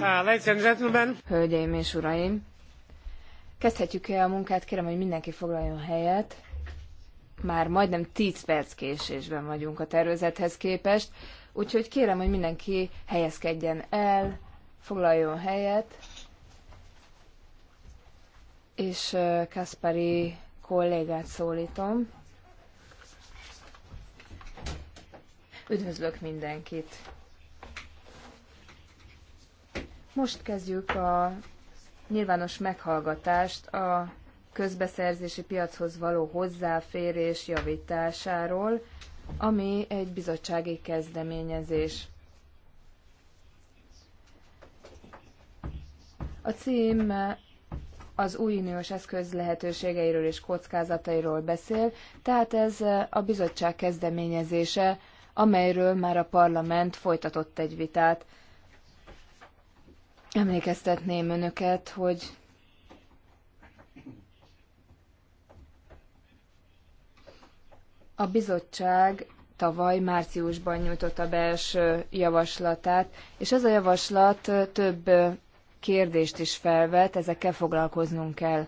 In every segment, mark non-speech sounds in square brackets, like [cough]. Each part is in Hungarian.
Ah, Hölgyeim és uraim, kezdhetjük el a munkát, kérem, hogy mindenki foglaljon helyet. Már majdnem 10 perc késésben vagyunk a tervezethez képest, úgyhogy kérem, hogy mindenki helyezkedjen el, foglaljon helyet és Kaspari kollégát szólítom. Üdvözlök mindenkit! Most kezdjük a nyilvános meghallgatást a közbeszerzési piachoz való hozzáférés javításáról, ami egy bizottsági kezdeményezés. A cím az új uniós eszköz lehetőségeiről és kockázatairól beszél, tehát ez eh, a bizottság kezdeményezése, amelyről már a parlament folytatott egy vitát. Emlékeztetném önöket, hogy a bizottság tavaly márciusban nyújtotta be első javaslatát, és ez a javaslat eh, több eh, kérdést is felvet, ezekkel foglalkoznunk kell.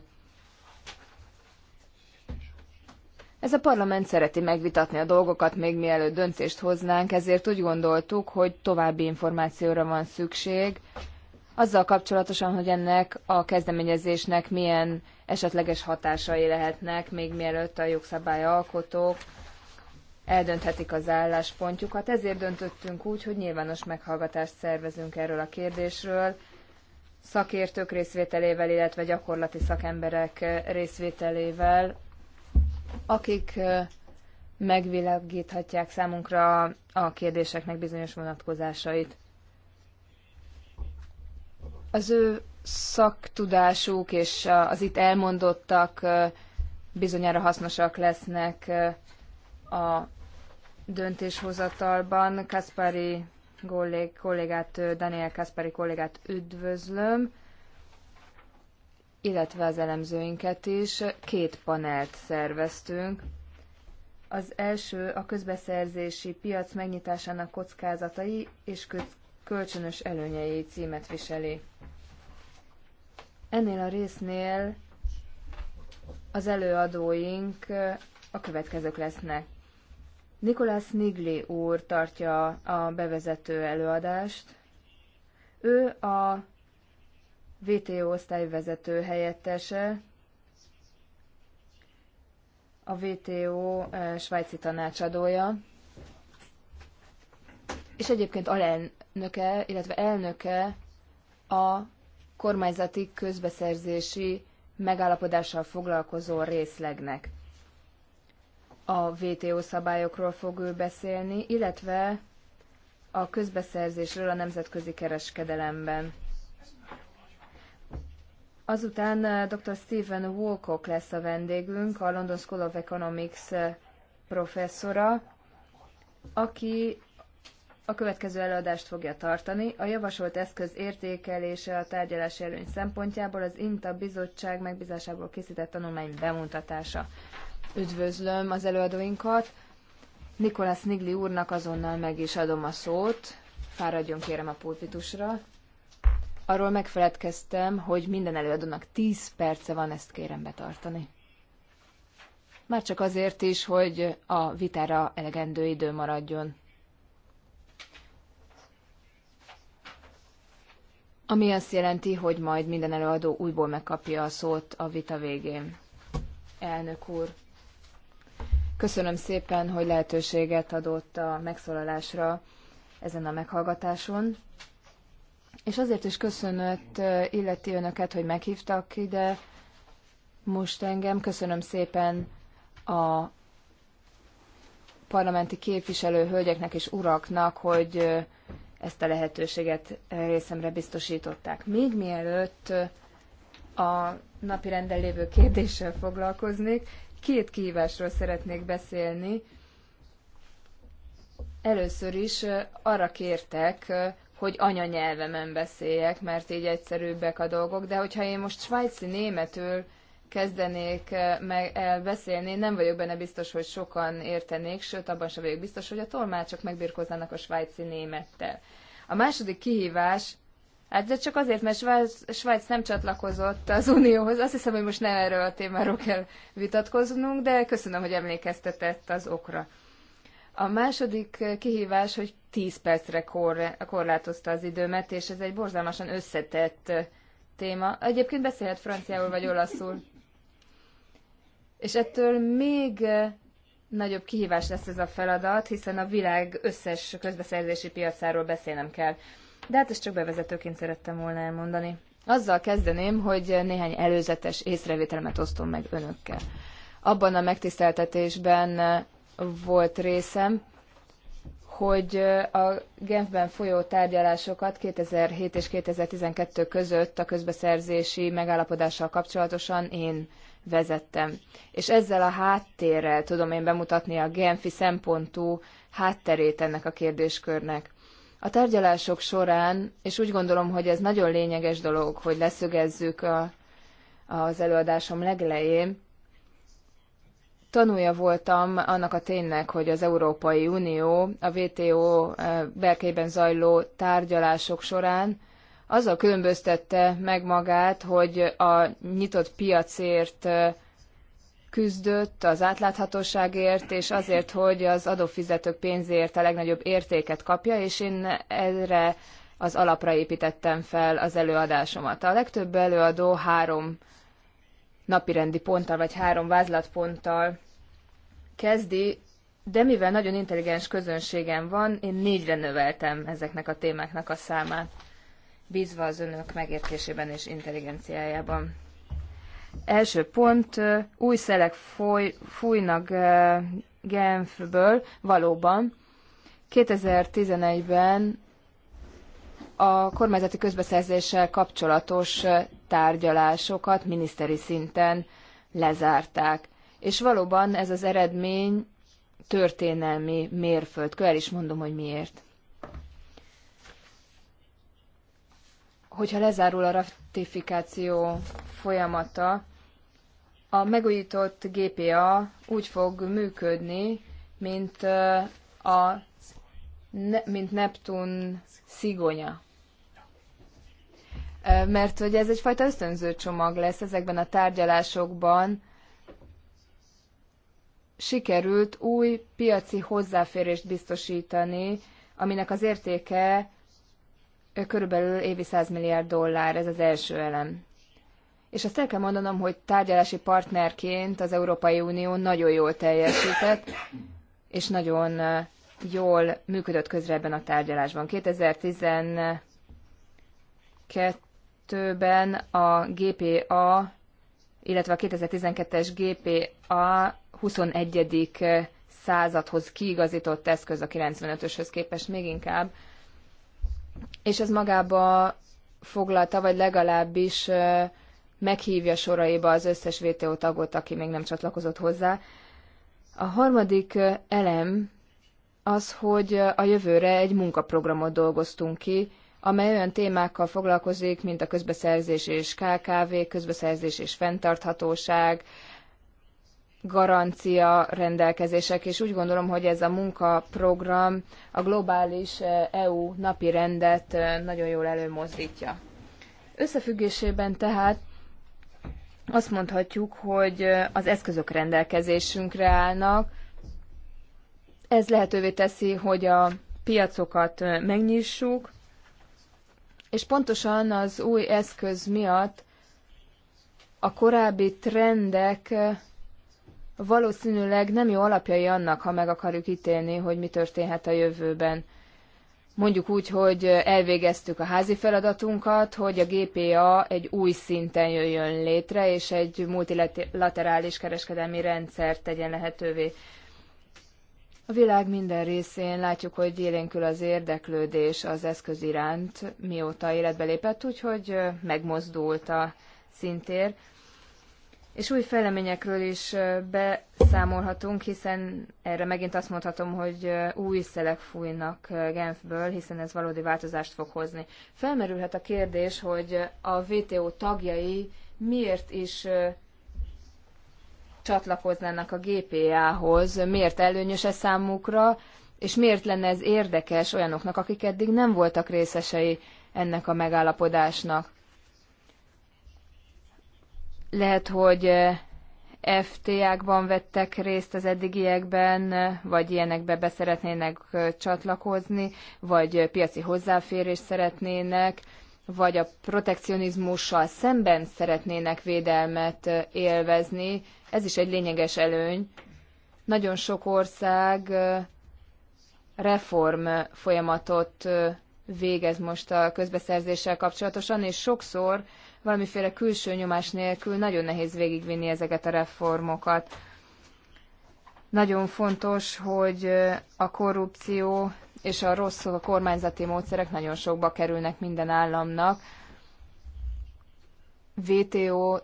Ez a parlament szereti megvitatni a dolgokat, még mielőtt döntést hoznánk, ezért úgy gondoltuk, hogy további információra van szükség, azzal kapcsolatosan, hogy ennek a kezdeményezésnek milyen esetleges hatásai lehetnek, még mielőtt a jogszabály alkotók eldönthetik az álláspontjukat. Ezért döntöttünk úgy, hogy nyilvános meghallgatást szervezünk erről a kérdésről, szakértők részvételével, illetve gyakorlati szakemberek eh, részvételével, akik eh, megvilágíthatják számunkra a kérdéseknek bizonyos vonatkozásait. Az ő szaktudásuk és az itt elmondottak eh, bizonyára hasznosak lesznek a döntéshozatalban. Kaspari kollégát, Daniel Kaspari kollégát üdvözlöm, illetve az elemzőinket is. Két panelt szerveztünk. Az első a közbeszerzési piac megnyitásának kockázatai és kölcsönös előnyei címet viseli. Ennél a résznél az előadóink a következők lesznek. Nikolás Nigli úr tartja a bevezető előadást. Ő a VTO osztályvezető helyettese, a VTO eh, svájci tanácsadója, és egyébként alelnöke, illetve elnöke a kormányzati közbeszerzési megállapodással foglalkozó részlegnek a WTO szabályokról fog ő beszélni, illetve a közbeszerzésről a nemzetközi kereskedelemben. Azután eh, dr. Stephen Wolcock lesz a vendégünk, a London School of Economics eh, professzora, aki a következő előadást fogja tartani. A javasolt eszköz értékelése a tárgyalási előny szempontjából az INTA bizottság megbízásából készített tanulmány bemutatása üdvözlöm az előadóinkat. Nikolász Nigli úrnak azonnal meg is adom a szót. Fáradjon kérem a pulpitusra. Arról megfeledkeztem, hogy minden előadónak 10 perce van, ezt kérem betartani. Már csak azért is, hogy a vitára elegendő idő maradjon. Ami azt jelenti, hogy majd minden előadó újból megkapja a szót a vita végén. Elnök úr, Köszönöm szépen, hogy lehetőséget adott a megszólalásra ezen a meghallgatáson. És azért is köszönött illeti önöket, hogy meghívtak ide most engem. Köszönöm szépen a parlamenti képviselő hölgyeknek és uraknak, hogy ezt a lehetőséget részemre biztosították. Még mielőtt a napi renden lévő kérdéssel foglalkoznék, Két kihívásról szeretnék beszélni. Először is arra kértek, hogy anyanyelvemen beszéljek, mert így egyszerűbbek a dolgok, de hogyha én most svájci németül kezdenék meg el beszélni, nem vagyok benne biztos, hogy sokan értenék, sőt, abban sem vagyok biztos, hogy a tolmácsok megbirkoznának a svájci némettel. A második kihívás Hát de csak azért, mert Svájc nem csatlakozott az Unióhoz. Azt hiszem, hogy most nem erről a témáról kell vitatkoznunk, de köszönöm, hogy emlékeztetett az okra. A második kihívás, hogy 10 percre kor, korlátozta az időmet, és ez egy borzalmasan összetett téma. Egyébként beszélhet franciául vagy olaszul. És ettől még nagyobb kihívás lesz ez a feladat, hiszen a világ összes közbeszerzési piacáról beszélnem kell de hát ezt csak bevezetőként szerettem volna elmondani. Azzal kezdeném, hogy néhány előzetes észrevételemet osztom meg önökkel. Abban a megtiszteltetésben volt részem, hogy a Genfben folyó tárgyalásokat 2007 és 2012 között a közbeszerzési megállapodással kapcsolatosan én vezettem. És ezzel a háttérrel tudom én bemutatni a Genfi szempontú hátterét ennek a kérdéskörnek. A tárgyalások során, és úgy gondolom, hogy ez nagyon lényeges dolog, hogy leszögezzük a, az előadásom legelején, tanulja voltam annak a ténynek, hogy az Európai Unió a WTO eh, belkében zajló tárgyalások során azzal különböztette meg magát, hogy a nyitott piacért eh, küzdött az átláthatóságért, és azért, hogy az adófizetők pénzért a legnagyobb értéket kapja, és én erre az alapra építettem fel az előadásomat. A legtöbb előadó három napirendi ponttal, vagy három vázlatponttal kezdi, de mivel nagyon intelligens közönségem van, én négyre növeltem ezeknek a témáknak a számát, bízva az önök megértésében és intelligenciájában. Első pont, új szelek foly, fújnak Genfből, valóban. 2011-ben a kormányzati közbeszerzéssel kapcsolatos tárgyalásokat miniszteri szinten lezárták. És valóban ez az eredmény történelmi mérföldkő, el is mondom, hogy miért. hogyha lezárul a ratifikáció folyamata, a megújított GPA úgy fog működni, mint, a, mint Neptun szigonya. Mert hogy ez egyfajta ösztönző csomag lesz ezekben a tárgyalásokban, sikerült új piaci hozzáférést biztosítani, aminek az értéke körülbelül évi 100 milliárd dollár, ez az első elem. És azt el kell mondanom, hogy tárgyalási partnerként az Európai Unió nagyon jól teljesített, és nagyon jól működött közre ebben a tárgyalásban. 2012-ben a GPA, illetve a 2012-es GPA 21. századhoz kiigazított eszköz a 95-öshöz képest még inkább, és ez magába foglalta, vagy legalábbis meghívja soraiba az összes VTO tagot, aki még nem csatlakozott hozzá. A harmadik elem az, hogy a jövőre egy munkaprogramot dolgoztunk ki, amely olyan témákkal foglalkozik, mint a közbeszerzés és KKV, közbeszerzés és fenntarthatóság, garancia rendelkezések, és úgy gondolom, hogy ez a munkaprogram a globális eh, EU napi rendet eh, nagyon jól előmozdítja. Összefüggésében tehát azt mondhatjuk, hogy eh, az eszközök rendelkezésünkre állnak. Ez lehetővé teszi, hogy a piacokat megnyissuk, és pontosan az új eszköz miatt a korábbi trendek valószínűleg nem jó alapjai annak, ha meg akarjuk ítélni, hogy mi történhet a jövőben. Mondjuk úgy, hogy elvégeztük a házi feladatunkat, hogy a GPA egy új szinten jöjjön létre, és egy multilaterális kereskedelmi rendszert tegyen lehetővé. A világ minden részén látjuk, hogy élénkül az érdeklődés az eszköz iránt, mióta életbe lépett, úgyhogy megmozdult a szintér. És új fejleményekről is beszámolhatunk, hiszen erre megint azt mondhatom, hogy új szelek fújnak Genfből, hiszen ez valódi változást fog hozni. Felmerülhet a kérdés, hogy a WTO tagjai miért is csatlakoznának a GPA-hoz, miért előnyös ez számukra, és miért lenne ez érdekes olyanoknak, akik eddig nem voltak részesei ennek a megállapodásnak. Lehet, hogy FTA-kban vettek részt az eddigiekben, vagy ilyenekbe beszeretnének csatlakozni, vagy piaci hozzáférés szeretnének, vagy a protekcionizmussal szemben szeretnének védelmet élvezni. Ez is egy lényeges előny. Nagyon sok ország reform folyamatot végez most a közbeszerzéssel kapcsolatosan, és sokszor valamiféle külső nyomás nélkül nagyon nehéz végigvinni ezeket a reformokat. Nagyon fontos, hogy a korrupció és a rossz a kormányzati módszerek nagyon sokba kerülnek minden államnak. VTO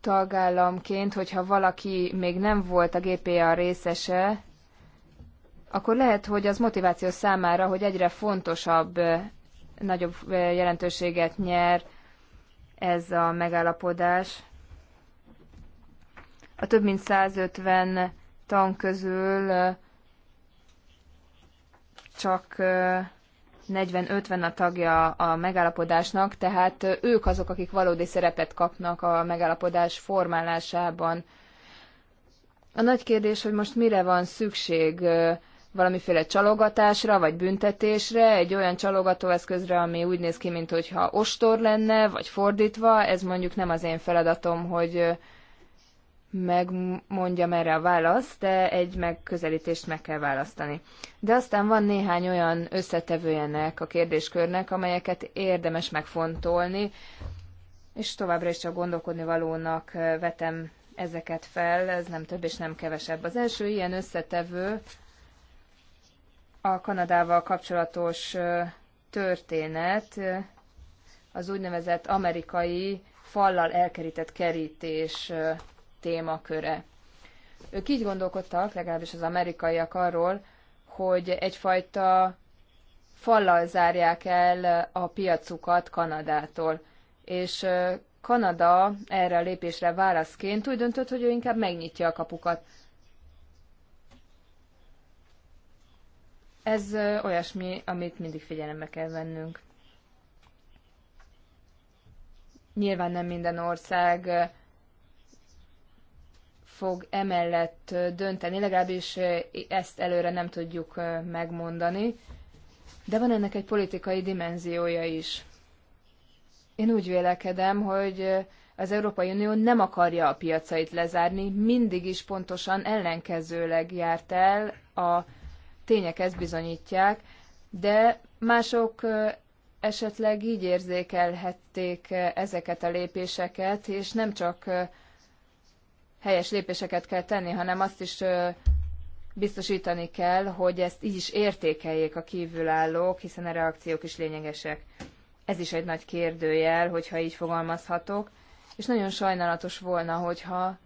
tagállamként, hogyha valaki még nem volt a GPA részese, akkor lehet, hogy az motiváció számára, hogy egyre fontosabb, nagyobb eh, jelentőséget nyer ez a megállapodás. A több mint 150 tan közül csak 40-50 a tagja a megállapodásnak, tehát ők azok, akik valódi szerepet kapnak a megállapodás formálásában. A nagy kérdés, hogy most mire van szükség valamiféle csalogatásra vagy büntetésre, egy olyan csalogatóeszközre, ami úgy néz ki, mintha ostor lenne, vagy fordítva, ez mondjuk nem az én feladatom, hogy megmondjam erre a választ, de egy megközelítést meg kell választani. De aztán van néhány olyan összetevőjenek a kérdéskörnek, amelyeket érdemes megfontolni, és továbbra is csak gondolkodni valónak vetem ezeket fel, ez nem több és nem kevesebb. Az első ilyen összetevő a Kanadával kapcsolatos történet, az úgynevezett amerikai fallal elkerített kerítés témaköre. Ők így gondolkodtak, legalábbis az amerikaiak arról, hogy egyfajta fallal zárják el a piacukat Kanadától. És Kanada erre a lépésre válaszként úgy döntött, hogy ő inkább megnyitja a kapukat. Ez olyasmi, amit mindig figyelembe kell vennünk. Nyilván nem minden ország fog emellett dönteni, legalábbis ezt előre nem tudjuk megmondani, de van ennek egy politikai dimenziója is. Én úgy vélekedem, hogy az Európai Unió nem akarja a piacait lezárni, mindig is pontosan ellenkezőleg járt el a tények ezt bizonyítják, de mások esetleg így érzékelhették ezeket a lépéseket, és nem csak helyes lépéseket kell tenni, hanem azt is biztosítani kell, hogy ezt így is értékeljék a kívülállók, hiszen a reakciók is lényegesek. Ez is egy nagy kérdőjel, hogyha így fogalmazhatok, és nagyon sajnálatos volna, hogyha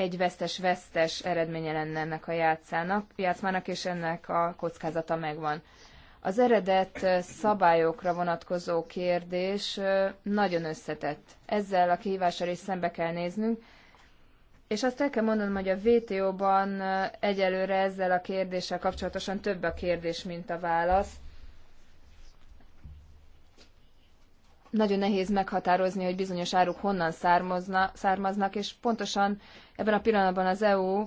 egy vesztes-vesztes eredménye lenne ennek a játszának, játszmának, és ennek a kockázata megvan. Az eredet szabályokra vonatkozó kérdés nagyon összetett. Ezzel a kihívással is szembe kell néznünk, és azt el kell mondanom, hogy a WTO-ban egyelőre ezzel a kérdéssel kapcsolatosan több a kérdés, mint a válasz. nagyon nehéz meghatározni, hogy bizonyos áruk honnan származna, származnak, és pontosan ebben a pillanatban az EU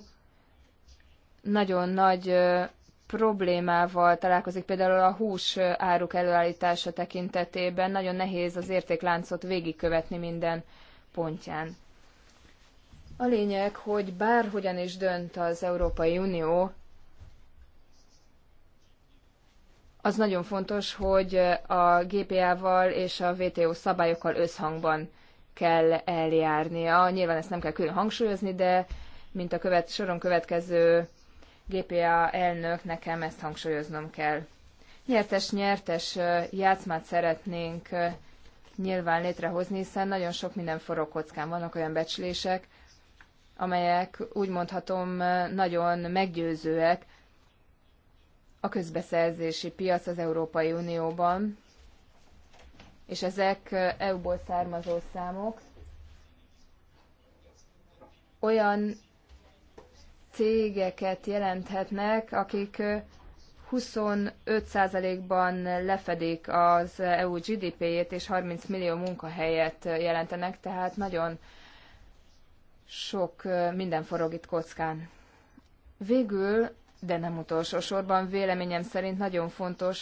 nagyon nagy problémával találkozik, például a hús áruk előállítása tekintetében nagyon nehéz az értékláncot végigkövetni minden pontján. A lényeg, hogy bárhogyan is dönt az Európai Unió, az nagyon fontos, hogy a GPA-val és a WTO szabályokkal összhangban kell eljárnia. Nyilván ezt nem kell külön hangsúlyozni, de mint a követ, soron következő GPA elnök, nekem ezt hangsúlyoznom kell. Nyertes-nyertes játszmát szeretnénk nyilván létrehozni, hiszen nagyon sok minden forró kockán vannak olyan becslések, amelyek úgy mondhatom nagyon meggyőzőek, a közbeszerzési piac az Európai Unióban, és ezek EU-ból származó számok. Olyan cégeket jelenthetnek, akik 25%-ban lefedik az EU GDP-jét, és 30 millió munkahelyet jelentenek, tehát nagyon sok minden forog itt kockán. Végül de nem utolsó sorban véleményem szerint nagyon fontos,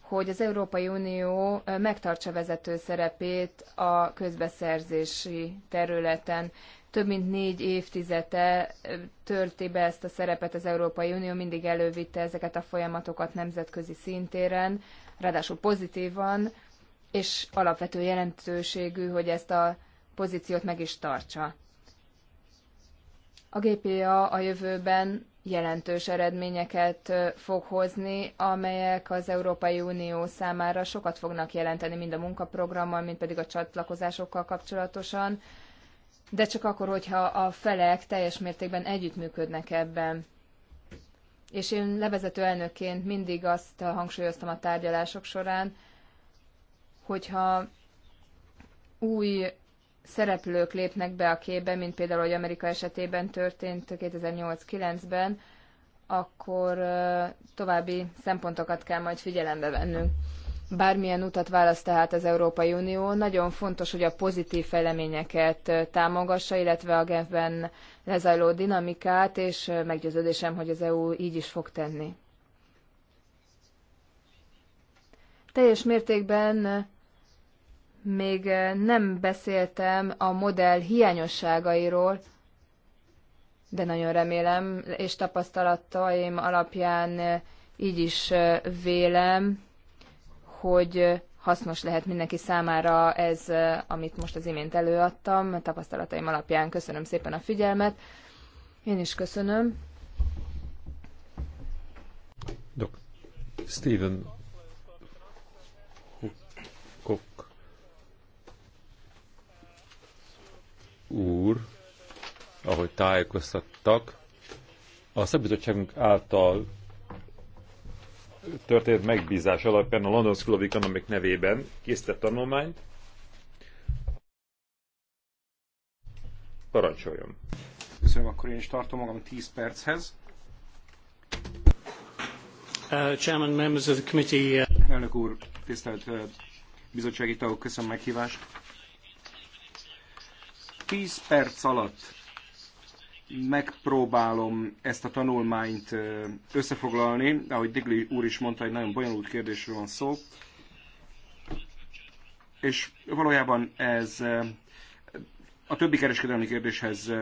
hogy az Európai Unió megtartsa vezető szerepét a közbeszerzési területen. Több mint négy évtizede tölti be ezt a szerepet az Európai Unió, mindig elővitte ezeket a folyamatokat nemzetközi szintéren, ráadásul pozitívan, és alapvető jelentőségű, hogy ezt a pozíciót meg is tartsa. A GPA a jövőben jelentős eredményeket fog hozni, amelyek az Európai Unió számára sokat fognak jelenteni, mind a munkaprogrammal, mind pedig a csatlakozásokkal kapcsolatosan, de csak akkor, hogyha a felek teljes mértékben együttműködnek ebben. És én levezető elnökként mindig azt hangsúlyoztam a tárgyalások során, hogyha új szereplők lépnek be a képbe, mint például, hogy Amerika esetében történt 2008-9-ben, akkor további szempontokat kell majd figyelembe vennünk. Bármilyen utat választ tehát az Európai Unió, nagyon fontos, hogy a pozitív fejleményeket támogassa, illetve a Genfben lezajló dinamikát, és meggyőződésem, hogy az EU így is fog tenni. Teljes mértékben még eh, nem beszéltem a modell hiányosságairól, de nagyon remélem, és tapasztalataim alapján eh, így is eh, vélem, hogy hasznos lehet mindenki számára ez, amit most az imént előadtam. Tapasztalataim alapján köszönöm szépen a figyelmet. Én is köszönöm. Dok. Steven úr, ahogy tájékoztattak, a szabizottságunk által történt megbízás alapján a London School of Economic nevében készített tanulmányt. Parancsoljon! Köszönöm, akkor én is tartom magam 10 perchez. Uh, chairman, members of the committee. Uh... Elnök úr, tisztelt uh, bizottsági tagok, köszönöm meghívást 10 perc alatt megpróbálom ezt a tanulmányt összefoglalni, ahogy Digli úr is mondta, egy nagyon bonyolult kérdésről van szó. És valójában ez a többi kereskedelmi kérdéshez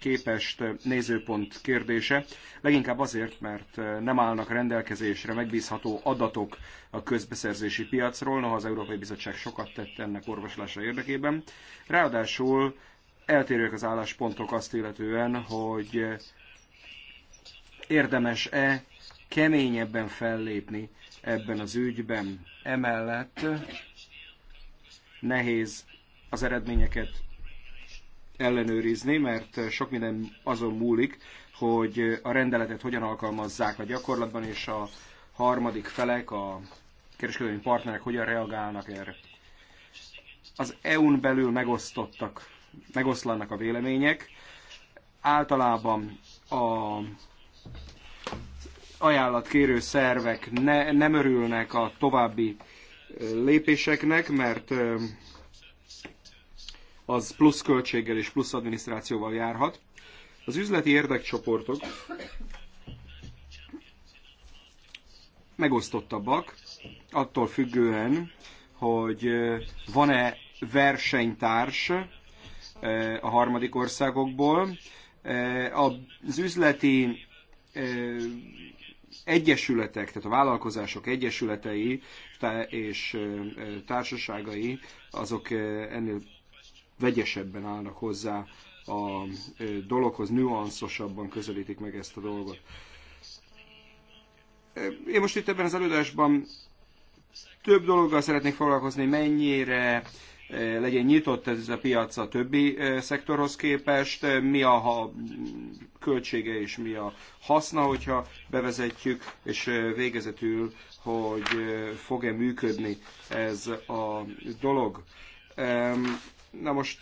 képest nézőpont kérdése, leginkább azért, mert nem állnak rendelkezésre megbízható adatok a közbeszerzési piacról, noha az Európai Bizottság sokat tett ennek orvoslása érdekében. Ráadásul eltérőek az álláspontok azt illetően, hogy érdemes-e keményebben fellépni ebben az ügyben. Emellett nehéz az eredményeket ellenőrizni, mert sok minden azon múlik, hogy a rendeletet hogyan alkalmazzák a gyakorlatban, és a harmadik felek, a kereskedelmi partnerek hogyan reagálnak erre. Az EU-n belül megosztottak megoszlanak a vélemények. Általában a ajánlatkérő szervek ne, nem örülnek a további lépéseknek, mert az plusz költséggel és plusz adminisztrációval járhat. Az üzleti érdekcsoportok megosztottabbak, attól függően, hogy van-e versenytárs, E, a harmadik országokból. E, az üzleti e, egyesületek, tehát a vállalkozások egyesületei és társaságai, azok ennél vegyesebben állnak hozzá a dologhoz, nüanszosabban közelítik meg ezt a dolgot. Én most itt ebben az előadásban több dologgal szeretnék foglalkozni, mennyire legyen nyitott ez a piac a többi szektorhoz képest, mi a költsége és mi a haszna, hogyha bevezetjük, és végezetül, hogy fog-e működni ez a dolog. Na most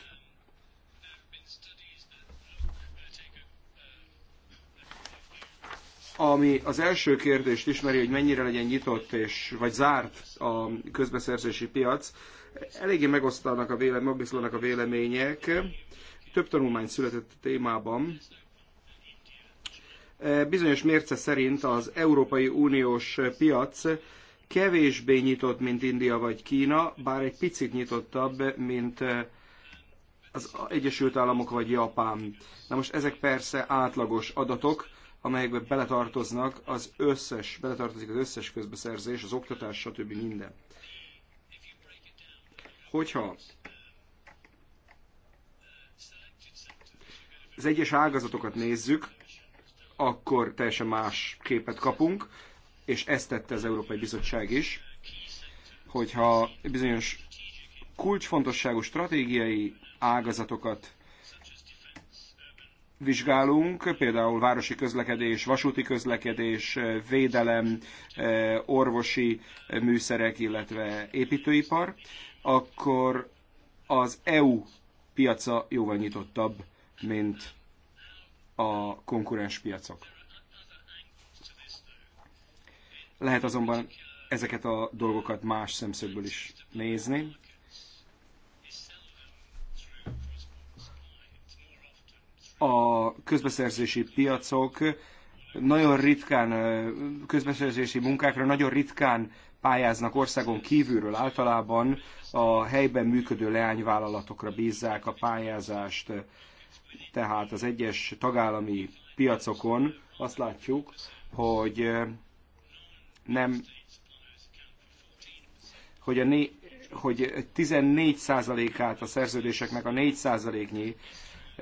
Ami az első kérdést ismeri, hogy mennyire legyen nyitott és vagy zárt a közbeszerzési piac, eléggé megosztanak a vélemény, a vélemények. Több tanulmány született a témában. E, bizonyos mérce szerint az Európai Uniós piac kevésbé nyitott, mint India vagy Kína, bár egy picit nyitottabb, mint e, az Egyesült Államok vagy Japán. Na most ezek persze átlagos adatok, amelyekbe beletartoznak az összes, beletartozik az összes közbeszerzés, az oktatás, stb. minden. Hogyha az egyes ágazatokat nézzük, akkor teljesen más képet kapunk, és ezt tette az Európai Bizottság is, hogyha bizonyos kulcsfontosságú stratégiai ágazatokat vizsgálunk, például városi közlekedés, vasúti közlekedés, védelem, eh, orvosi eh, műszerek, illetve építőipar, akkor az EU piaca jóval nyitottabb, mint a konkurens piacok. Lehet azonban ezeket a dolgokat más szemszögből is nézni. a közbeszerzési piacok nagyon ritkán, közbeszerzési munkákra nagyon ritkán pályáznak országon kívülről. Általában a helyben működő leányvállalatokra bízzák a pályázást, tehát az egyes tagállami piacokon azt látjuk, hogy nem, hogy a né, hogy 14%-át a szerződéseknek a 4%-nyi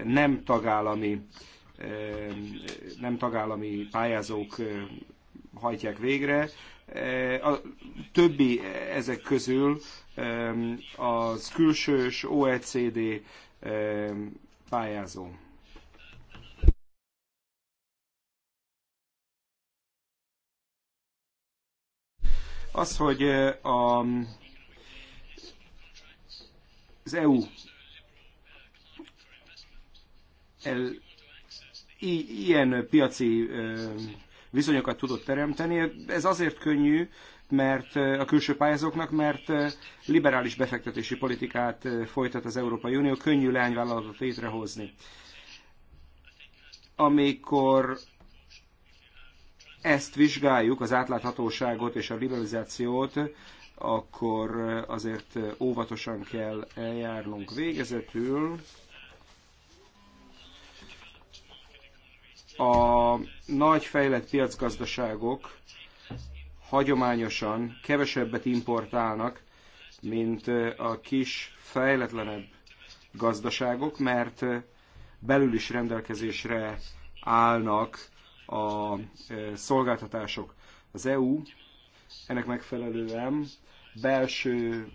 nem tagállami, eh, nem tagállami pályázók eh, hajtják végre. Eh, a többi ezek közül az külsős OECD pályázó. Az, hogy a, az EU el, ilyen piaci viszonyokat tudott teremteni. Ez azért könnyű, mert a külső pályázóknak, mert liberális befektetési politikát folytat az Európai Unió, könnyű leányvállalatot létrehozni. Amikor ezt vizsgáljuk, az átláthatóságot és a liberalizációt, akkor azért óvatosan kell eljárnunk végezetül. a nagy fejlett piacgazdaságok hagyományosan kevesebbet importálnak, mint a kis, fejletlenebb gazdaságok, mert belül is rendelkezésre állnak a szolgáltatások. Az EU ennek megfelelően belső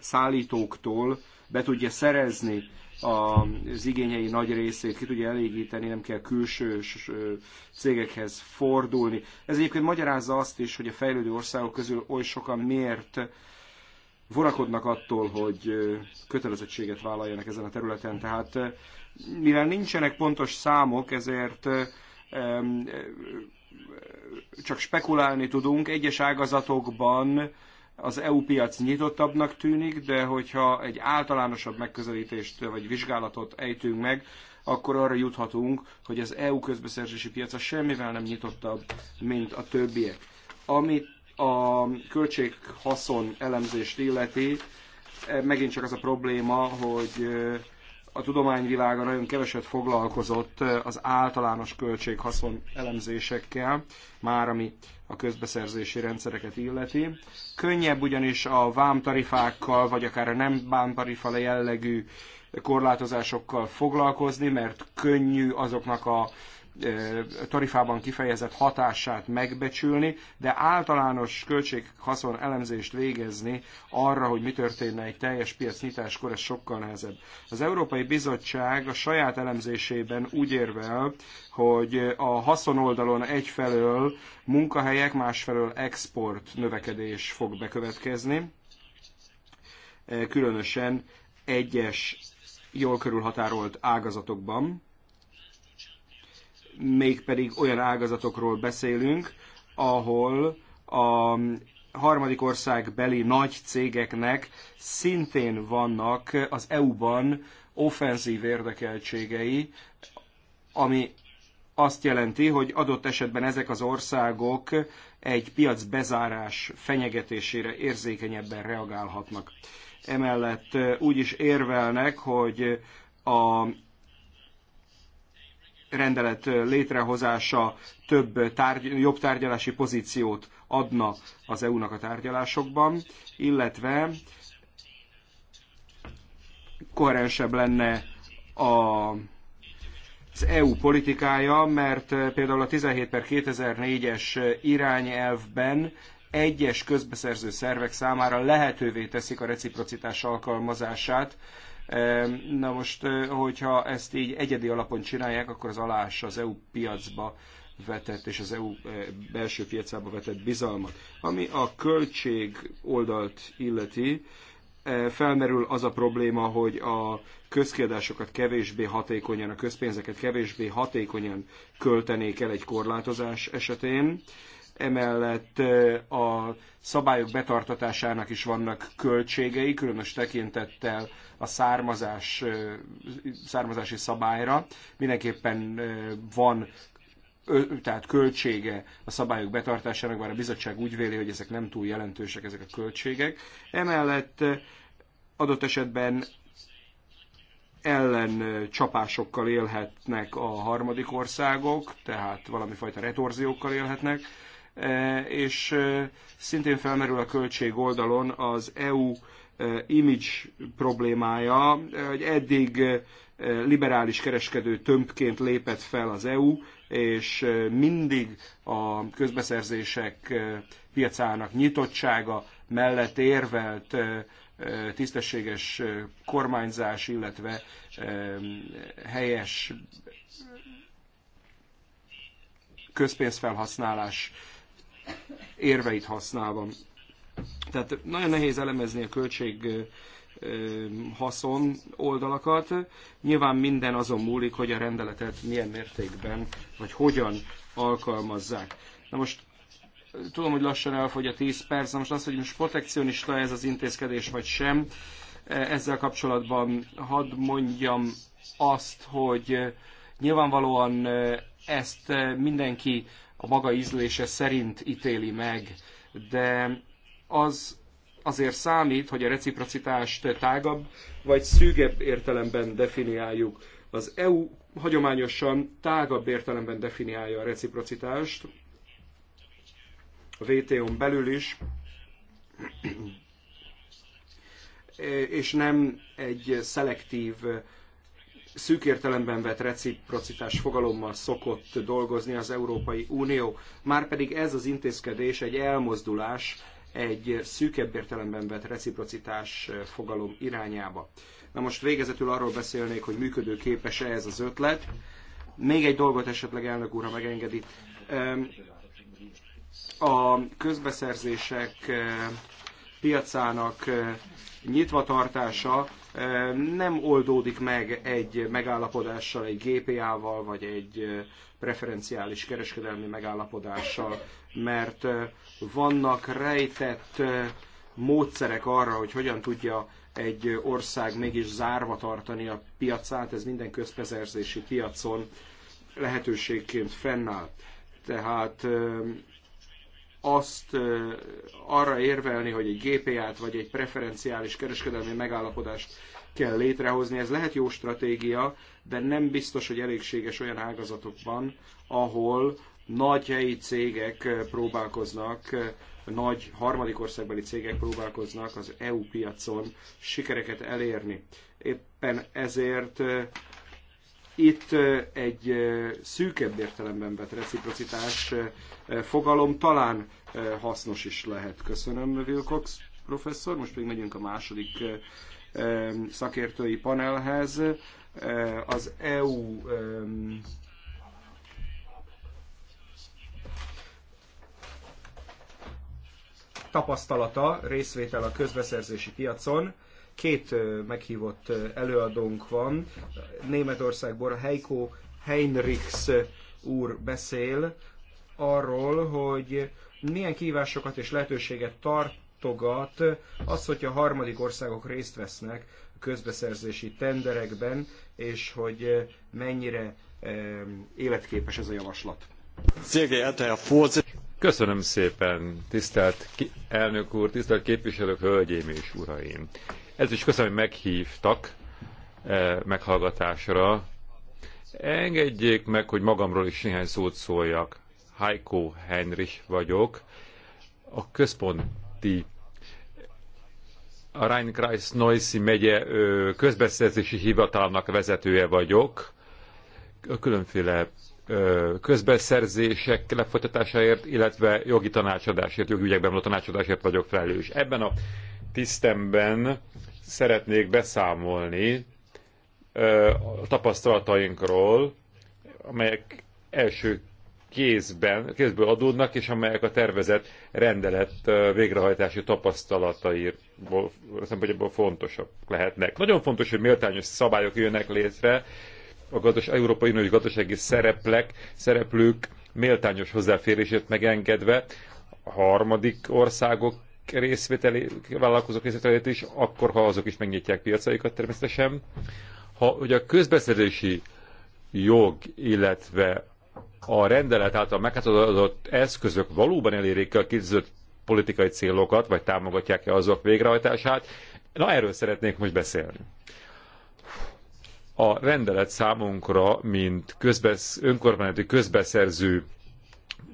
szállítóktól be tudja szerezni az igényei nagy részét ki tudja elégíteni, nem kell külső cégekhez fordulni. Ez egyébként magyarázza azt is, hogy a fejlődő országok közül oly sokan miért vonakodnak attól, hogy kötelezettséget vállaljanak ezen a területen. Tehát mivel nincsenek pontos számok, ezért csak spekulálni tudunk. Egyes ágazatokban az EU piac nyitottabbnak tűnik, de hogyha egy általánosabb megközelítést vagy vizsgálatot ejtünk meg, akkor arra juthatunk, hogy az EU közbeszerzési piaca semmivel nem nyitottabb, mint a többiek. Amit a költség-haszon elemzést illeti, eh, megint csak az a probléma, hogy eh, a tudományvilága nagyon keveset foglalkozott az általános költséghaszon elemzésekkel, már ami a közbeszerzési rendszereket illeti. Könnyebb ugyanis a vámtarifákkal, vagy akár a nem vámtarifa jellegű korlátozásokkal foglalkozni, mert könnyű azoknak a tarifában kifejezett hatását megbecsülni, de általános költséghaszon elemzést végezni arra, hogy mi történne egy teljes piac nyitáskor, ez sokkal nehezebb. Az Európai Bizottság a saját elemzésében úgy érvel, hogy a haszonoldalon egyfelől munkahelyek, másfelől export növekedés fog bekövetkezni, különösen egyes jól körülhatárolt ágazatokban mégpedig olyan ágazatokról beszélünk, ahol a harmadik ország beli nagy cégeknek szintén vannak az EU-ban offenzív érdekeltségei, ami azt jelenti, hogy adott esetben ezek az országok egy piac bezárás fenyegetésére érzékenyebben reagálhatnak. Emellett úgy is érvelnek, hogy a rendelet létrehozása több tárgy, jobb tárgyalási pozíciót adna az EU-nak a tárgyalásokban, illetve koherensebb lenne a az EU politikája, mert például a 17 per 2004-es irányelvben egyes közbeszerző szervek számára lehetővé teszik a reciprocitás alkalmazását Na most, hogyha ezt így egyedi alapon csinálják, akkor az alás az EU piacba vetett és az EU belső piacába vetett bizalmat. Ami a költség oldalt illeti, felmerül az a probléma, hogy a közkiadásokat kevésbé hatékonyan, a közpénzeket kevésbé hatékonyan költenék el egy korlátozás esetén emellett a szabályok betartatásának is vannak költségei, különös tekintettel a származás, származási szabályra. Mindenképpen van tehát költsége a szabályok betartásának, bár a bizottság úgy véli, hogy ezek nem túl jelentősek, ezek a költségek. Emellett adott esetben ellen csapásokkal élhetnek a harmadik országok, tehát valami fajta retorziókkal élhetnek. E, és e, szintén felmerül a költség oldalon az EU e, image problémája, hogy eddig liberális kereskedő tömbként lépett fel az EU, és mindig a közbeszerzések piacának nyitottsága mellett érvelt tisztességes kormányzás, illetve helyes közpénzfelhasználás érveit használva. Tehát nagyon nehéz elemezni a költség haszon oldalakat. Nyilván minden azon múlik, hogy a rendeletet milyen mértékben, vagy hogyan alkalmazzák. Na most tudom, hogy lassan elfogy a 10 perc, na most az, hogy most protekcionista ez az intézkedés, vagy sem, e, ezzel kapcsolatban hadd mondjam azt, hogy nyilvánvalóan ezt mindenki a maga ízlése szerint ítéli meg, de az azért számít, hogy a reciprocitást tágabb vagy szűkebb értelemben definiáljuk. Az EU hagyományosan tágabb értelemben definiálja a reciprocitást, a WTO-n belül is, [clears throat] és nem egy szelektív szűk értelemben vett reciprocitás fogalommal szokott dolgozni az Európai Unió. Márpedig ez az intézkedés egy elmozdulás egy szűkebb értelemben vett reciprocitás fogalom irányába. Na most végezetül arról beszélnék, hogy működőképes-e ez az ötlet. Még egy dolgot esetleg elnök úr, ha megengedi. A közbeszerzések eh, piacának eh, nyitvatartása nem oldódik meg egy megállapodással, egy GPA-val, vagy egy preferenciális kereskedelmi megállapodással, mert vannak rejtett módszerek arra, hogy hogyan tudja egy ország mégis zárva tartani a piacát, ez minden közbeszerzési piacon lehetőségként fennáll. Tehát azt arra érvelni, hogy egy GPA-t vagy egy preferenciális kereskedelmi megállapodást kell létrehozni. Ez lehet jó stratégia, de nem biztos, hogy elégséges olyan ágazatokban, ahol nagy helyi cégek próbálkoznak, nagy harmadik országbeli cégek próbálkoznak az EU piacon sikereket elérni. Éppen ezért itt egy szűkebb értelemben vett reciprocitás fogalom talán hasznos is lehet. Köszönöm, Wilcox professzor. Most még megyünk a második szakértői panelhez. Az EU tapasztalata, részvétel a közbeszerzési piacon Két meghívott előadónk van. Németországból Heiko Heinrichs úr beszél arról, hogy milyen kívásokat és lehetőséget tartogat az, hogyha harmadik országok részt vesznek közbeszerzési tenderekben, és hogy mennyire életképes ez a javaslat. Köszönöm szépen, tisztelt elnök úr, tisztelt képviselők, hölgyeim és uraim! Ez is köszönöm, hogy meghívtak eh, meghallgatásra. Engedjék meg, hogy magamról is néhány szót szóljak. Heiko Heinrich vagyok, a központi a Rheinkreis kreis megye közbeszerzési hivatalnak vezetője vagyok. A különféle közbeszerzések lefolytatásáért, illetve jogi tanácsadásért, jogi ügyekben való tanácsadásért vagyok felelős. Ebben a tisztemben szeretnék beszámolni a tapasztalatainkról, amelyek első kézben, kézből adódnak, és amelyek a tervezett rendelet végrehajtási tapasztalataiból szempontjából fontosak lehetnek. Nagyon fontos, hogy méltányos szabályok jönnek létre, a gazdas, Európai Uniós gazdasági szereplek, szereplők méltányos hozzáférését megengedve, a harmadik országok részvételi, vállalkozók részvételét is, akkor, ha azok is megnyitják piacaikat természetesen. Ha ugye a közbeszerzési jog, illetve a rendelet által meghatározott eszközök valóban elérik a kitűzött politikai célokat, vagy támogatják-e azok végrehajtását, na erről szeretnék most beszélni a rendelet számunkra, mint közbesz, önkormányzati közbeszerző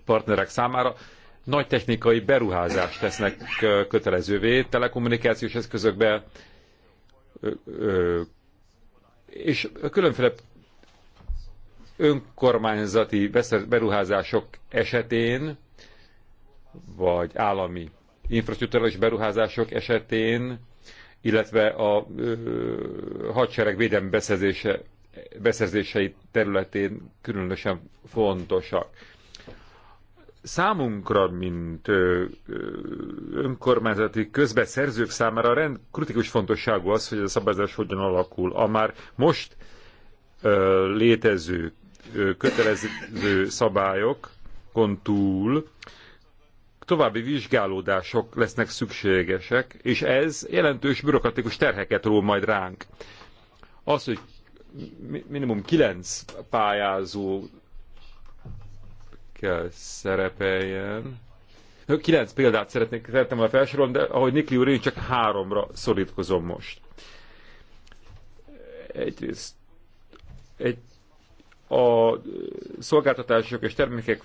partnerek számára nagy technikai beruházást tesznek kötelezővé telekommunikációs eszközökbe, és különféle önkormányzati beruházások esetén, vagy állami infrastruktúrális beruházások esetén, illetve a hadsereg védelmi beszerzése, beszerzései területén különösen fontosak számunkra, mint önkormányzati közbeszerzők számára rend kritikus fontosságú az, hogy a szabályozás hogyan alakul. A már most létező kötelező szabályokon túl további vizsgálódások lesznek szükségesek, és ez jelentős bürokratikus terheket ró majd ránk. Az, hogy minimum kilenc pályázó kell szerepeljen. Kilenc példát szeretnék, szerettem volna felsorolni, de ahogy Nikli úr, én csak háromra szorítkozom most. Egyrészt egy, a szolgáltatások és termékek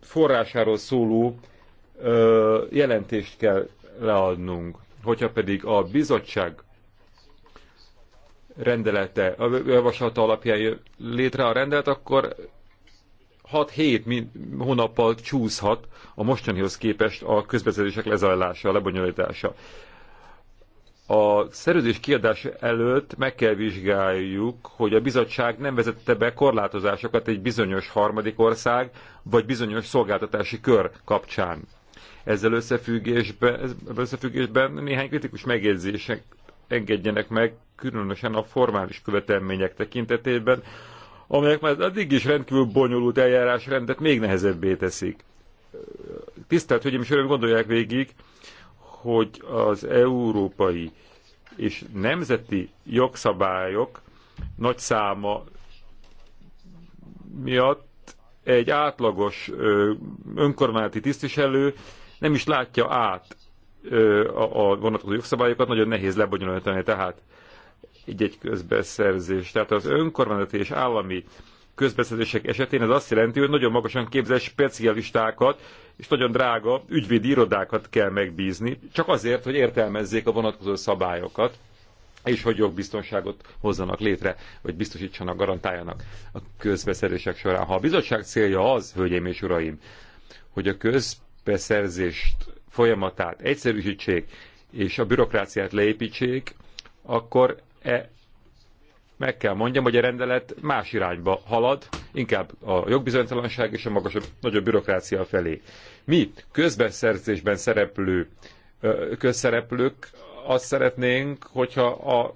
forrásáról szóló jelentést kell leadnunk. Hogyha pedig a bizottság rendelete, a javaslata alapján jön létre a rendelet, akkor 6-7 hónappal csúszhat a mostanihoz képest a közbeszerzések lezajlása, a lebonyolítása. A szerződés kiadása előtt meg kell vizsgáljuk, hogy a bizottság nem vezette be korlátozásokat egy bizonyos harmadik ország vagy bizonyos szolgáltatási kör kapcsán. Ezzel összefüggésben, összefüggésben néhány kritikus megjegyzések engedjenek meg, különösen a formális követelmények tekintetében, amelyek már addig is rendkívül bonyolult eljárásrendet még nehezebbé teszik. Tisztelt Hölgyeim és Uraim, gondolják végig, hogy az európai és nemzeti jogszabályok nagy száma miatt egy átlagos önkormányzati tisztviselő nem is látja át a vonatkozó jogszabályokat, nagyon nehéz lebonyolítani. Tehát egy-egy közbeszerzés. Tehát az önkormányzati és állami közbeszerzések esetén ez azt jelenti, hogy nagyon magasan képzett specialistákat és nagyon drága ügyvédi irodákat kell megbízni, csak azért, hogy értelmezzék a vonatkozó szabályokat és hogy jogbiztonságot hozzanak létre, vagy biztosítsanak, garantáljanak a közbeszerzések során. Ha a bizottság célja az, hölgyeim és uraim, hogy a közbeszerzést folyamatát egyszerűsítsék, és a bürokráciát leépítsék, akkor e, meg kell mondjam, hogy a rendelet más irányba halad, inkább a jogbizonytalanság és a magasabb, nagyobb bürokrácia felé. Mi közbeszerzésben szereplő közszereplők azt szeretnénk, hogyha a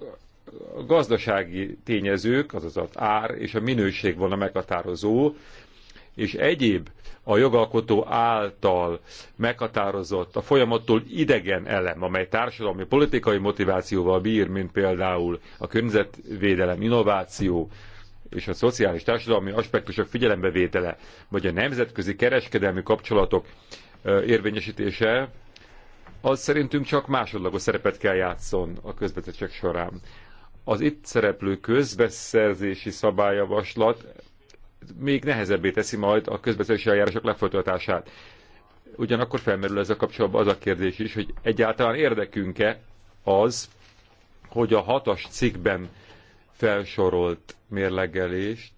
gazdasági tényezők, azaz az ár és a minőség volna meghatározó, és egyéb a jogalkotó által meghatározott, a folyamattól idegen elem, amely társadalmi, politikai motivációval bír, mint például a környezetvédelem, innováció, és a szociális társadalmi aspektusok figyelembevétele, vagy a nemzetközi kereskedelmi kapcsolatok érvényesítése, az szerintünk csak másodlagos szerepet kell játszon a közvetések során. Az itt szereplő közbeszerzési szabályjavaslat még nehezebbé teszi majd a közbeszerzési eljárások lefolytatását. Ugyanakkor felmerül ez a kapcsolatban az a kérdés is, hogy egyáltalán érdekünk-e az, hogy a hatas cikkben felsorolt mérlegelést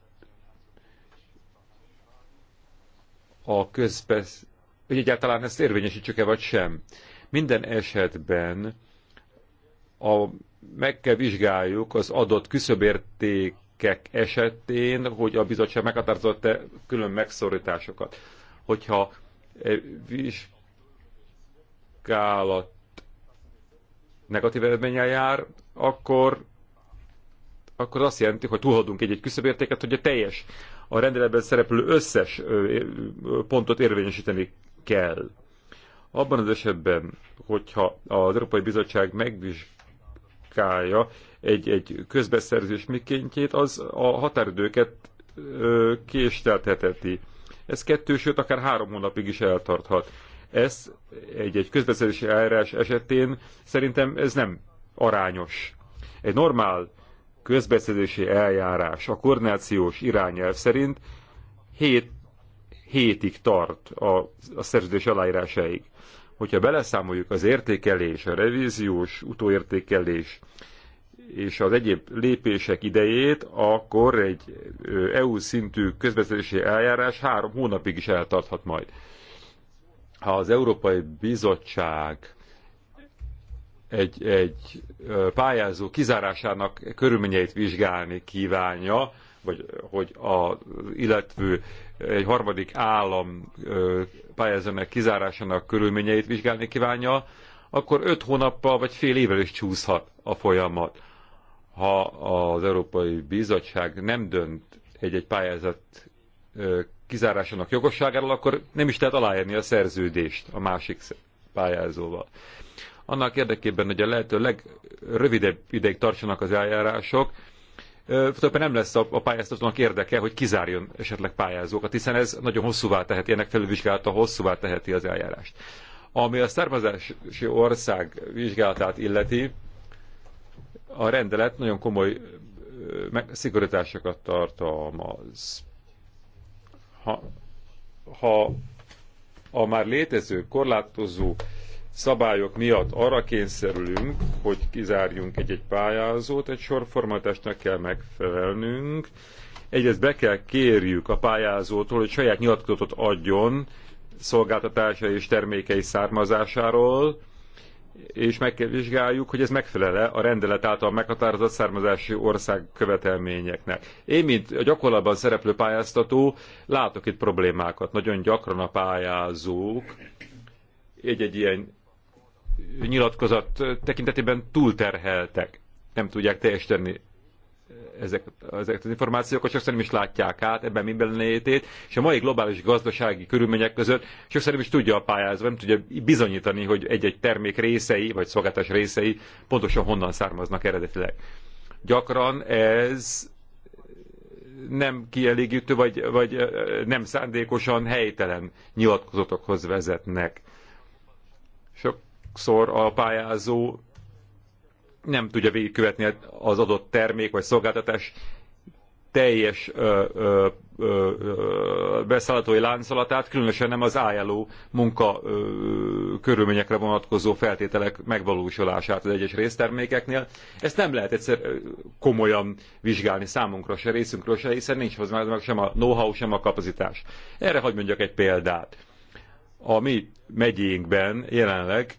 a közbesz... hogy egyáltalán ezt érvényesítsük-e vagy sem. Minden esetben a, meg kell vizsgáljuk az adott küszöbérték cikkek esetén, hogy a bizottság meghatározott -e külön megszorításokat. Hogyha eh, vizsgálat negatív eredménnyel jár, akkor, akkor azt jelenti, hogy túlhadunk egy-egy küszöbértéket, hogy a teljes, a rendeletben szereplő összes pontot érvényesíteni kell. Abban az esetben, hogyha az Európai Bizottság megvizsgálja, egy, egy közbeszerzés mikéntjét, az a határidőket késteltetheti. Ez kettő, sőt akár három hónapig is eltarthat. Ez egy, egy közbeszerzési eljárás esetén szerintem ez nem arányos. Egy normál közbeszerzési eljárás a koordinációs irányelv szerint 7 hétig tart a, a szerződés aláírásáig. Hogyha beleszámoljuk az értékelés, a revíziós utóértékelés, és az egyéb lépések idejét, akkor egy EU szintű közbeszerzési eljárás három hónapig is eltarthat majd. Ha az Európai Bizottság egy, egy pályázó kizárásának körülményeit vizsgálni kívánja, vagy hogy a, illető egy harmadik állam pályázónak kizárásának körülményeit vizsgálni kívánja, akkor öt hónappal vagy fél évvel is csúszhat a folyamat ha az Európai Bizottság nem dönt egy-egy pályázat kizárásának jogosságáról, akkor nem is lehet aláírni a szerződést a másik pályázóval. Annak érdekében, hogy a lehető legrövidebb ideig tartsanak az eljárások, tulajdonképpen nem lesz a pályáztatónak érdeke, hogy kizárjon esetleg pályázókat, hiszen ez nagyon hosszúvá teheti, ennek felülvizsgálata hosszúvá teheti az eljárást. Ami a származási ország vizsgálatát illeti, a rendelet nagyon komoly szigorításokat tartalmaz. Ha, ha a már létező korlátozó szabályok miatt arra kényszerülünk, hogy kizárjunk egy-egy pályázót, egy sor kell megfelelnünk. Egyrészt be kell kérjük a pályázótól, hogy saját nyilatkozatot adjon szolgáltatása és termékei származásáról, és meg kell vizsgáljuk, hogy ez megfelele a rendelet által meghatározott származási ország követelményeknek. Én, mint a gyakorlatban szereplő pályáztató, látok itt problémákat. Nagyon gyakran a pályázók egy-egy ilyen nyilatkozat tekintetében túlterheltek. Nem tudják teljesíteni ezek, ezek az információkat, sokszor nem is látják át ebben minden létét, és a mai globális gazdasági körülmények között sokszor nem is tudja a pályázó, nem tudja bizonyítani, hogy egy-egy termék részei, vagy szolgáltás részei pontosan honnan származnak eredetileg. Gyakran ez nem kielégítő, vagy, vagy nem szándékosan helytelen nyilatkozatokhoz vezetnek. Sokszor a pályázó nem tudja végigkövetni az adott termék vagy szolgáltatás teljes ö, ö, ö, ö, beszállatói láncolatát, különösen nem az álljáló munka ö, körülményekre vonatkozó feltételek megvalósulását az egyes résztermékeknél. Ezt nem lehet egyszer komolyan vizsgálni számunkra se, részünkről se, hiszen nincs hozzá meg sem a know-how, sem a kapacitás. Erre hagyd mondjak egy példát. A mi megyénkben jelenleg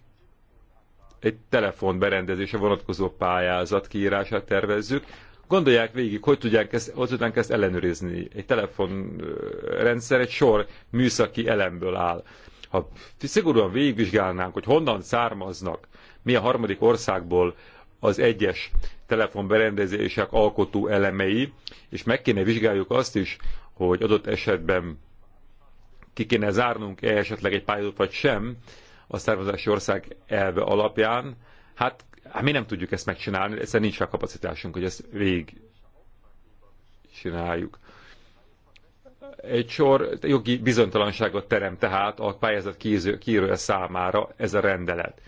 egy telefon berendezése vonatkozó pályázat kiírását tervezzük. Gondolják végig, hogy, tudják ezt, hogy tudják ezt ellenőrizni. Egy telefonrendszer egy sor műszaki elemből áll. Ha szigorúan végigvizsgálnánk, hogy honnan származnak, mi a harmadik országból az egyes telefonberendezések alkotó elemei, és meg kéne vizsgáljuk azt is, hogy adott esetben ki kéne zárnunk-e esetleg egy pályát vagy sem, a származási ország elve alapján. Hát, hát mi nem tudjuk ezt megcsinálni, egyszerűen nincs rá kapacitásunk, hogy ezt végig csináljuk. Egy sor jogi bizonytalanságot terem tehát a pályázat kiírója számára ez a rendelet.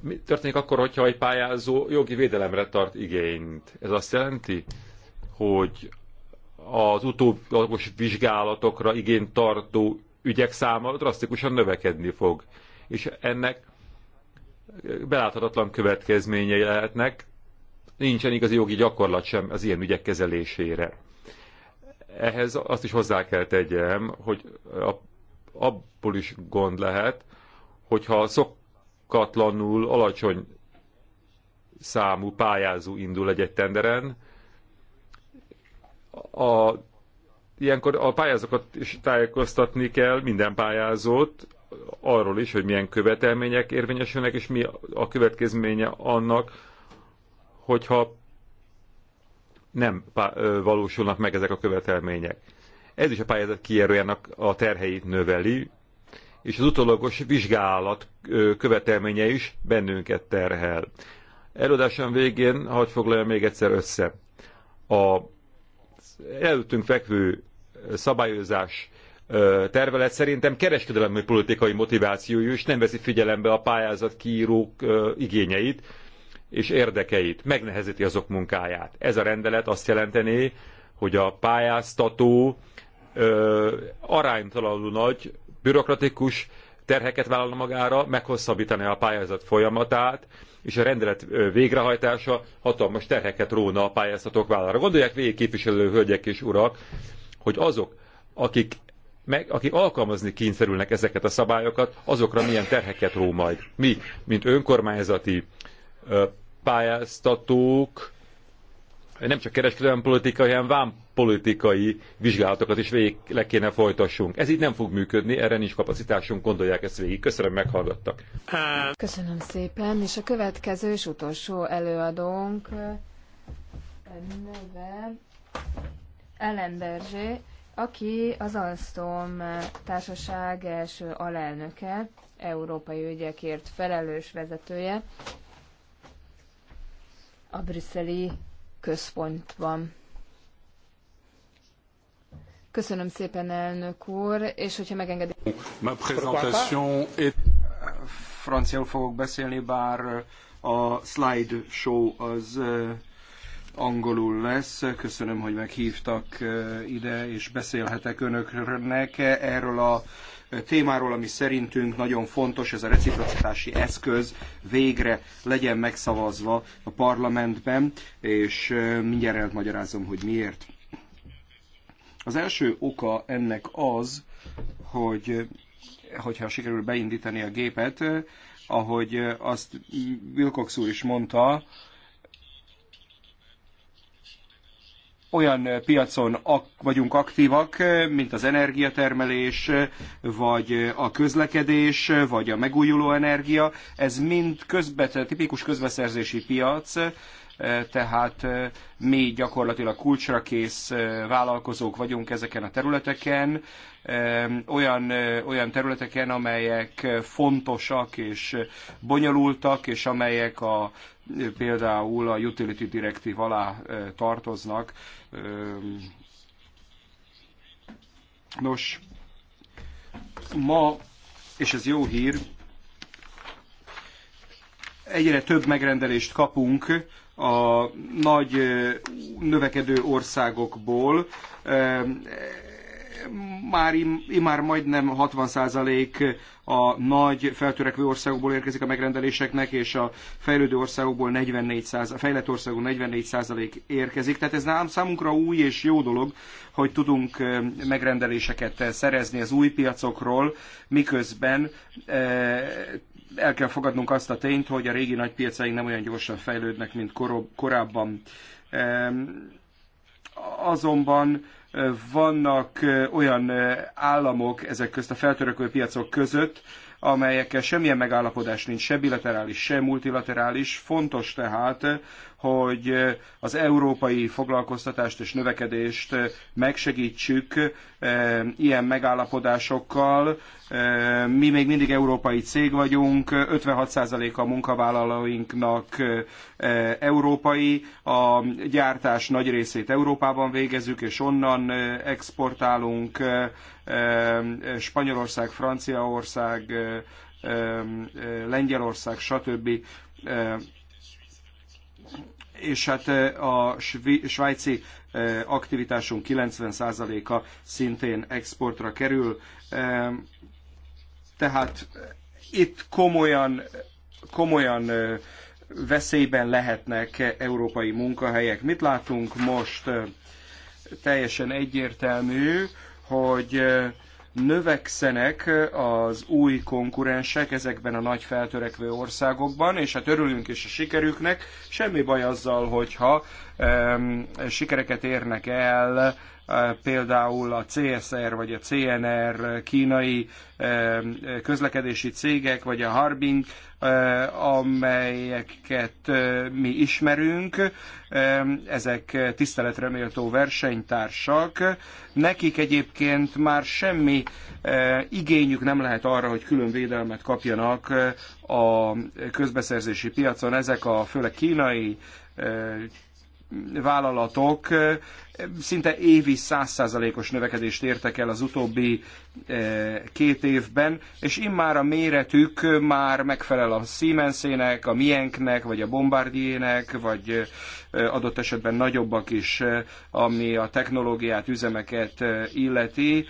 Mi történik akkor, hogyha egy pályázó jogi védelemre tart igényt? Ez azt jelenti, hogy az utóbbi vizsgálatokra igényt tartó ügyek száma drasztikusan növekedni fog. És ennek beláthatatlan következményei lehetnek, nincsen igazi jogi gyakorlat sem az ilyen ügyek kezelésére. Ehhez azt is hozzá kell tegyem, hogy abból is gond lehet, hogyha szokatlanul alacsony számú pályázó indul egy, -egy tenderen, a ilyenkor a pályázókat is tájékoztatni kell, minden pályázót, arról is, hogy milyen követelmények érvényesülnek, és mi a következménye annak, hogyha nem valósulnak meg ezek a követelmények. Ez is a pályázat kijelöljának a terheit növeli, és az utolagos vizsgálat követelménye is bennünket terhel. Előadásom végén hadd foglaljam még egyszer össze. A előttünk fekvő szabályozás tervelet szerintem kereskedelmi politikai motivációjú, és nem veszi figyelembe a pályázat kiírók igényeit és érdekeit, megnehezíti azok munkáját. Ez a rendelet azt jelenteni, hogy a pályáztató aránytalanul nagy, bürokratikus terheket vállal magára, meghosszabbítani a pályázat folyamatát, és a rendelet végrehajtása hatalmas terheket róna a pályáztatók vállára. Gondolják végig képviselő hölgyek és urak, hogy azok, akik, meg, akik alkalmazni kényszerülnek ezeket a szabályokat, azokra milyen terheket ró majd. Mi, mint önkormányzati ö, pályáztatók, nem csak kereskedelmi politikai, hanem vámpolitikai vizsgálatokat is végig le kéne folytassunk. Ez így nem fog működni, erre nincs kapacitásunk, gondolják ezt végig. Köszönöm, meghallgattak. Köszönöm szépen, és a következő és utolsó előadónk neve ellen Berzsé, aki az Alstom társaság első alelnöke, európai ügyekért felelős vezetője a brüsszeli központban. Köszönöm szépen, elnök úr, és hogyha megengedik... Ma presentation est... Franciául fogok beszélni, bár a slide show az angolul lesz. Köszönöm, hogy meghívtak eh, ide, és beszélhetek önöknek erről a témáról, ami szerintünk nagyon fontos, ez a reciprocitási eszköz végre legyen megszavazva a parlamentben, és eh, mindjárt elmagyarázom, hogy miért. Az első oka ennek az, hogy eh, hogyha sikerül beindítani a gépet, ahogy azt Wilcox úr is mondta, olyan piacon ak- vagyunk aktívak, mint az energiatermelés, vagy a közlekedés, vagy a megújuló energia. Ez mind közbet, tipikus közbeszerzési piac, tehát mi gyakorlatilag kulcsra kész vállalkozók vagyunk ezeken a területeken, olyan, olyan területeken, amelyek fontosak és bonyolultak, és amelyek a, például a Utility Directive alá tartoznak. Nos, ma, és ez jó hír, egyre több megrendelést kapunk a nagy növekedő országokból már immár majdnem 60% a nagy feltörekvő országokból érkezik a megrendeléseknek, és a fejlődő országokból 44 a fejlett országok 44% érkezik. Tehát ez nem számunkra új és jó dolog, hogy tudunk megrendeléseket szerezni az új piacokról, miközben el kell fogadnunk azt a tényt, hogy a régi nagy piacaink nem olyan gyorsan fejlődnek, mint korábban. Azonban vannak olyan államok ezek közt a feltörekvő piacok között, amelyekkel semmilyen megállapodás nincs, se bilaterális, se multilaterális. Fontos tehát, hogy az európai foglalkoztatást és növekedést megsegítsük ilyen megállapodásokkal. Mi még mindig európai cég vagyunk, 56% a munkavállalóinknak európai, a gyártás nagy részét Európában végezzük, és onnan exportálunk Spanyolország, Franciaország, Lengyelország, stb és hát a svájci aktivitásunk 90%-a szintén exportra kerül. Tehát itt komolyan, komolyan veszélyben lehetnek európai munkahelyek. Mit látunk most? Teljesen egyértelmű, hogy növekszenek az új konkurensek ezekben a nagy feltörekvő országokban, és hát örülünk is a sikerüknek, semmi baj azzal, hogyha um, sikereket érnek el például a CSR vagy a CNR kínai eh, közlekedési cégek, vagy a Harbin, eh, amelyeket eh, mi ismerünk. Ezek tiszteletre méltó versenytársak. Nekik egyébként már semmi igényük nem lehet arra, hogy külön védelmet kapjanak a közbeszerzési piacon. Ezek a főleg kínai vállalatok szinte évi százszázalékos növekedést értek el az utóbbi két évben, és immár a méretük már megfelel a Siemensének, a miénknek, vagy a Bombardiernek, vagy adott esetben nagyobbak is, ami a technológiát, üzemeket illeti.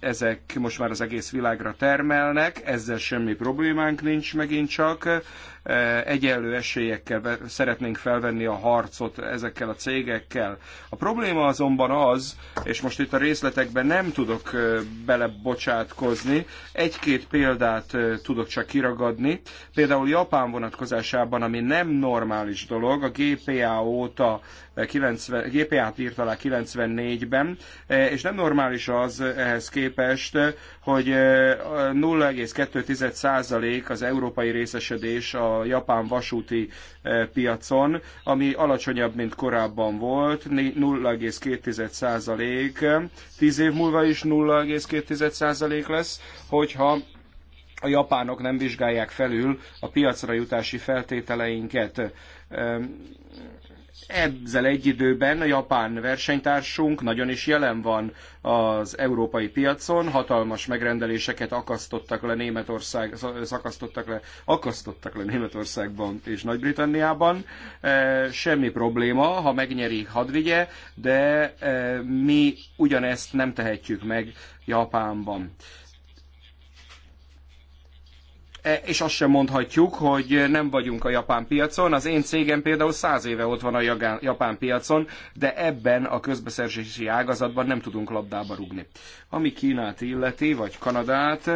Ezek most már az egész világra termelnek, ezzel semmi problémánk nincs megint csak Eh, egyenlő esélyekkel szeretnénk felvenni a harcot ezekkel a cégekkel. A probléma azonban az, és most itt a részletekben nem tudok eh, belebocsátkozni, egy-két példát eh, tudok csak kiragadni. Például Japán vonatkozásában, ami nem normális dolog, a GPA óta 90, GPA-t írt alá 94-ben, és nem normális az ehhez képest, hogy 0,2% az európai részesedés a japán vasúti piacon, ami alacsonyabb, mint korábban volt, 0,2%, 10 év múlva is 0,2% lesz, hogyha a japánok nem vizsgálják felül a piacra jutási feltételeinket ezzel egy időben a japán versenytársunk nagyon is jelen van az európai piacon, hatalmas megrendeléseket akasztottak le Németország, szakasztottak le, akasztottak le Németországban és Nagy-Britanniában. E, semmi probléma, ha megnyeri, hadvigye, de e, mi ugyanezt nem tehetjük meg Japánban. E, és azt sem mondhatjuk, hogy nem vagyunk a japán piacon. Az én cégem például száz éve ott van a japán piacon, de ebben a közbeszerzési ágazatban nem tudunk labdába rugni. Ami Kínát illeti, vagy Kanadát,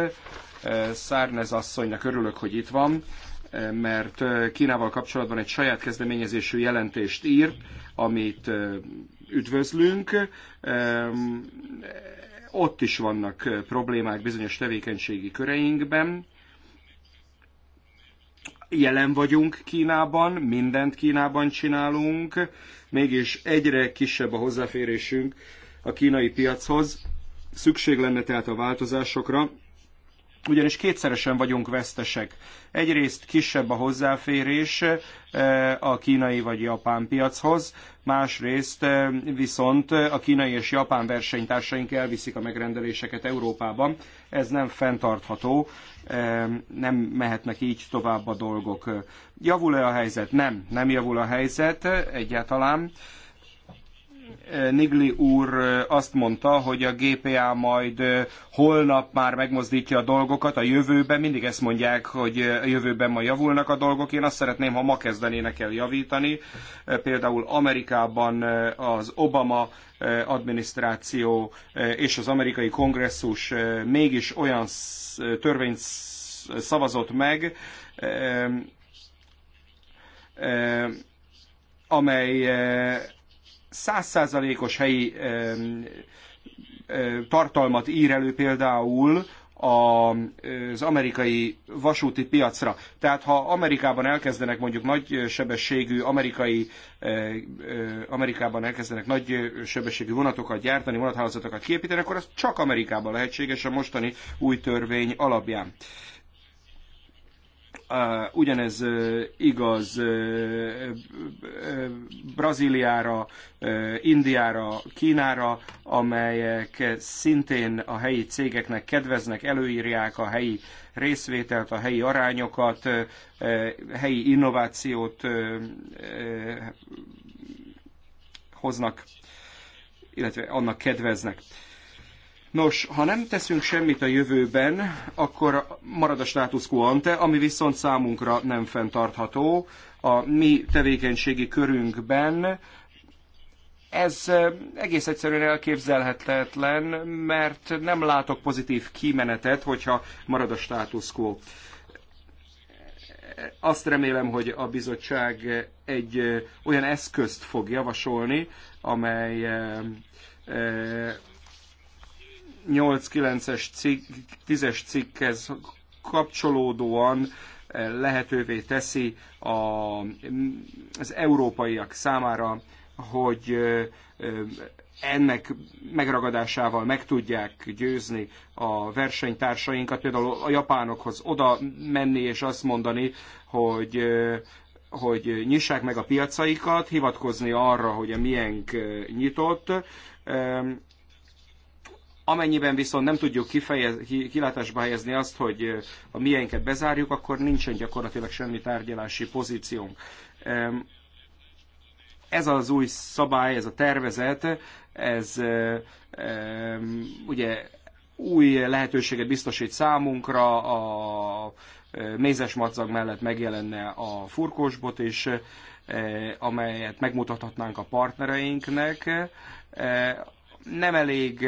e, Szárnez asszonynak örülök, hogy itt van, e, mert Kínával kapcsolatban egy saját kezdeményezésű jelentést írt, amit üdvözlünk ott is vannak problémák bizonyos tevékenységi köreinkben, jelen vagyunk Kínában, mindent Kínában csinálunk, mégis egyre kisebb a hozzáférésünk a kínai piachoz. Szükség lenne tehát a változásokra, ugyanis kétszeresen vagyunk vesztesek. Egyrészt kisebb a hozzáférés eh, a kínai vagy japán piachoz, másrészt eh, viszont eh, a kínai és japán versenytársaink elviszik a megrendeléseket Európában. Ez nem fenntartható, nem mehetnek így tovább a dolgok. Javul-e a helyzet? Nem, nem javul a helyzet egyáltalán. Nigli úr azt mondta, hogy a GPA majd holnap már megmozdítja a dolgokat a jövőben. Mindig ezt mondják, hogy a jövőben ma javulnak a dolgok. Én azt szeretném, ha ma kezdenének el javítani. Például Amerikában az Obama adminisztráció és az amerikai kongresszus mégis olyan törvényt szavazott meg, amely százszázalékos helyi tartalmat ír elő például az amerikai vasúti piacra. Tehát ha Amerikában elkezdenek mondjuk nagy sebességű amerikai, Amerikában elkezdenek nagy sebességű vonatokat gyártani, vonathálózatokat kiépíteni, akkor az csak Amerikában lehetséges a mostani új törvény alapján ugyanez igaz Brazíliára, Indiára, Kínára, amelyek szintén a helyi cégeknek kedveznek, előírják a helyi részvételt, a helyi arányokat, helyi innovációt hoznak, illetve annak kedveznek. Nos, ha nem teszünk semmit a jövőben, akkor marad a status quo ante, ami viszont számunkra nem fenntartható. A mi tevékenységi körünkben ez egész egyszerűen elképzelhetetlen, mert nem látok pozitív kimenetet, hogyha marad a status quo. Azt remélem, hogy a bizottság egy olyan eszközt fog javasolni, amely 8-9-es cikk, 10-es cikkhez kapcsolódóan eh, lehetővé teszi a, az európaiak számára, hogy eh, eh, ennek megragadásával meg tudják győzni a versenytársainkat, például a japánokhoz oda menni és azt mondani, hogy hogy nyissák meg a piacaikat, hivatkozni arra, hogy a miénk nyitott, Amennyiben viszont nem tudjuk kifejez, kilátásba helyezni azt, hogy a miénket bezárjuk, akkor nincsen gyakorlatilag semmi tárgyalási pozíciónk. Ez az új szabály, ez a tervezet, ez ugye új lehetőséget biztosít számunkra, a mézes madzag mellett megjelenne a furkósbot is, amelyet megmutathatnánk a partnereinknek. Nem elég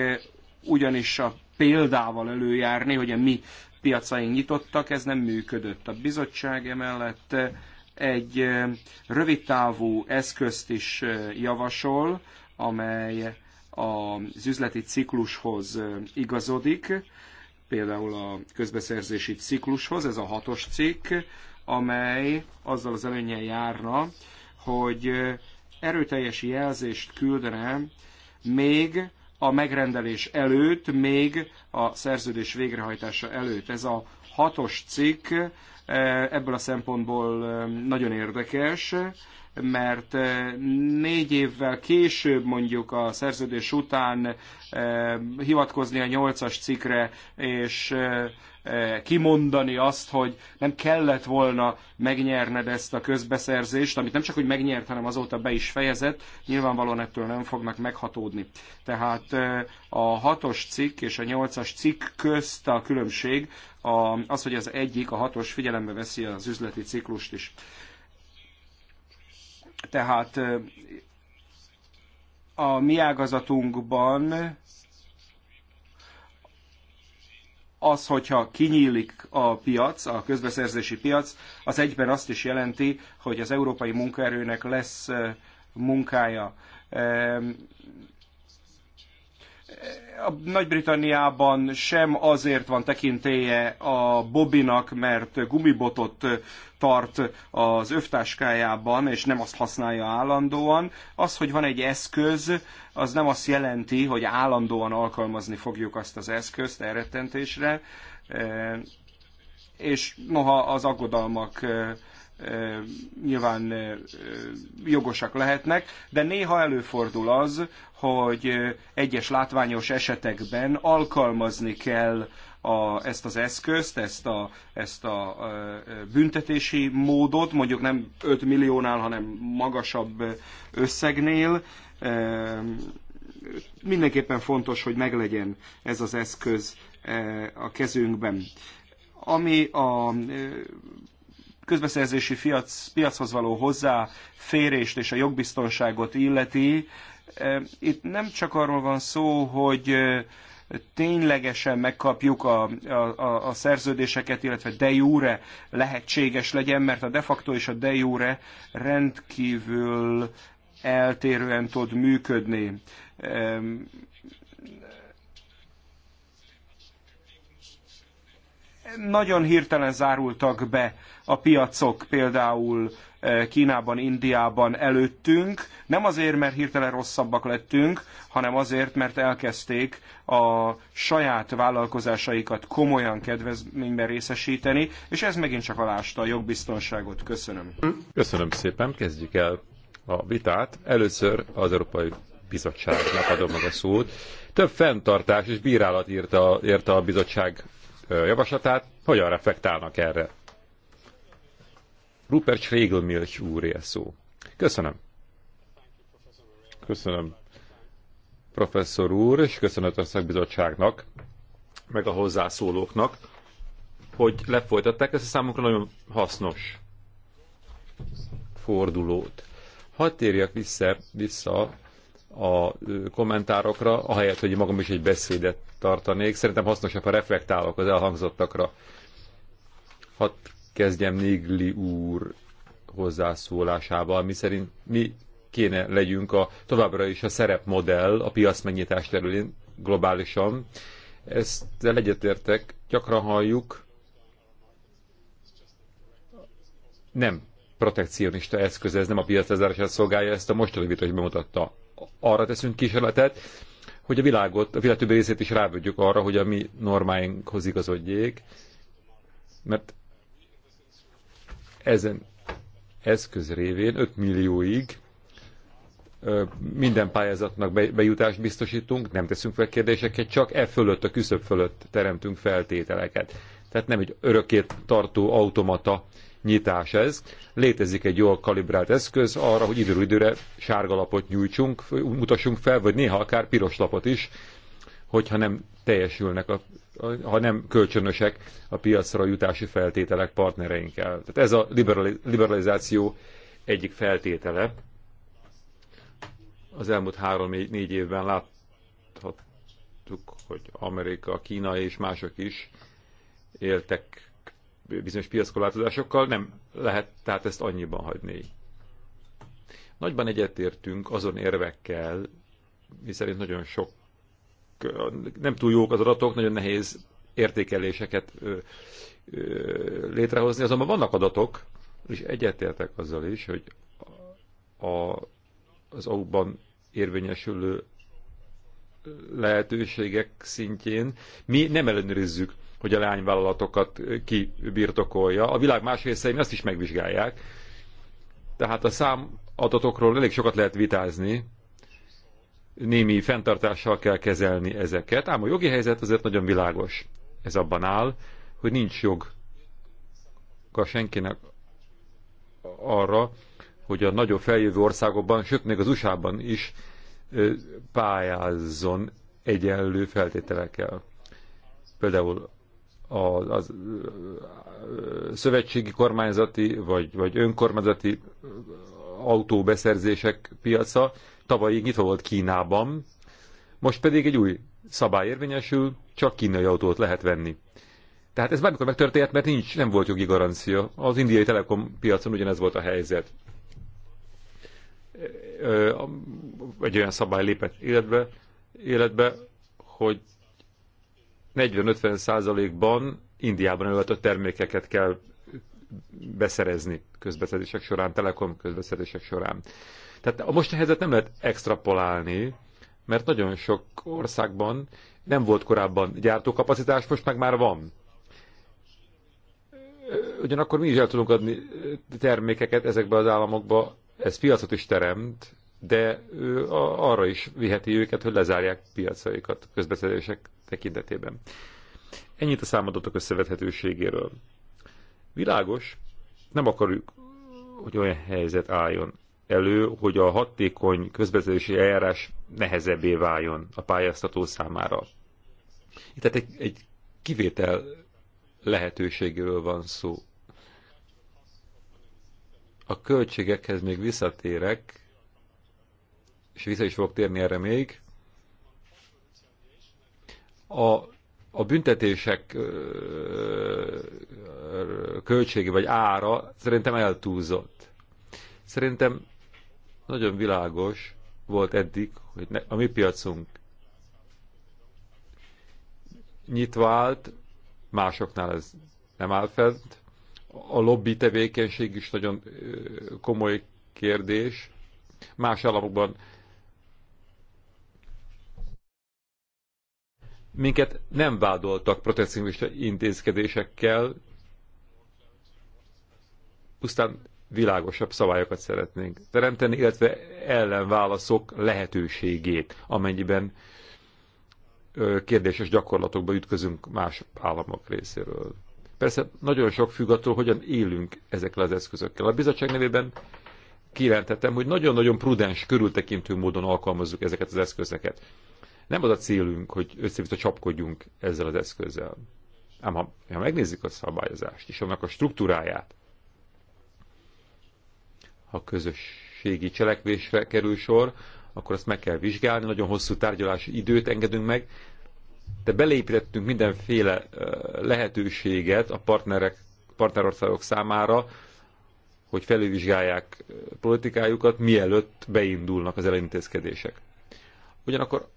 ugyanis a példával előjárni, hogy a mi piacaink nyitottak, ez nem működött. A bizottság emellett egy rövidtávú eszközt is javasol, amely az üzleti ciklushoz igazodik, például a közbeszerzési ciklushoz, ez a hatos cikk, amely azzal az előnyel járna, hogy erőteljes jelzést küldene még a megrendelés előtt, még a szerződés végrehajtása előtt. Ez a hatos cikk eh, ebből a szempontból eh, nagyon érdekes, mert eh, négy évvel később mondjuk a szerződés után hivatkozni a nyolcas cikre, és Eh, kimondani azt, hogy nem kellett volna megnyerned ezt a közbeszerzést, amit nem csak hogy megnyert, hanem azóta be is fejezett, nyilvánvalóan ettől nem fognak meghatódni. Tehát eh, a hatos cikk és a nyolcas cikk közt a különbség az, hogy az egyik, a hatos figyelembe veszi az üzleti ciklust is. Tehát eh, a mi ágazatunkban az, hogyha kinyílik a piac, a közbeszerzési piac, az egyben azt is jelenti, hogy az európai munkaerőnek lesz eh, munkája a Nagy-Britanniában sem azért van tekintélye a Bobinak, mert gumibotot tart az övtáskájában, és nem azt használja állandóan. Az, hogy van egy eszköz, az nem azt jelenti, hogy állandóan alkalmazni fogjuk azt az eszközt elrettentésre. E, és noha az aggodalmak e, nyilván jogosak lehetnek, de néha előfordul az, hogy egyes látványos esetekben alkalmazni kell a, ezt az eszközt, ezt a, ezt a büntetési módot, mondjuk nem 5 milliónál, hanem magasabb összegnél. Mindenképpen fontos, hogy meglegyen ez az eszköz a kezünkben. Ami a közbeszerzési piac, piachoz való hozzáférést és a jogbiztonságot illeti, e, itt nem csak arról van szó, hogy e, ténylegesen megkapjuk a, a, a szerződéseket, illetve de jure lehetséges legyen, mert a de facto és a de jure rendkívül eltérően tud működni. nagyon hirtelen zárultak be a piacok, például eh, Kínában, Indiában előttünk, nem azért, mert hirtelen rosszabbak lettünk, hanem azért, mert elkezdték a saját vállalkozásaikat komolyan kedvezményben részesíteni, és ez megint csak alásta a jogbiztonságot. Köszönöm. Köszönöm szépen, kezdjük el a vitát. Először az Európai Bizottságnak adom meg a szót. Több fenntartás és bírálat írta, írta a bizottság javaslatát, hogyan reflektálnak erre? Rupert Schlegelmilch úr szó. Köszönöm. Köszönöm professzor úr, és köszönöm a szakbizottságnak, meg a hozzászólóknak, hogy lefolytatták ezt a számunkra nagyon hasznos fordulót. Hadd térjek vissza, vissza a kommentárokra, ahelyett, hogy magam is egy beszédet tartanék. Szerintem hasznosabb, ha reflektálok az elhangzottakra. Hadd kezdjem Nigli úr hozzászólásával, mi szerint mi kéne legyünk a, továbbra is a szerepmodell a piac megnyitás területén globálisan. Ezt egyetértek, gyakran halljuk, nem protekcionista eszköz, ez nem a piac lezárását szolgálja, ezt a mostani vita is bemutatta arra teszünk kísérletet, hogy a világot, a világ többi részét is rábödjük arra, hogy a mi normáinkhoz igazodjék, mert ezen eszköz révén 5 millióig minden pályázatnak bejutást biztosítunk, nem teszünk fel kérdéseket, csak e fölött, a küszöb fölött teremtünk feltételeket. Tehát nem egy örökét tartó automata nyitás ez. Létezik egy jól kalibrált eszköz arra, hogy időről időre sárga lapot nyújtsunk, mutassunk fel, vagy néha akár piros lapot is, hogyha nem teljesülnek, a, ha nem kölcsönösek a piacra jutási feltételek partnereinkkel. Tehát ez a liberalizáció egyik feltétele. Az elmúlt három-négy évben láthattuk, hogy Amerika, Kína és mások is éltek bizonyos piackorlátozásokkal nem lehet tehát ezt annyiban hagyni. Nagyban egyetértünk azon érvekkel, miszerint nagyon sok, nem túl jók az adatok, nagyon nehéz értékeléseket ö, ö, létrehozni, azonban vannak adatok, és egyetértek azzal is, hogy a, az au ban érvényesülő lehetőségek szintjén mi nem ellenőrizzük hogy a leányvállalatokat kibirtokolja. A világ más részein ezt is megvizsgálják. Tehát a számadatokról elég sokat lehet vitázni, némi fenntartással kell kezelni ezeket, ám a jogi helyzet azért nagyon világos. Ez abban áll, hogy nincs jog a senkinek arra, hogy a nagyobb feljövő országokban, sőt még az USA-ban is pályázzon egyenlő feltételekkel. Például a az szövetségi kormányzati vagy, vagy önkormányzati autóbeszerzések piaca tavaly nyitva volt Kínában, most pedig egy új szabály érvényesül, csak kínai autót lehet venni. Tehát ez bármikor megtörténhet, mert nincs, nem volt jogi garancia. Az indiai telekom piacon ugyanez volt a helyzet. Egy olyan szabály lépett életbe, életbe hogy 40-50 százalékban Indiában előadott termékeket kell beszerezni közbeszerzések során, telekom közbeszerzések során. Tehát a mostani helyzet nem lehet extrapolálni, mert nagyon sok országban nem volt korábban gyártókapacitás, most meg már van. Ugyanakkor mi is el tudunk adni termékeket ezekbe az államokba, ez piacot is teremt, de arra is viheti őket, hogy lezárják piacaikat közbeszerzések tekintetében. Ennyit a számadatok összevethetőségéről. Világos, nem akarjuk, hogy olyan helyzet álljon elő, hogy a hatékony közbeszerzési eljárás nehezebbé váljon a pályáztató számára. Itt tehát egy, egy kivétel lehetőségéről van szó. A költségekhez még visszatérek, és vissza is fogok térni erre még a, a büntetések költsége vagy ára szerintem eltúlzott. Szerintem nagyon világos volt eddig, hogy ne, a mi piacunk nyitva állt, másoknál ez nem áll fent. A lobby tevékenység is nagyon komoly kérdés. Más államokban minket nem vádoltak protekcionista intézkedésekkel, pusztán világosabb szabályokat szeretnénk teremteni, illetve ellenválaszok lehetőségét, amennyiben kérdéses gyakorlatokba ütközünk más államok részéről. Persze nagyon sok függ attól, hogyan élünk ezekkel az eszközökkel. A bizottság nevében kijelentettem, hogy nagyon-nagyon prudens, körültekintő módon alkalmazzuk ezeket az eszközeket. Nem az a célunk, hogy össze a csapkodjunk ezzel az eszközzel. Ám ha, ha megnézzük a szabályozást és annak a struktúráját, ha közösségi cselekvésre kerül sor, akkor azt meg kell vizsgálni, nagyon hosszú tárgyalási időt engedünk meg, de beleépítettünk mindenféle lehetőséget a partnerek, partnerországok számára, hogy felülvizsgálják politikájukat, mielőtt beindulnak az elintézkedések. Ugyanakkor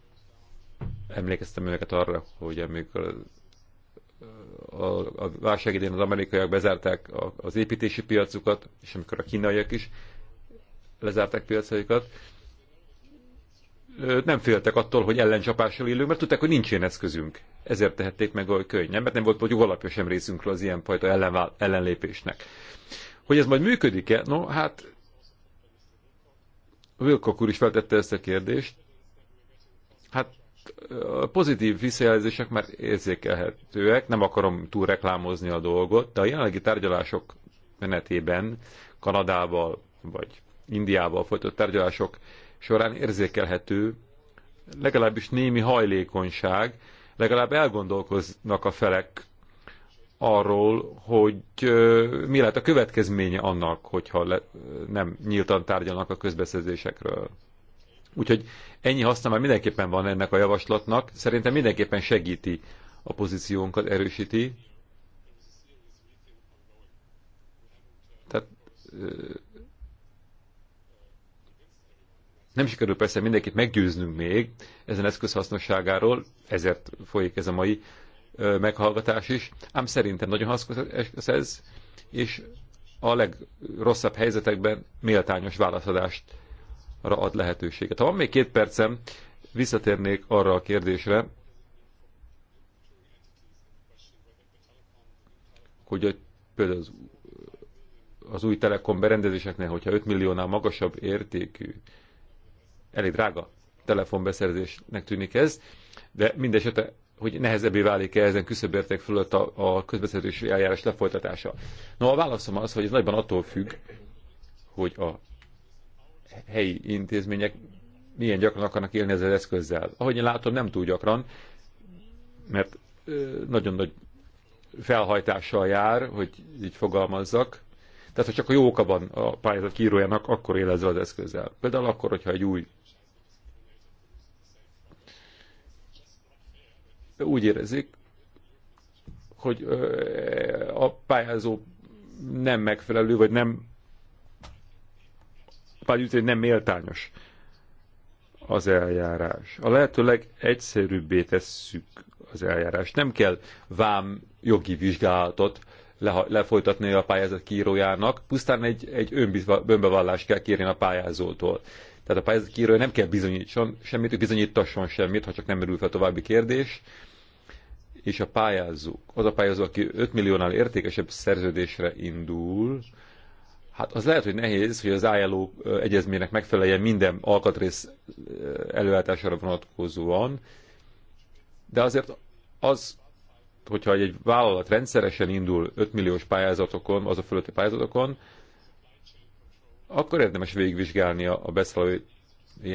Emlékeztem őket arra, hogy amikor a, a válság idén az amerikaiak bezárták az építési piacukat, és amikor a kínaiak is lezárták piacaikat, nem féltek attól, hogy ellencsapással élünk, mert tudták, hogy nincs ilyen eszközünk. Ezért tehették meg a könnyen, mert nem volt mondjuk alapja sem részünkről az fajta ellenvál, ellenlépésnek. Hogy ez majd működik-e? No, hát Wilcock úr is feltette ezt a kérdést. Hát pozitív visszajelzések már érzékelhetőek, nem akarom túl reklámozni a dolgot, de a jelenlegi tárgyalások menetében Kanadával vagy Indiával folytott tárgyalások során érzékelhető legalábbis némi hajlékonyság, legalább elgondolkoznak a felek arról, hogy mi lehet a következménye annak, hogyha le, nem nyíltan tárgyalnak a közbeszerzésekről. Úgyhogy ennyi haszna már mindenképpen van ennek a javaslatnak. Szerintem mindenképpen segíti a pozíciónkat, erősíti. Tehát nem sikerül persze mindenkit meggyőznünk még ezen eszköz hasznosságáról, ezért folyik ez a mai meghallgatás is, ám szerintem nagyon hasznos ez, és a legrosszabb helyzetekben méltányos válaszadást ad lehetőséget. Ha van még két percem, visszatérnék arra a kérdésre, hogy például az, az új telekom berendezéseknél, hogyha 5 milliónál magasabb értékű, elég drága telefonbeszerzésnek tűnik ez, de mindesetre, hogy nehezebbé válik-e ezen küszöbérték fölött a, a közbeszerzési eljárás lefolytatása. No, a válaszom az, hogy ez nagyban attól függ, hogy a helyi intézmények milyen gyakran akarnak élni ezzel az eszközzel. Ahogy én látom, nem túl gyakran, mert nagyon nagy felhajtással jár, hogy így fogalmazzak. Tehát, ha csak a jó oka van a pályázat kírójának, akkor él ezzel az eszközzel. Például akkor, hogyha egy új úgy érezik, hogy a pályázó nem megfelelő, vagy nem hogy nem méltányos az eljárás. A lehető legegyszerűbbé tesszük az eljárást. Nem kell vám jogi vizsgálatot lefolytatni a pályázat kírójának, pusztán egy, egy önbevallást kell kérni a pályázótól. Tehát a pályázat kírója nem kell bizonyítson semmit, bizonyítasson semmit, ha csak nem merül fel további kérdés. És a pályázók, az a pályázó, aki 5 milliónál értékesebb szerződésre indul, Hát az lehet, hogy nehéz, hogy az ILO egyezménynek megfeleljen minden alkatrész előállítására vonatkozóan, de azért az, hogyha egy vállalat rendszeresen indul 5 milliós pályázatokon, az a fölötti pályázatokon, akkor érdemes végigvizsgálni a beszállói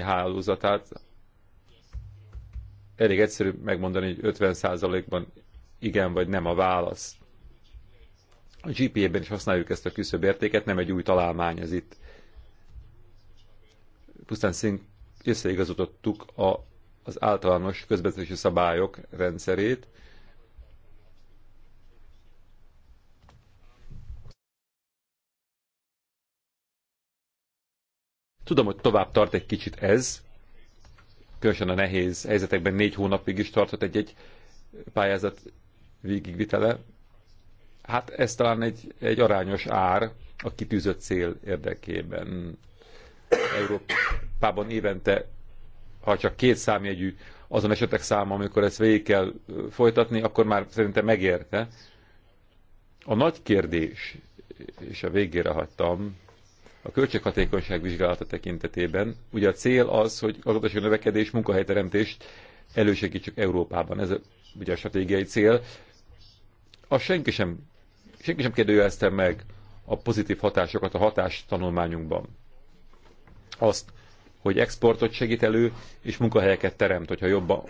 hálózatát. Elég egyszerű megmondani, hogy 50%-ban igen vagy nem a válasz. A GPA-ben is használjuk ezt a értéket, nem egy új találmány ez itt. Pusztán szint összeigazítottuk a, az általános közbeszerzési szabályok rendszerét, Tudom, hogy tovább tart egy kicsit ez, különösen a nehéz helyzetekben négy hónapig is tartott egy-egy pályázat végigvitele, hát ez talán egy, egy arányos ár a kitűzött cél érdekében. Európában évente, ha csak két számjegyű azon esetek száma, amikor ezt végig kell folytatni, akkor már szerintem megérte. A nagy kérdés, és a végére hagytam, a költséghatékonyság vizsgálata tekintetében, ugye a cél az, hogy a gazdasági növekedés, munkahelyteremtést elősegítsük Európában. Ez a, ugye a stratégiai cél. Azt senki sem senki sem kérdőjelezte meg a pozitív hatásokat a hatástanulmányunkban. Azt, hogy exportot segít elő, és munkahelyeket teremt, hogyha jobban,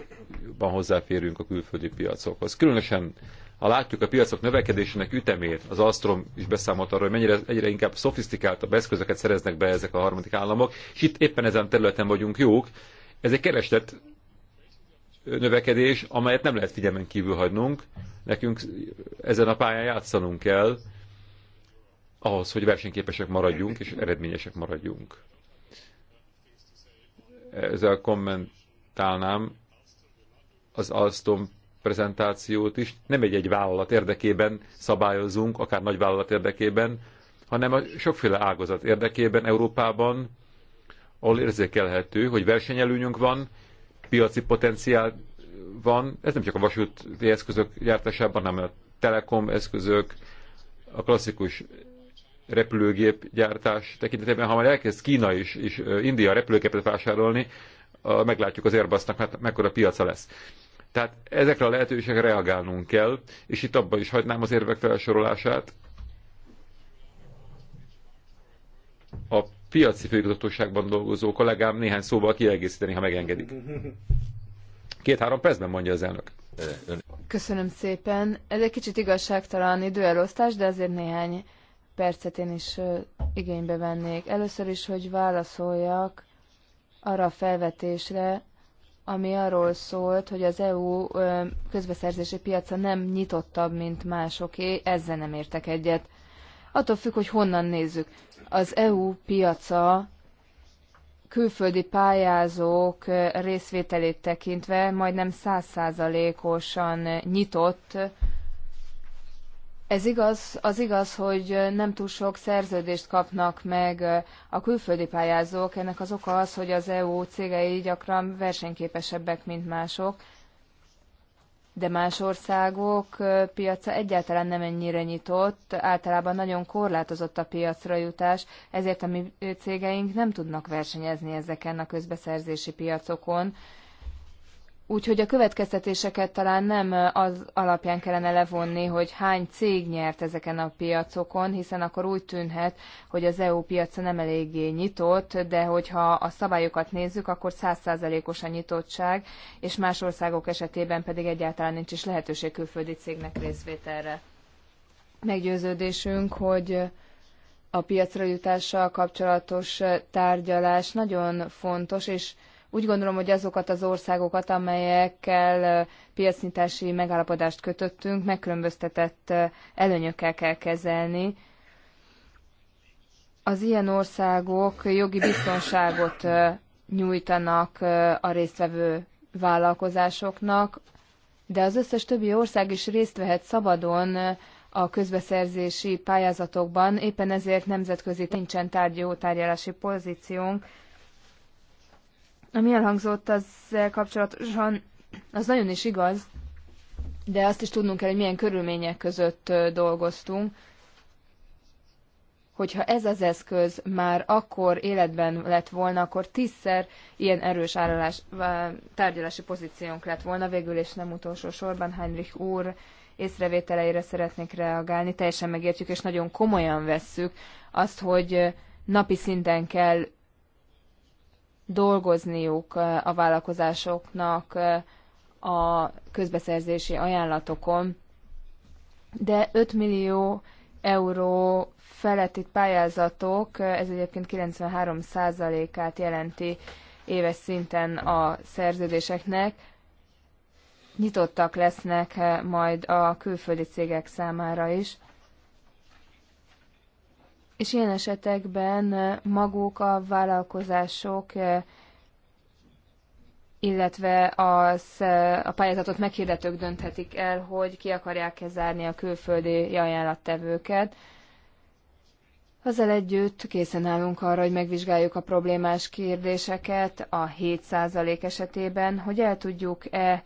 jobban hozzáférünk a külföldi piacokhoz. Különösen, ha látjuk a piacok növekedésének ütemét, az Astrom is beszámolt arról, hogy mennyire egyre inkább szofisztikáltabb eszközöket szereznek be ezek a harmadik államok, és itt éppen ezen a területen vagyunk jók, ez egy kereslet növekedés, amelyet nem lehet figyelmen kívül hagynunk. Nekünk ezen a pályán játszanunk kell, ahhoz, hogy versenyképesek maradjunk és eredményesek maradjunk. Ezzel kommentálnám az Alstom prezentációt is. Nem egy-egy vállalat érdekében szabályozunk, akár nagy vállalat érdekében, hanem a sokféle ágazat érdekében Európában, ahol érzékelhető, hogy versenyelőnyünk van, piaci potenciál van. Ez nem csak a vasúti eszközök gyártásában, hanem a telekom eszközök, a klasszikus repülőgép gyártás tekintetében, ha már elkezd Kína is, és India repülőgépet vásárolni, meglátjuk az Airbusnak hát mekkora piaca lesz. Tehát ezekre a lehetőségekre reagálnunk kell, és itt abban is hagynám az érvek felsorolását. A piaci főigazgatóságban dolgozó kollégám néhány szóval kiegészíteni, ha megengedik. Két-három percben mondja az elnök. Köszönöm szépen. Ez egy kicsit igazságtalan időelosztás, de azért néhány percet én is igénybe vennék. Először is, hogy válaszoljak arra a felvetésre, ami arról szólt, hogy az EU közbeszerzési piaca nem nyitottabb, mint másoké, ezzel nem értek egyet. Attól függ, hogy honnan nézzük az EU piaca külföldi pályázók részvételét tekintve majdnem százszázalékosan nyitott. Ez igaz, az igaz, hogy nem túl sok szerződést kapnak meg a külföldi pályázók. Ennek az oka az, hogy az EU cégei gyakran versenyképesebbek, mint mások de más országok piaca egyáltalán nem ennyire nyitott, általában nagyon korlátozott a piacra jutás, ezért a mi cégeink nem tudnak versenyezni ezeken a közbeszerzési piacokon, Úgyhogy a következtetéseket talán nem az alapján kellene levonni, hogy hány cég nyert ezeken a piacokon, hiszen akkor úgy tűnhet, hogy az EU piaca nem eléggé nyitott, de hogyha a szabályokat nézzük, akkor százszázalékos a nyitottság, és más országok esetében pedig egyáltalán nincs is lehetőség külföldi cégnek részvételre. Meggyőződésünk, hogy a piacra jutással kapcsolatos tárgyalás nagyon fontos, és úgy gondolom, hogy azokat az országokat, amelyekkel piacnyitási megállapodást kötöttünk, megkülönböztetett előnyökkel kell kezelni. Az ilyen országok jogi biztonságot nyújtanak a résztvevő vállalkozásoknak, de az összes többi ország is részt vehet szabadon a közbeszerzési pályázatokban, éppen ezért nemzetközi nincsen tárgyó tárgyalási pozíciónk, ami elhangzott az kapcsolatosan, az nagyon is igaz, de azt is tudnunk kell, hogy milyen körülmények között dolgoztunk. Hogyha ez az eszköz már akkor életben lett volna, akkor tízszer ilyen erős állás, tárgyalási pozíciónk lett volna, végül és nem utolsó sorban Heinrich úr észrevételeire szeretnék reagálni. Teljesen megértjük, és nagyon komolyan vesszük azt, hogy napi szinten kell dolgozniuk a vállalkozásoknak a közbeszerzési ajánlatokon. De 5 millió euró feletti pályázatok, ez egyébként 93%-át jelenti éves szinten a szerződéseknek, nyitottak lesznek majd a külföldi cégek számára is és ilyen esetekben maguk a vállalkozások, illetve az, a pályázatot meghirdetők dönthetik el, hogy ki akarják kezárni a külföldi ajánlattevőket. Azzal együtt készen állunk arra, hogy megvizsgáljuk a problémás kérdéseket a 7% esetében, hogy el tudjuk-e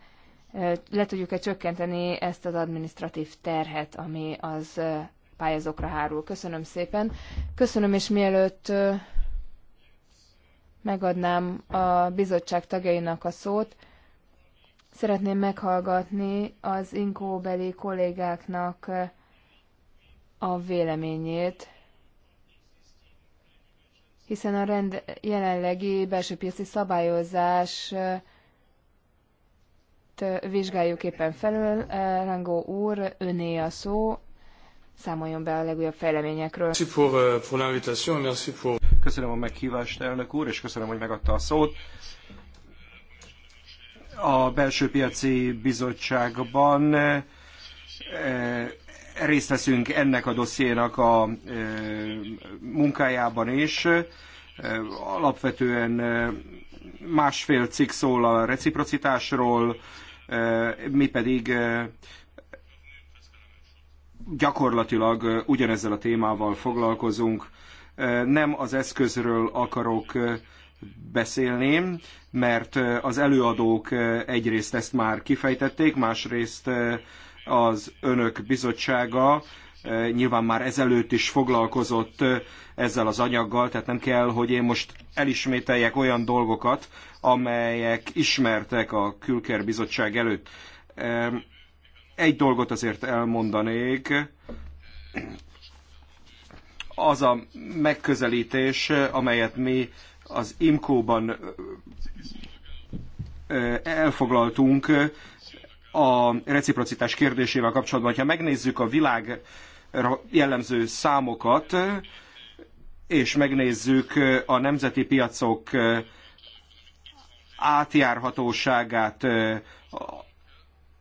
le tudjuk-e csökkenteni ezt az administratív terhet, ami az pályázókra hárul. Köszönöm szépen. Köszönöm, és mielőtt megadnám a bizottság tagjainak a szót, szeretném meghallgatni az inkóbeli kollégáknak a véleményét, hiszen a rend jelenlegi belső piaci szabályozás vizsgáljuk éppen felül. Rangó úr, öné a szó, számoljon be a legújabb fejleményekről. Euh, köszönöm a meghívást, elnök úr, és köszönöm, hogy megadta a szót. A belső piaci bizottságban eh, eh, részt veszünk ennek a dossziénak a eh, munkájában is. Alapvetően másfél cikk szól a reciprocitásról, mi pedig gyakorlatilag ugyanezzel a témával foglalkozunk. Nem az eszközről akarok beszélni, mert az előadók egyrészt ezt már kifejtették, másrészt az önök bizottsága nyilván már ezelőtt is foglalkozott ezzel az anyaggal, tehát nem kell, hogy én most elismételjek olyan dolgokat, amelyek ismertek a Külker bizottság előtt. Egy dolgot azért elmondanék, az a megközelítés, amelyet mi az IMCO-ban elfoglaltunk a reciprocitás kérdésével kapcsolatban. Ha megnézzük a világ jellemző számokat, és megnézzük a nemzeti piacok átjárhatóságát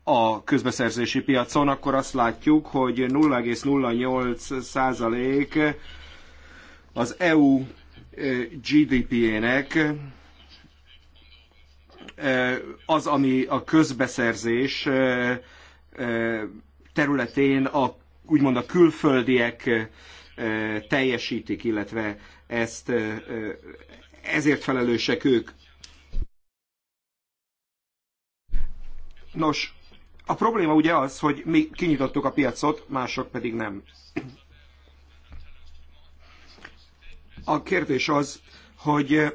a közbeszerzési piacon, akkor azt látjuk, hogy 0,08 százalék az EU eh, GDP-ének eh, az, ami a közbeszerzés eh, területén a, úgymond a külföldiek teljesítik, illetve ezt ezért felelősek ők. Nos, a probléma ugye az, hogy mi kinyitottuk a piacot, mások pedig nem. A kérdés az, hogy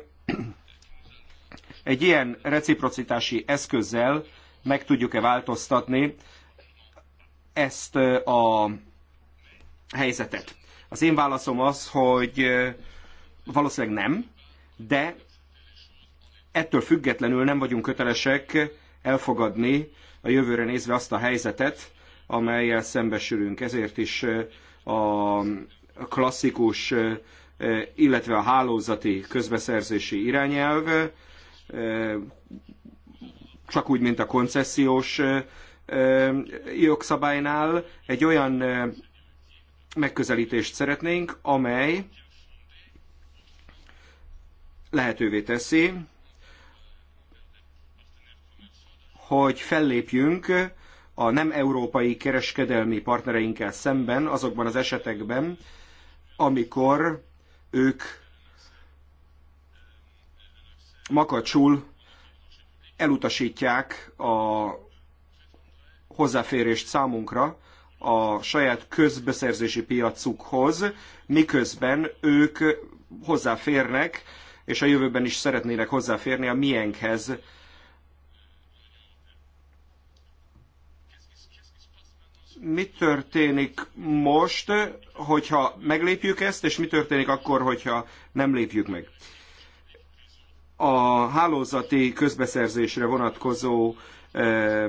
egy ilyen reciprocitási eszközzel meg tudjuk-e változtatni ezt a helyzetet. Az én válaszom az, hogy valószínűleg nem, de ettől függetlenül nem vagyunk kötelesek elfogadni a jövőre nézve azt a helyzetet, amelyel szembesülünk. Ezért is a klasszikus, illetve a hálózati közbeszerzési irányelv, csak úgy, mint a koncesziós jogszabálynál egy olyan megközelítést szeretnénk, amely lehetővé teszi hogy fellépjünk a nem európai kereskedelmi partnereinkkel szemben azokban az esetekben, amikor ők makacsul elutasítják a hozzáférést számunkra a saját közbeszerzési piacukhoz, miközben ők hozzáférnek, és a jövőben is szeretnének hozzáférni a miénkhez mi történik most, hogyha meglépjük ezt, és mi történik akkor, hogyha nem lépjük meg. A hálózati közbeszerzésre vonatkozó e,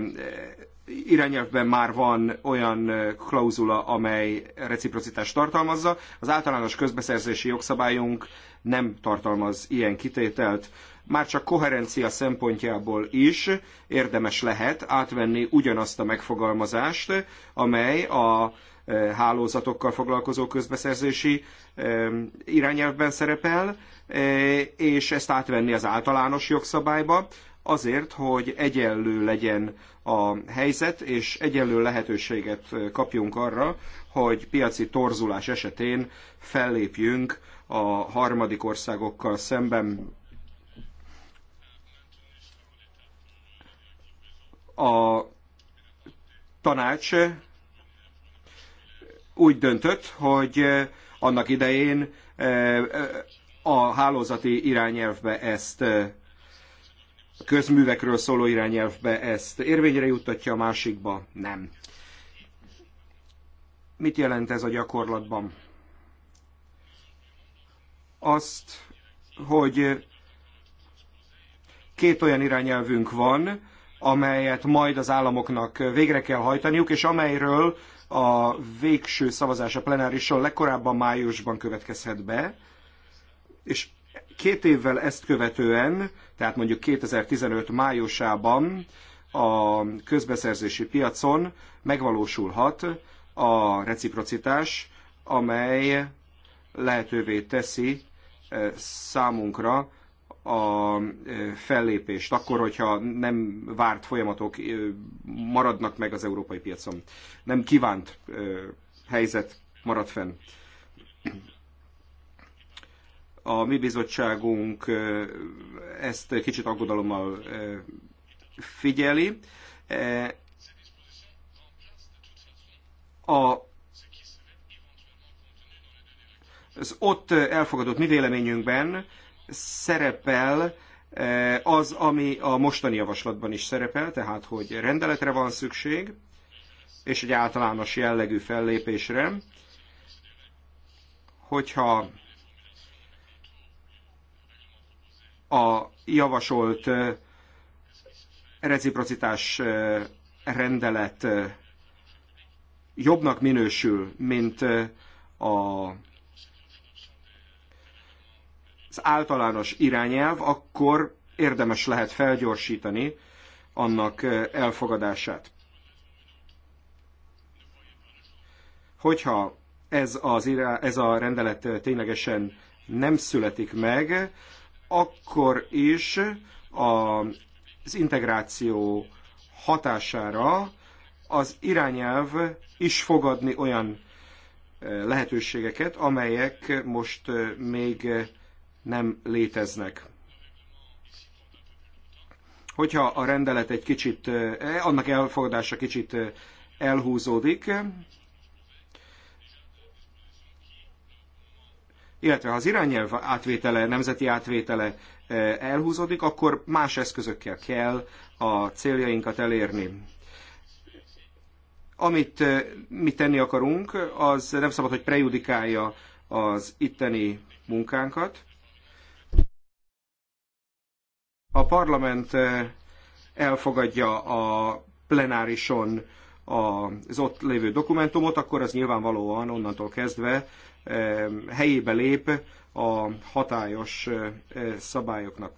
irányelvben már van olyan e, klauzula, amely reciprocitást tartalmazza. Az általános közbeszerzési jogszabályunk nem tartalmaz ilyen kitételt már csak koherencia szempontjából is érdemes lehet átvenni ugyanazt a megfogalmazást, amely a e, hálózatokkal foglalkozó közbeszerzési e, irányelvben szerepel, e, és ezt átvenni az általános jogszabályba, azért, hogy egyenlő legyen a helyzet, és egyenlő lehetőséget kapjunk arra, hogy piaci torzulás esetén fellépjünk a harmadik országokkal szemben. a tanács úgy döntött, hogy annak idején eh, a hálózati irányelvbe ezt eh, a közművekről szóló irányelvbe ezt érvényre juttatja, a másikba nem. Mit jelent ez a gyakorlatban? Azt, hogy két olyan irányelvünk van, amelyet majd az államoknak végre kell hajtaniuk, és amelyről a végső szavazás a plenárison legkorábban májusban következhet be, és két évvel ezt követően, tehát mondjuk 2015 májusában a közbeszerzési piacon megvalósulhat a reciprocitás, amely lehetővé teszi eh, számunkra, a e, fellépést, akkor, hogyha nem várt folyamatok e, maradnak meg az európai piacon. Nem kívánt e, helyzet marad fenn. A mi bizottságunk ezt kicsit aggodalommal figyeli. A az ott elfogadott mi véleményünkben szerepel e, az, ami a mostani javaslatban is szerepel, tehát hogy rendeletre van szükség, és egy általános jellegű fellépésre, hogyha a javasolt e, reciprocitás e, rendelet jobbnak minősül, mint a az általános irányelv, akkor érdemes lehet felgyorsítani annak elfogadását. Hogyha ez, az, ez a rendelet ténylegesen nem születik meg, akkor is az integráció hatására az irányelv is fogadni olyan lehetőségeket, amelyek most még nem léteznek. Hogyha a rendelet egy kicsit, eh, annak elfogadása kicsit eh, elhúzódik, illetve ha az irányelv átvétele, nemzeti átvétele eh, elhúzódik, akkor más eszközökkel kell a céljainkat elérni. Amit mi tenni akarunk, az nem szabad, hogy prejudikálja az itteni munkánkat a parlament eh, elfogadja a plenárison az ott lévő dokumentumot, akkor az nyilvánvalóan onnantól kezdve eh, helyébe lép a hatályos eh, szabályoknak.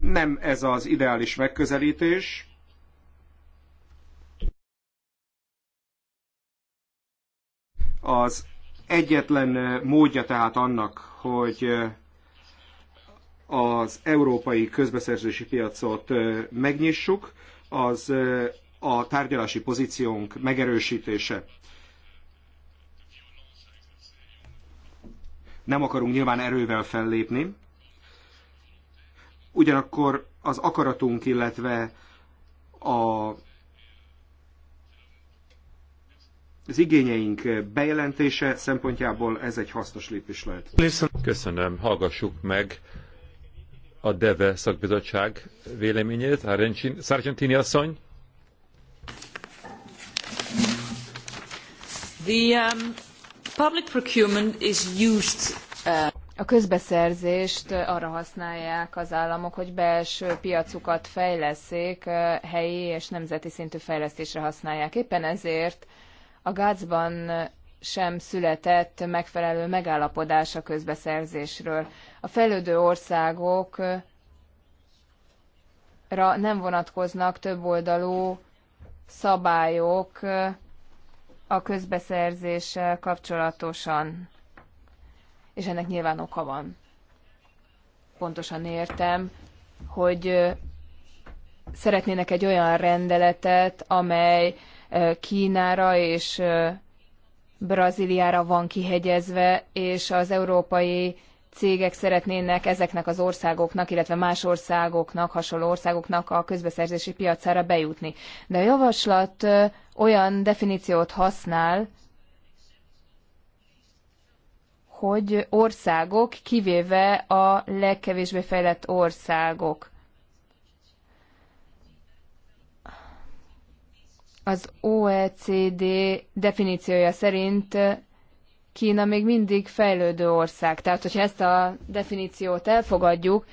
Nem ez az ideális megközelítés, az Egyetlen módja tehát annak, hogy az európai közbeszerzési piacot megnyissuk, az a tárgyalási pozíciónk megerősítése. Nem akarunk nyilván erővel fellépni, ugyanakkor az akaratunk, illetve a az igényeink bejelentése szempontjából ez egy hasznos lépés lehet. Köszönöm, hallgassuk meg a DEVE szakbizottság véleményét. Sargentini asszony. The um, public procurement is used uh... A közbeszerzést uh, arra használják az államok, hogy belső piacukat fejleszék, uh, helyi és nemzeti szintű fejlesztésre használják. Éppen ezért a Gácban sem született megfelelő megállapodás a közbeszerzésről. A fejlődő országokra nem vonatkoznak többoldalú szabályok a közbeszerzéssel kapcsolatosan, és ennek nyilván oka van. Pontosan értem, hogy szeretnének egy olyan rendeletet, amely Kínára és Brazíliára van kihegyezve, és az európai cégek szeretnének ezeknek az országoknak, illetve más országoknak, hasonló országoknak a közbeszerzési piacára bejutni. De a javaslat olyan definíciót használ, hogy országok, kivéve a legkevésbé fejlett országok. Az OECD definíciója szerint eh, Kína még mindig fejlődő ország. Tehát, hogyha ezt a definíciót elfogadjuk,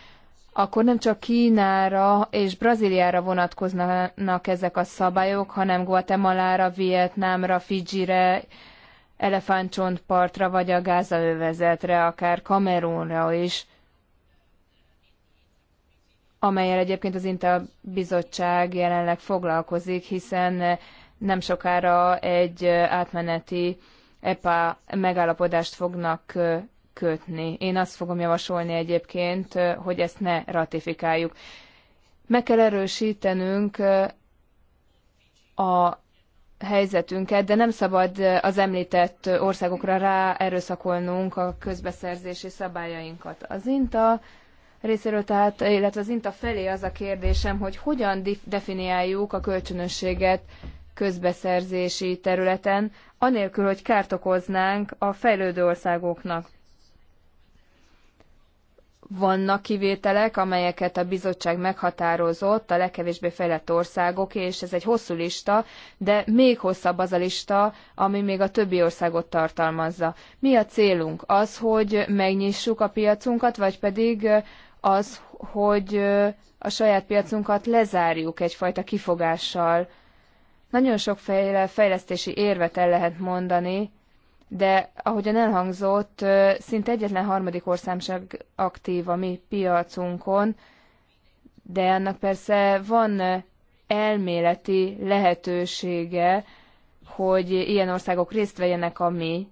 akkor nem csak Kínára és Brazíliára vonatkoznak ezek a szabályok, hanem Guatemalára, Vietnámra, Fidzsire, Elefántcsontpartra vagy a Gázaövezetre, akár Kamerunra is amelyel egyébként az INTA bizottság jelenleg foglalkozik, hiszen nem sokára egy átmeneti EPA megállapodást fognak kötni. Én azt fogom javasolni egyébként, hogy ezt ne ratifikáljuk. Meg kell erősítenünk a helyzetünket, de nem szabad az említett országokra erőszakolnunk a közbeszerzési szabályainkat. Az INTA részéről, tehát, illetve az INTA felé az a kérdésem, hogy hogyan definiáljuk a kölcsönösséget közbeszerzési területen, anélkül, hogy kárt okoznánk a fejlődő országoknak. Vannak kivételek, amelyeket a bizottság meghatározott a legkevésbé fejlett országok, és ez egy hosszú lista, de még hosszabb az a lista, ami még a többi országot tartalmazza. Mi a célunk? Az, hogy megnyissuk a piacunkat, vagy pedig az, hogy a saját piacunkat lezárjuk egyfajta kifogással. Nagyon sok fejlesztési érvet el lehet mondani, de ahogyan elhangzott, szinte egyetlen harmadik ország sem aktív a mi piacunkon, de annak persze van elméleti lehetősége, hogy ilyen országok részt vegyenek a mi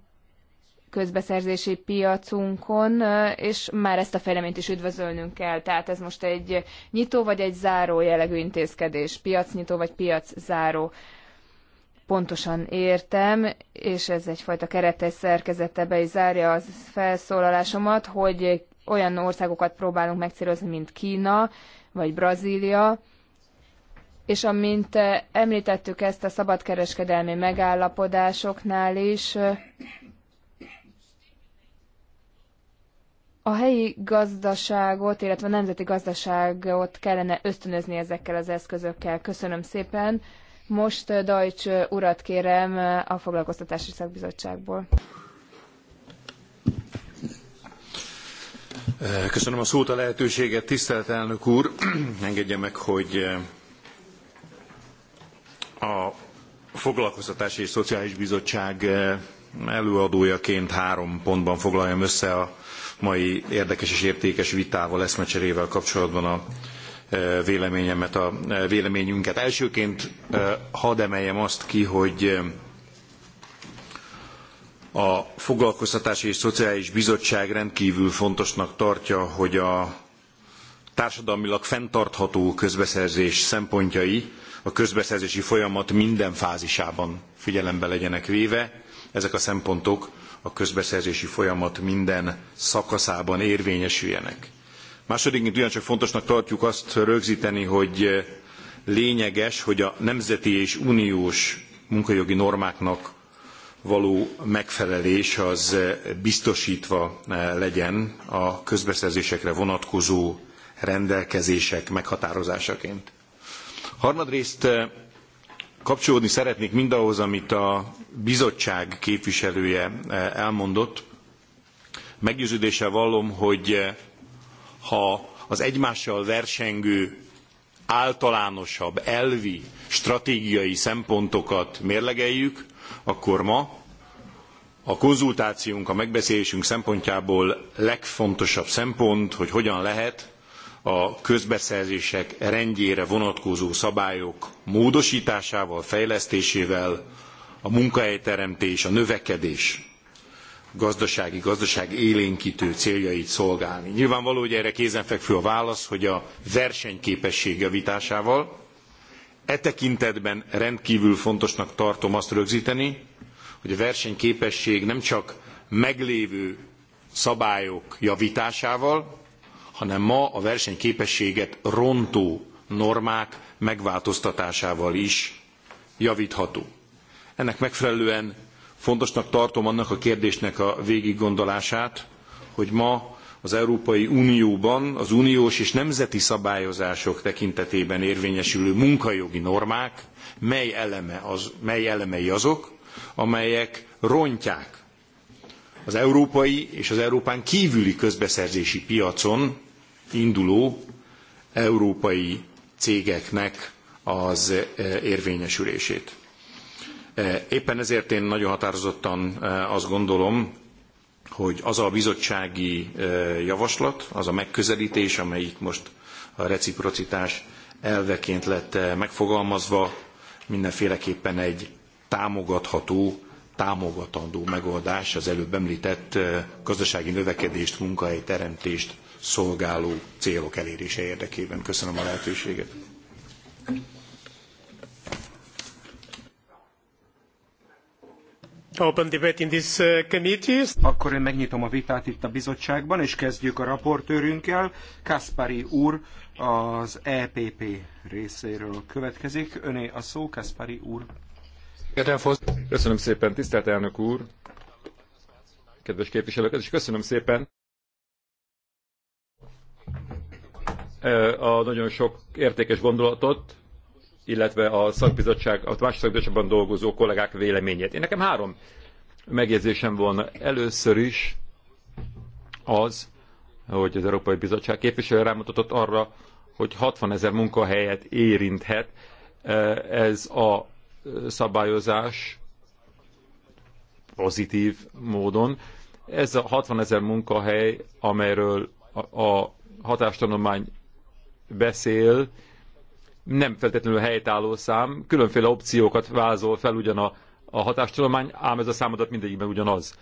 közbeszerzési piacunkon, és már ezt a fejleményt is üdvözölnünk kell. Tehát ez most egy nyitó vagy egy záró jellegű intézkedés, piacnyitó vagy piaczáró. Pontosan értem, és ez egyfajta keretes szerkezete be is zárja az felszólalásomat, hogy olyan országokat próbálunk megcélozni, mint Kína vagy Brazília, és amint említettük ezt a szabadkereskedelmi megállapodásoknál is, a helyi gazdaságot, illetve a nemzeti gazdaságot kellene ösztönözni ezekkel az eszközökkel. Köszönöm szépen. Most eh, Dajcs eh, urat kérem eh, a Foglalkoztatási Szakbizottságból. Köszönöm a szót, a lehetőséget. Tisztelt elnök úr, [clears throat] engedje meg, hogy a Foglalkoztatási és Szociális Bizottság előadójaként három pontban foglaljam össze a mai érdekes és értékes vitával, eszmecserével kapcsolatban a e, véleményemet, a e, véleményünket. Elsőként e, hadd emeljem azt ki, hogy a Foglalkoztatási és Szociális Bizottság rendkívül fontosnak tartja, hogy a társadalmilag fenntartható közbeszerzés szempontjai a közbeszerzési folyamat minden fázisában figyelembe legyenek véve. Ezek a szempontok a közbeszerzési folyamat minden szakaszában érvényesüljenek. Másodikként ugyancsak fontosnak tartjuk azt rögzíteni, hogy lényeges, hogy a nemzeti és uniós munkajogi normáknak való megfelelés az biztosítva legyen a közbeszerzésekre vonatkozó rendelkezések meghatározásaként. Harmadrészt Kapcsolódni szeretnék mindahhoz, amit a bizottság képviselője eh, elmondott. Meggyőződéssel vallom, hogy eh, ha az egymással versengő általánosabb elvi, stratégiai szempontokat mérlegeljük, akkor ma a konzultációnk, a megbeszélésünk szempontjából legfontosabb szempont, hogy hogyan lehet a közbeszerzések rendjére vonatkozó szabályok módosításával, fejlesztésével a munkahelyteremtés, a növekedés gazdasági, gazdaság élénkítő céljait szolgálni. Nyilvánvaló, hogy erre kézenfekvő a válasz, hogy a versenyképesség javításával. E tekintetben rendkívül fontosnak tartom azt rögzíteni, hogy a versenyképesség nem csak meglévő szabályok javításával, hanem ma a versenyképességet rontó normák megváltoztatásával is javítható. Ennek megfelelően fontosnak tartom annak a kérdésnek a végiggondolását, hogy ma az Európai Unióban az uniós és nemzeti szabályozások tekintetében érvényesülő munkajogi normák mely, eleme az, mely elemei azok, amelyek rontják az európai és az Európán kívüli közbeszerzési piacon induló európai cégeknek az eh, érvényesülését. Eh, éppen ezért én nagyon határozottan eh, azt gondolom, hogy az a bizottsági javaslat, az a megközelítés, amely itt most a reciprocitás elveként lett megfogalmazva, mindenféleképpen egy támogatható, támogatandó megoldás az előbb említett gazdasági növekedést, munkahelyteremtést szolgáló célok elérése érdekében. Köszönöm a lehetőséget. Open debate in this uh, Akkor én megnyitom a vitát itt a bizottságban, és kezdjük a raportőrünkkel. Kaspari úr az EPP részéről következik. Öné a szó, Kaspari úr. Köszönöm szépen, tisztelt elnök úr, kedves képviselők, és köszönöm szépen a nagyon sok értékes gondolatot, illetve a szakbizottság, a más szakbizottságban dolgozó kollégák véleményét. Én nekem három megjegyzésem volna. Először is az, hogy az Európai Bizottság képviselő rámutatott arra, hogy 60 ezer munkahelyet érinthet ez a szabályozás pozitív módon. Ez a 60 ezer munkahely, amelyről a hatástanulmány beszél, nem feltétlenül helytálló szám, különféle opciókat vázol fel ugyan a, a hatástudomány, ám ez a számadat mindegyikben ugyanaz.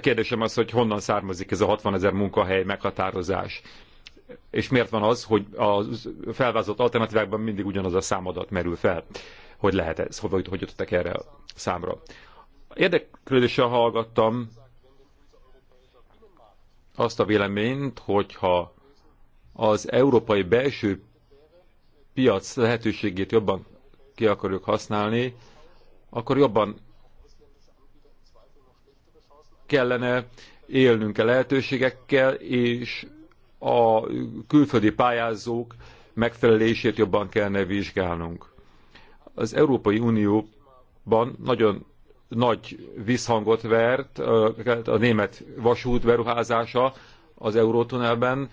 Kérdésem az, hogy honnan származik ez a 60 ezer munkahely meghatározás. És miért van az, hogy a felvázolt alternatívákban mindig ugyanaz a számadat merül fel? Hogy lehet ez? Hogy, hogy jutottak erre a számra? Érdeklődéssel hallgattam azt a véleményt, hogyha az európai belső piac lehetőségét jobban ki akarjuk használni, akkor jobban kellene élnünk a lehetőségekkel, és a külföldi pályázók megfelelését jobban kellene vizsgálnunk. Az Európai Unióban nagyon nagy visszhangot vert a német vasút beruházása az Eurótunnelben,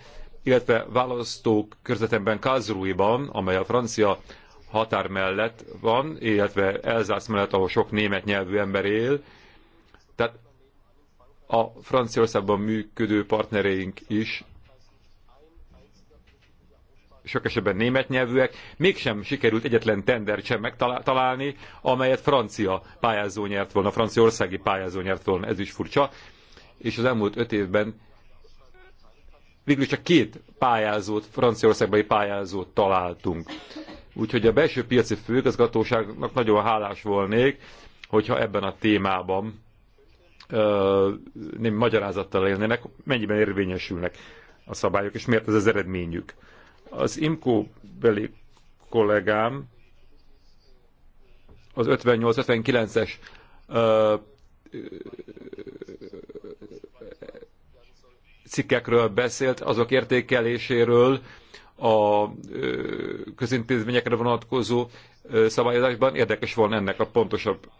illetve választók körzetemben Kázrújban, amely a francia határ mellett van, illetve Elzász mellett, ahol sok német nyelvű ember él. Tehát a Franciaországban működő partnereink is sok esetben német nyelvűek, mégsem sikerült egyetlen tendert sem megtalálni, amelyet francia pályázó nyert volna, franciaországi pályázó nyert volna, ez is furcsa. És az elmúlt öt évben végül csak két pályázót, franciaországbeli pályázót találtunk. Úgyhogy a belső piaci főgazgatóságnak nagyon hálás volnék, hogyha ebben a témában nem némi magyarázattal élnének, mennyiben érvényesülnek a szabályok, és miért ez az eredményük. Az IMCO beli kollégám az 58-59-es cikkekről beszélt, azok értékeléséről, a közintézményekre vonatkozó szabályozásban érdekes volna ennek a pontosabb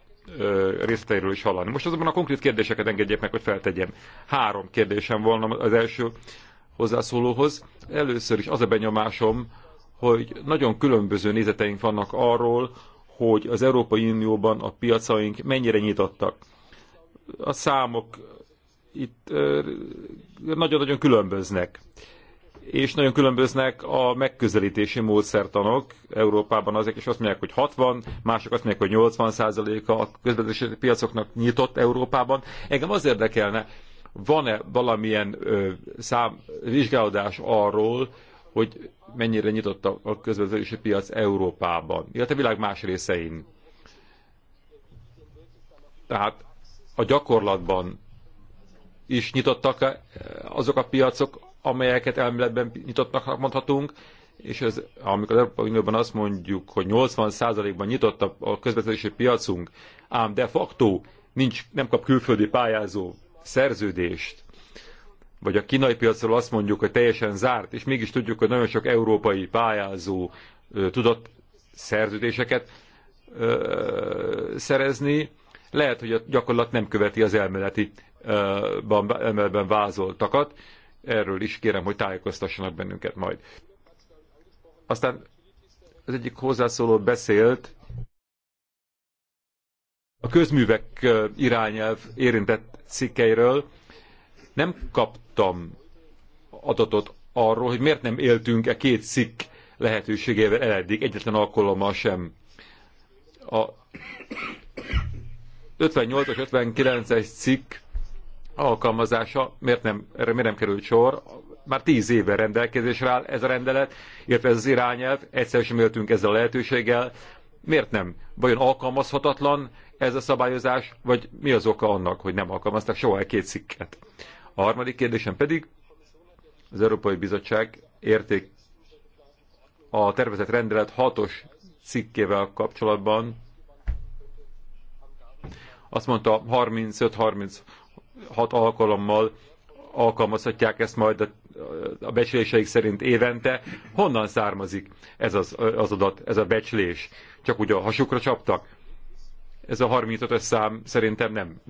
részteiről is hallani. Most azonban a konkrét kérdéseket engedjék meg, hogy feltegyem. Három kérdésem volna az első hozzászólóhoz. Először is az a benyomásom, hogy nagyon különböző nézeteink vannak arról, hogy az Európai Unióban a piacaink mennyire nyitottak. A számok itt nagyon-nagyon különböznek. És nagyon különböznek a megközelítési módszertanok Európában azok, és azt mondják, hogy 60, mások azt mondják, hogy 80 százaléka a közlekedési piacoknak nyitott Európában. Engem az érdekelne, van-e valamilyen ö, szám, vizsgálódás arról, hogy mennyire nyitott a közvetési piac Európában, illetve a világ más részein. Tehát a gyakorlatban is nyitottak azok a piacok, amelyeket elméletben nyitottnak mondhatunk, és ez, amikor az Európai Unióban azt mondjuk, hogy 80%-ban nyitott a közvetlenési piacunk, ám de facto nincs, nem kap külföldi pályázó szerződést, vagy a kínai piacról azt mondjuk, hogy teljesen zárt, és mégis tudjuk, hogy nagyon sok európai pályázó ö, tudott szerződéseket ö, szerezni, lehet, hogy a gyakorlat nem követi az elméleti emelben vázoltakat. Erről is kérem, hogy tájékoztassanak bennünket majd. Aztán az egyik hozzászóló beszélt, a közművek irányelv érintett cikkeiről. Nem kaptam adatot arról, hogy miért nem éltünk e két cikk lehetőségével eddig, egyetlen alkalommal sem. A 58-as, 59-es cikk alkalmazása miért nem, erre miért nem került sor? Már tíz éve rendelkezésre áll ez a rendelet, illetve ez az irányelv, egyszer sem éltünk ezzel a lehetőséggel. Miért nem? Vajon alkalmazhatatlan ez a szabályozás, vagy mi az oka annak, hogy nem alkalmazták soha két cikket? A harmadik kérdésem pedig, az Európai Bizottság érték a tervezett rendelet hatos cikkével kapcsolatban azt mondta 35-36 hat alkalommal alkalmazhatják ezt majd a, a becsléseik szerint évente. Honnan származik ez az, az adat, ez a becslés? Csak úgy a hasukra csaptak? Ez a 35-ös szám szerintem nem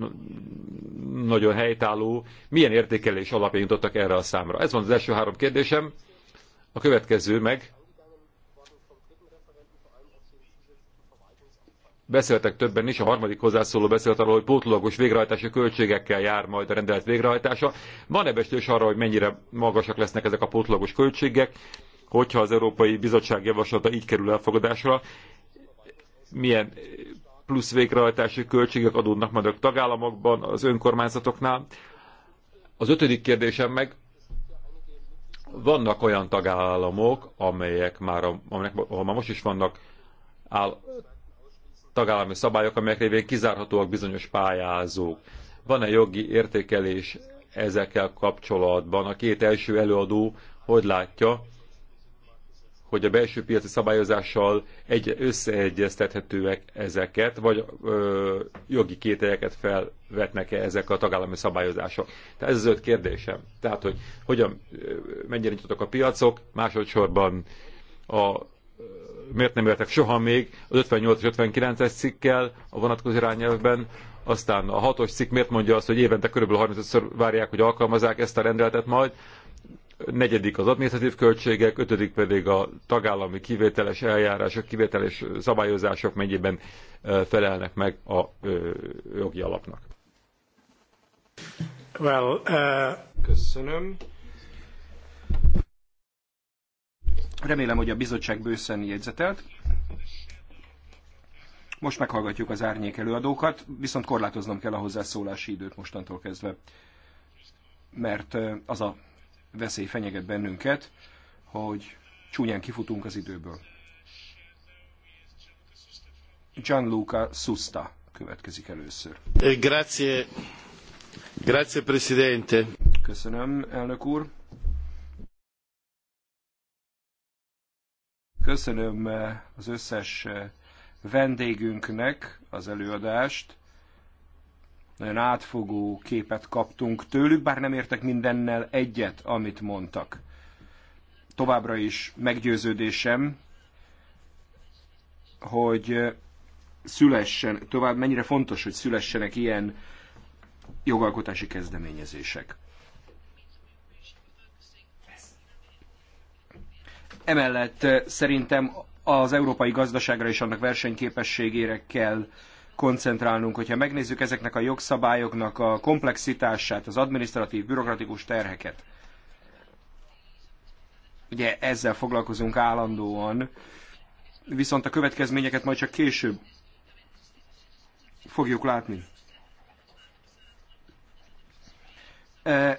nagyon helytálló. Milyen értékelés alapján jutottak erre a számra? Ez van az első három kérdésem. A következő meg Beszéltek többen is, a harmadik hozzászóló beszélt arról, hogy pótlagos végrehajtási költségekkel jár majd a rendelet végrehajtása. Van ebestés arra, hogy mennyire magasak lesznek ezek a pótlagos költségek, hogyha az Európai Bizottság javaslata így kerül elfogadásra, milyen plusz végrehajtási költségek adódnak majd a tagállamokban, az önkormányzatoknál. Az ötödik kérdésem meg, vannak olyan tagállamok, amelyek már, amelyek, ahol már most is vannak áll, tagállami szabályok, amelyek révén kizárhatóak bizonyos pályázók. Van-e jogi értékelés ezekkel kapcsolatban? A két első előadó hogy látja, hogy a belső piaci szabályozással egy összeegyeztethetőek ezeket, vagy ö, jogi kételyeket felvetnek-e ezek a tagállami szabályozások. Tehát ez az öt kérdésem. Tehát, hogy hogyan, mennyire nyitottak a piacok, másodszorban a miért nem értek soha még az 58 és 59-es cikkel a vonatkozó irányelvben, aztán a hatos cikk miért mondja azt, hogy évente kb. 35-ször várják, hogy alkalmazzák ezt a rendeletet majd, negyedik az adminisztratív költségek, ötödik pedig a tagállami kivételes eljárások, kivételes szabályozások mennyiben felelnek meg a jogi alapnak. Well, uh... Köszönöm. Remélem, hogy a bizottság bőszen jegyzetelt. Most meghallgatjuk az árnyék előadókat, viszont korlátoznom kell a hozzászólási időt mostantól kezdve, mert az a veszély fenyeget bennünket, hogy csúnyán kifutunk az időből. Gianluca Susta következik először. Grazie. Grazie, Presidente. Köszönöm, elnök úr. Köszönöm eh, az összes eh, vendégünknek az előadást. Nagyon átfogó képet kaptunk tőlük, bár nem értek mindennel egyet, amit mondtak. Továbbra is meggyőződésem, hogy eh, szülessen, tovább mennyire fontos, hogy szülessenek ilyen jogalkotási kezdeményezések. Emellett eh, szerintem az európai gazdaságra és annak versenyképességére kell koncentrálnunk. Hogyha megnézzük ezeknek a jogszabályoknak a komplexitását, az administratív, bürokratikus terheket, ugye ezzel foglalkozunk állandóan, viszont a következményeket majd csak később fogjuk látni. Eh,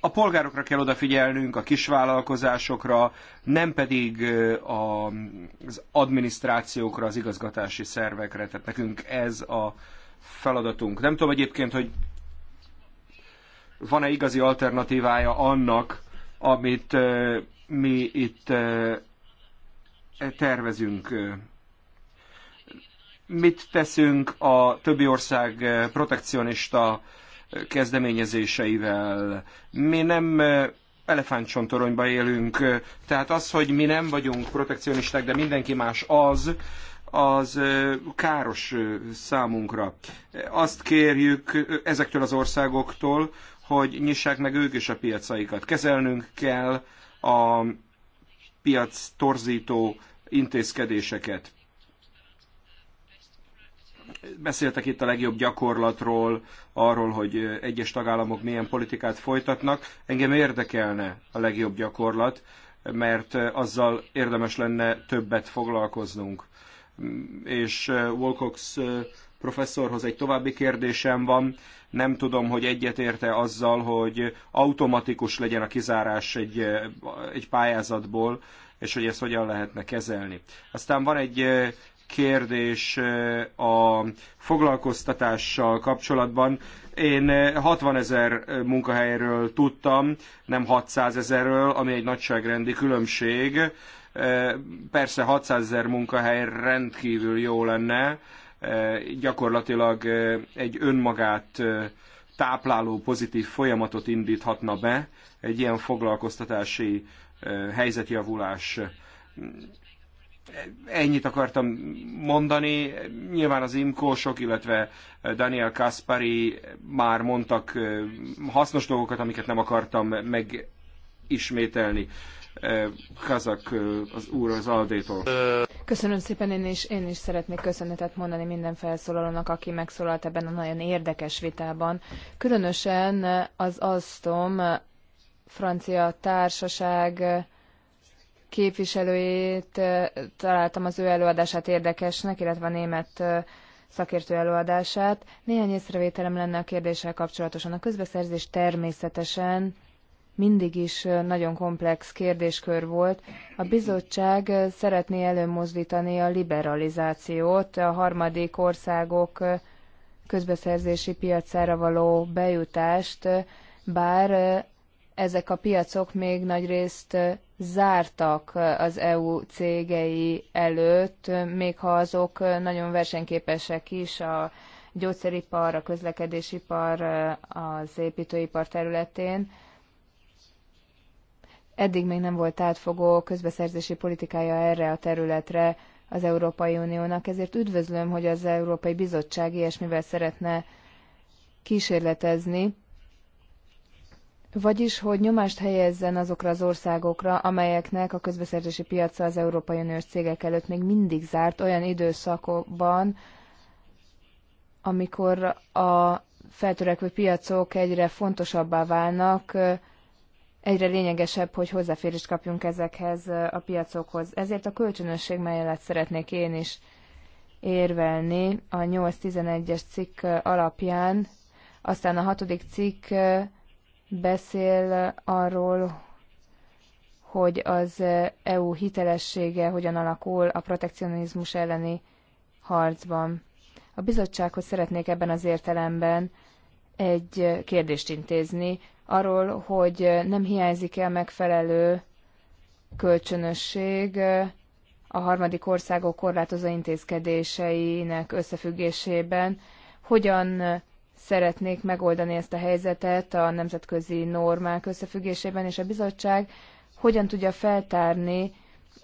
a polgárokra kell odafigyelnünk, a kisvállalkozásokra, nem pedig az adminisztrációkra, az igazgatási szervekre. Tehát nekünk ez a feladatunk. Nem tudom egyébként, hogy van-e igazi alternatívája annak, amit mi itt tervezünk. Mit teszünk a többi ország protekcionista kezdeményezéseivel. Mi nem elefántcsontoronyba élünk, tehát az, hogy mi nem vagyunk protekcionisták, de mindenki más az, az káros számunkra. Azt kérjük ezektől az országoktól, hogy nyissák meg ők is a piacaikat. Kezelnünk kell a piac torzító intézkedéseket. Beszéltek itt a legjobb gyakorlatról, arról, hogy egyes tagállamok milyen politikát folytatnak. Engem érdekelne a legjobb gyakorlat, mert azzal érdemes lenne többet foglalkoznunk. És eh, Wolcox eh, professzorhoz egy további kérdésem van. Nem tudom, hogy egyetérte azzal, hogy automatikus legyen a kizárás egy, eh, egy pályázatból, és hogy ezt hogyan lehetne kezelni. Aztán van egy kérdés a foglalkoztatással kapcsolatban. Én 60 ezer munkahelyről tudtam, nem 600 ezerről, ami egy nagyságrendi különbség. Persze 600 ezer munkahely rendkívül jó lenne, gyakorlatilag egy önmagát tápláló pozitív folyamatot indíthatna be egy ilyen foglalkoztatási helyzetjavulás ennyit akartam mondani. Nyilván az imkósok, illetve Daniel Kaspari már mondtak hasznos dolgokat, amiket nem akartam megismételni. Kazak az úr az Aldétól. Köszönöm szépen, én is, én is szeretnék köszönetet mondani minden felszólalónak, aki megszólalt ebben a nagyon érdekes vitában. Különösen az Alstom francia társaság képviselőjét találtam az ő előadását érdekesnek, illetve a német szakértő előadását. Néhány észrevételem lenne a kérdéssel kapcsolatosan. A közbeszerzés természetesen mindig is nagyon komplex kérdéskör volt. A bizottság szeretné előmozdítani a liberalizációt, a harmadik országok közbeszerzési piacára való bejutást, bár ezek a piacok még nagyrészt zártak az EU cégei előtt, még ha azok nagyon versenyképesek is a gyógyszeripar, a közlekedésipar, az építőipar területén. Eddig még nem volt átfogó közbeszerzési politikája erre a területre az Európai Uniónak, ezért üdvözlöm, hogy az Európai Bizottság ilyesmivel szeretne kísérletezni vagyis hogy nyomást helyezzen azokra az országokra, amelyeknek a közbeszerzési piaca az Európai Uniós cégek előtt még mindig zárt olyan időszakokban, amikor a feltörekvő piacok egyre fontosabbá válnak, egyre lényegesebb, hogy hozzáférést kapjunk ezekhez a piacokhoz. Ezért a kölcsönösség mellett szeretnék én is érvelni a 811 es cikk alapján, aztán a hatodik cikk beszél arról, hogy az EU hitelessége hogyan alakul a protekcionizmus elleni harcban. A bizottsághoz szeretnék ebben az értelemben egy kérdést intézni arról, hogy nem hiányzik-e a megfelelő kölcsönösség a harmadik országok korlátozó intézkedéseinek összefüggésében, hogyan szeretnék megoldani ezt a helyzetet a nemzetközi normák összefüggésében, és a bizottság hogyan tudja feltárni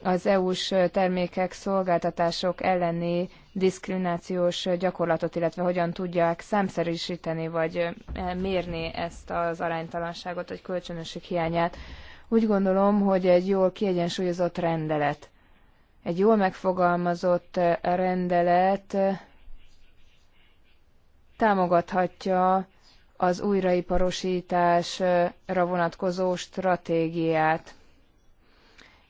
az EU-s termékek, szolgáltatások elleni diszkriminációs gyakorlatot, illetve hogyan tudják számszerűsíteni vagy eh, mérni ezt az aránytalanságot vagy kölcsönösség hiányát. Úgy gondolom, hogy egy jól kiegyensúlyozott rendelet, egy jól megfogalmazott eh, rendelet eh, támogathatja az újraiparosításra vonatkozó stratégiát.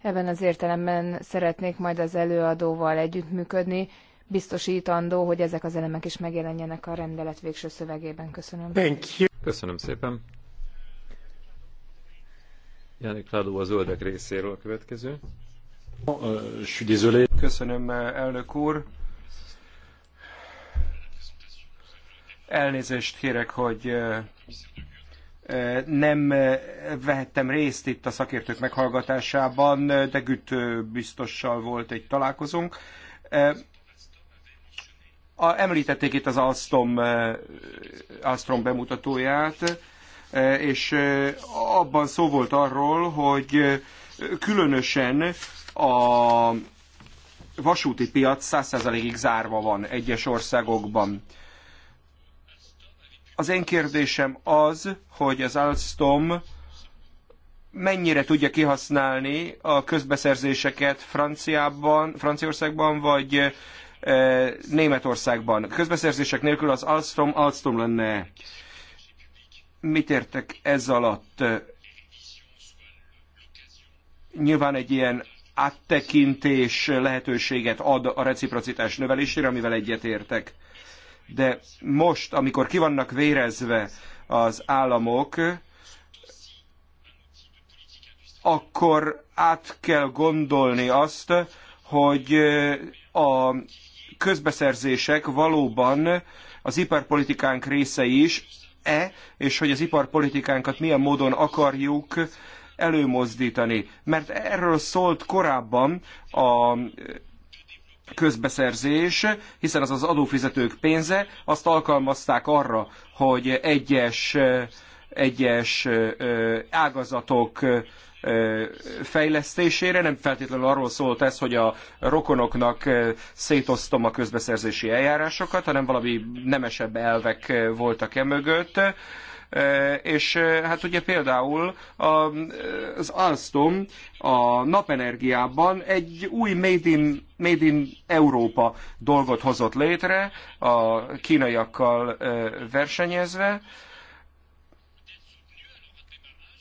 Ebben az értelemben szeretnék majd az előadóval együttműködni, biztosítandó, hogy ezek az elemek is megjelenjenek a rendelet végső szövegében. Köszönöm. Thank you. Köszönöm szépen. Jánik Ládó az öldek részéről a következő. Uh, Köszönöm, uh, elnök úr. Elnézést kérek, hogy nem vehettem részt itt a szakértők meghallgatásában, de Güt biztossal volt egy találkozónk. A, említették itt az Alstom, Alstom bemutatóját, és abban szó volt arról, hogy különösen a vasúti piac 100%-ig zárva van egyes országokban. Az én kérdésem az, hogy az Alstom mennyire tudja kihasználni a közbeszerzéseket Franciában, Franciaországban, vagy e, Németországban. Közbeszerzések nélkül az Alstom Alstom lenne. Mit értek ez alatt? Nyilván egy ilyen áttekintés lehetőséget ad a reciprocitás növelésére, amivel egyetértek de most, amikor ki vannak vérezve az államok, akkor át kell gondolni azt, hogy eh, a közbeszerzések valóban az iparpolitikánk része is, e, és hogy az iparpolitikánkat milyen módon akarjuk előmozdítani. Mert erről szólt korábban a közbeszerzés, hiszen az az adófizetők pénze, azt alkalmazták arra, hogy egyes, egyes ágazatok fejlesztésére. Nem feltétlenül arról szólt ez, hogy a rokonoknak szétosztom a közbeszerzési eljárásokat, hanem valami nemesebb elvek voltak e mögött. És hát ugye például az Alstom a napenergiában egy új Made in, Made in Európa dolgot hozott létre, a kínaiakkal versenyezve.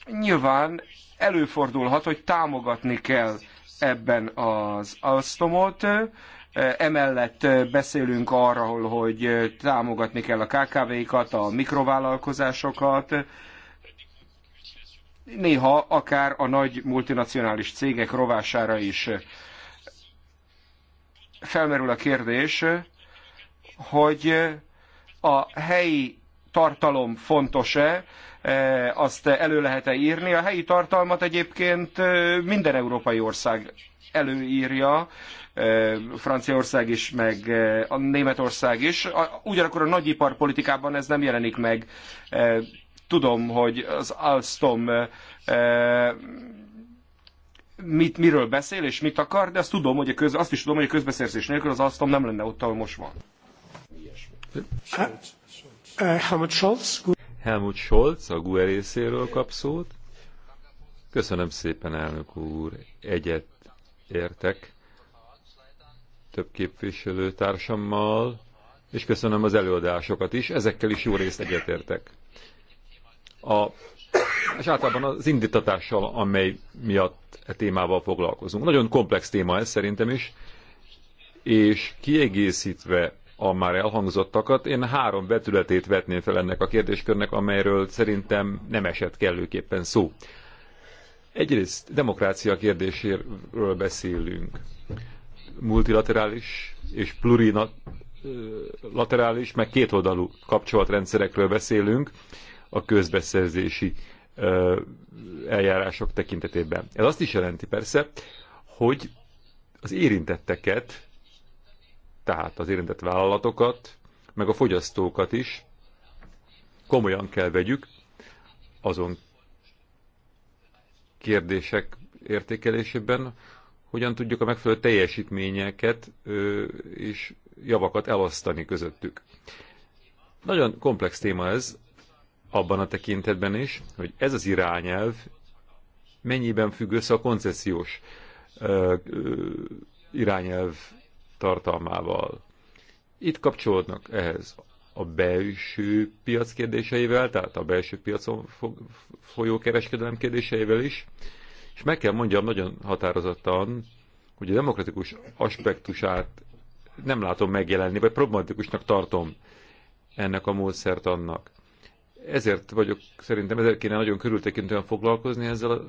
Nyilván előfordulhat, hogy támogatni kell ebben az Alstomot, Eh, emellett eh, beszélünk arról, hogy eh, támogatni kell a KKV-kat, a mikrovállalkozásokat, néha akár a nagy multinacionális cégek rovására is. Felmerül a kérdés, hogy a helyi tartalom fontos-e, azt elő lehet-e írni. A helyi tartalmat egyébként minden európai ország előírja, Franciaország is, meg a Németország is. Ugyanakkor a nagyiparpolitikában ez nem jelenik meg. Tudom, hogy az Alstom mit, miről beszél és mit akar, de azt, tudom, hogy a köz, azt is tudom, hogy a közbeszerzés nélkül az Alstom nem lenne ott, ahol most van. Uh, Helmut Scholz. Helmut Scholz a GUE részéről kap szót. Köszönöm szépen, elnök úr. Egyet értek több képviselőtársammal, és köszönöm az előadásokat is, ezekkel is jó részt egyetértek. A, és általában az indítatással, amely miatt e témával foglalkozunk. Nagyon komplex téma ez szerintem is, és kiegészítve a már elhangzottakat, én három vetületét vetném fel ennek a kérdéskörnek, amelyről szerintem nem esett kellőképpen szó. Egyrészt demokrácia kérdéséről beszélünk. Multilaterális és plurilaterális, meg kétoldalú kapcsolatrendszerekről beszélünk a közbeszerzési eljárások tekintetében. Ez azt is jelenti persze, hogy az érintetteket, tehát az érintett vállalatokat, meg a fogyasztókat is komolyan kell vegyük, azon kérdések értékelésében, hogyan tudjuk a megfelelő teljesítményeket és javakat elosztani közöttük. Nagyon komplex téma ez, abban a tekintetben is, hogy ez az irányelv mennyiben függ össze a koncesziós irányelv tartalmával. Itt kapcsolódnak ehhez a belső piac kérdéseivel, tehát a belső piacon folyó kereskedelem kérdéseivel is, és meg kell mondjam nagyon határozottan, hogy a demokratikus aspektusát nem látom megjelenni, vagy problematikusnak tartom ennek a módszert annak. Ezért vagyok, szerintem ezért kéne nagyon körültekintően foglalkozni ezzel a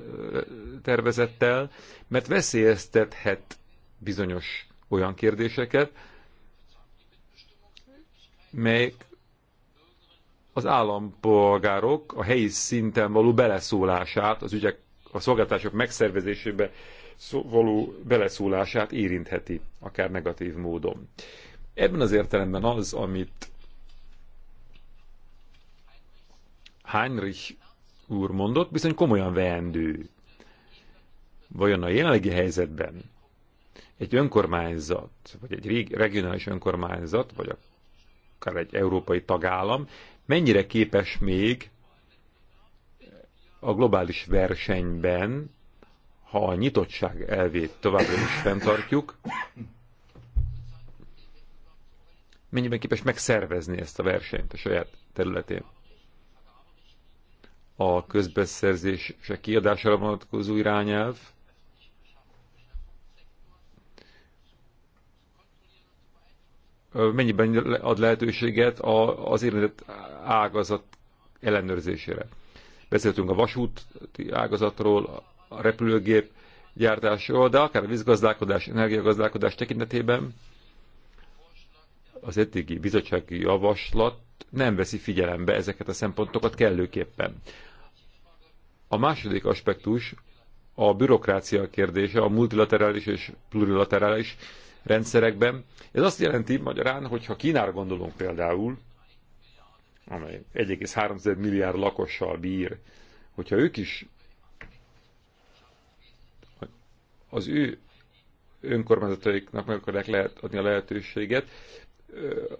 tervezettel, mert veszélyeztethet bizonyos olyan kérdéseket, melyek az állampolgárok a helyi szinten való beleszólását, az ügyek, a szolgáltatások megszervezésébe való beleszólását érintheti, akár negatív módon. Ebben az értelemben az, amit Heinrich úr mondott, bizony komolyan veendő. Vajon a jelenlegi helyzetben egy önkormányzat, vagy egy regionális önkormányzat, vagy a akár egy európai tagállam, mennyire képes még a globális versenyben, ha a nyitottság elvét továbbra is fenntartjuk, mennyiben képes megszervezni ezt a versenyt a saját területén. A közbeszerzések kiadására vonatkozó irányelv mennyiben ad lehetőséget az érintett ágazat ellenőrzésére. Beszéltünk a vasút ágazatról, a repülőgép gyártásról, de akár a vízgazdálkodás, energiagazdálkodás tekintetében az eddigi bizottsági javaslat nem veszi figyelembe ezeket a szempontokat kellőképpen. A második aspektus a bürokrácia kérdése, a multilaterális és plurilaterális rendszerekben. Ez azt jelenti magyarán, hogy ha Kínára gondolunk például, amely 1,3 milliárd lakossal bír, hogyha ők is az ő önkormányzataiknak meg akarják lehet adni a lehetőséget,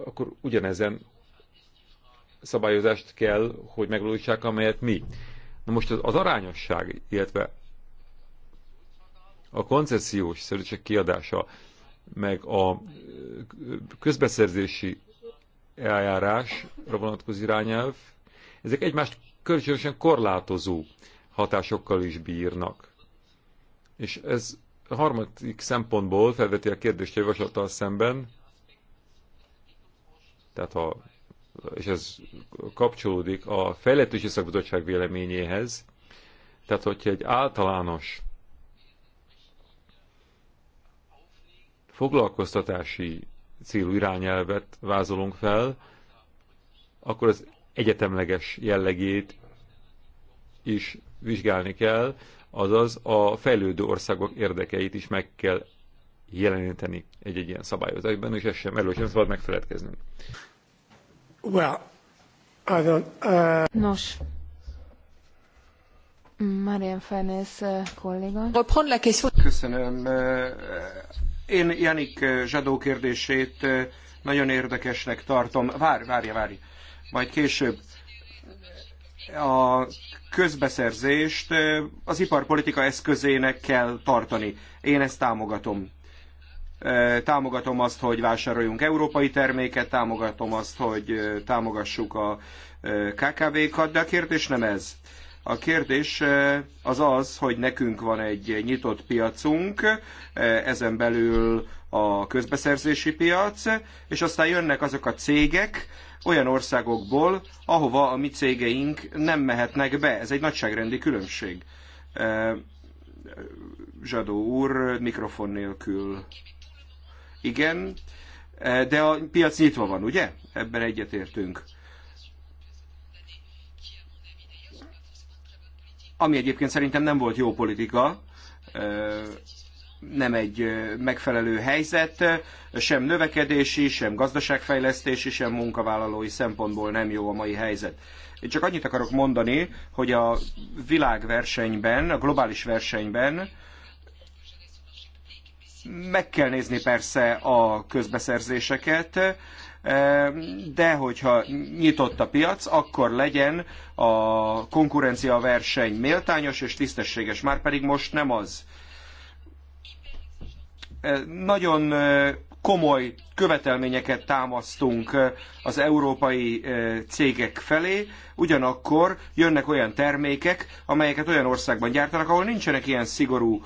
akkor ugyanezen szabályozást kell, hogy megvalósítsák, amelyet mi. Na most az, az arányosság, illetve a koncesziós szerződések kiadása meg a közbeszerzési eljárásra vonatkozó irányelv, ezek egymást kölcsönösen korlátozó hatásokkal is bírnak. És ez a harmadik szempontból felveti a kérdést a javaslattal szemben, tehát a, és ez kapcsolódik a fejlettősi szakbizottság véleményéhez, tehát hogyha egy általános foglalkoztatási célú irányelvet vázolunk fel, akkor az egyetemleges jellegét is vizsgálni kell, azaz a fejlődő országok érdekeit is meg kell jeleníteni egy-egy ilyen szabályozásban, és ez sem, erről sem szabad megfeledkeznünk. Well, I don't, uh... Nos, Marian Fernész uh, kolléga. Köszönöm. Uh, én Janik Zsadó kérdését nagyon érdekesnek tartom. Vár, várja, várja. Majd később. A közbeszerzést az iparpolitika eszközének kell tartani. Én ezt támogatom. Támogatom azt, hogy vásároljunk európai terméket, támogatom azt, hogy támogassuk a KKV-kat, de a kérdés nem ez. A kérdés eh, az az, hogy nekünk van egy nyitott piacunk, eh, ezen belül a közbeszerzési piac, és aztán jönnek azok a cégek olyan országokból, ahova a mi cégeink nem mehetnek be. Ez egy nagyságrendi különbség. Eh, Zsadó úr, mikrofon nélkül. Igen, de a piac nyitva van, ugye? Ebben egyetértünk. ami egyébként szerintem nem volt jó politika, nem egy megfelelő helyzet, sem növekedési, sem gazdaságfejlesztési, sem munkavállalói szempontból nem jó a mai helyzet. Én csak annyit akarok mondani, hogy a világversenyben, a globális versenyben meg kell nézni persze a közbeszerzéseket, de hogyha nyitott a piac, akkor legyen a konkurencia verseny méltányos és tisztességes, már pedig most nem az. Nagyon komoly követelményeket támasztunk az európai cégek felé, ugyanakkor jönnek olyan termékek, amelyeket olyan országban gyártanak, ahol nincsenek ilyen szigorú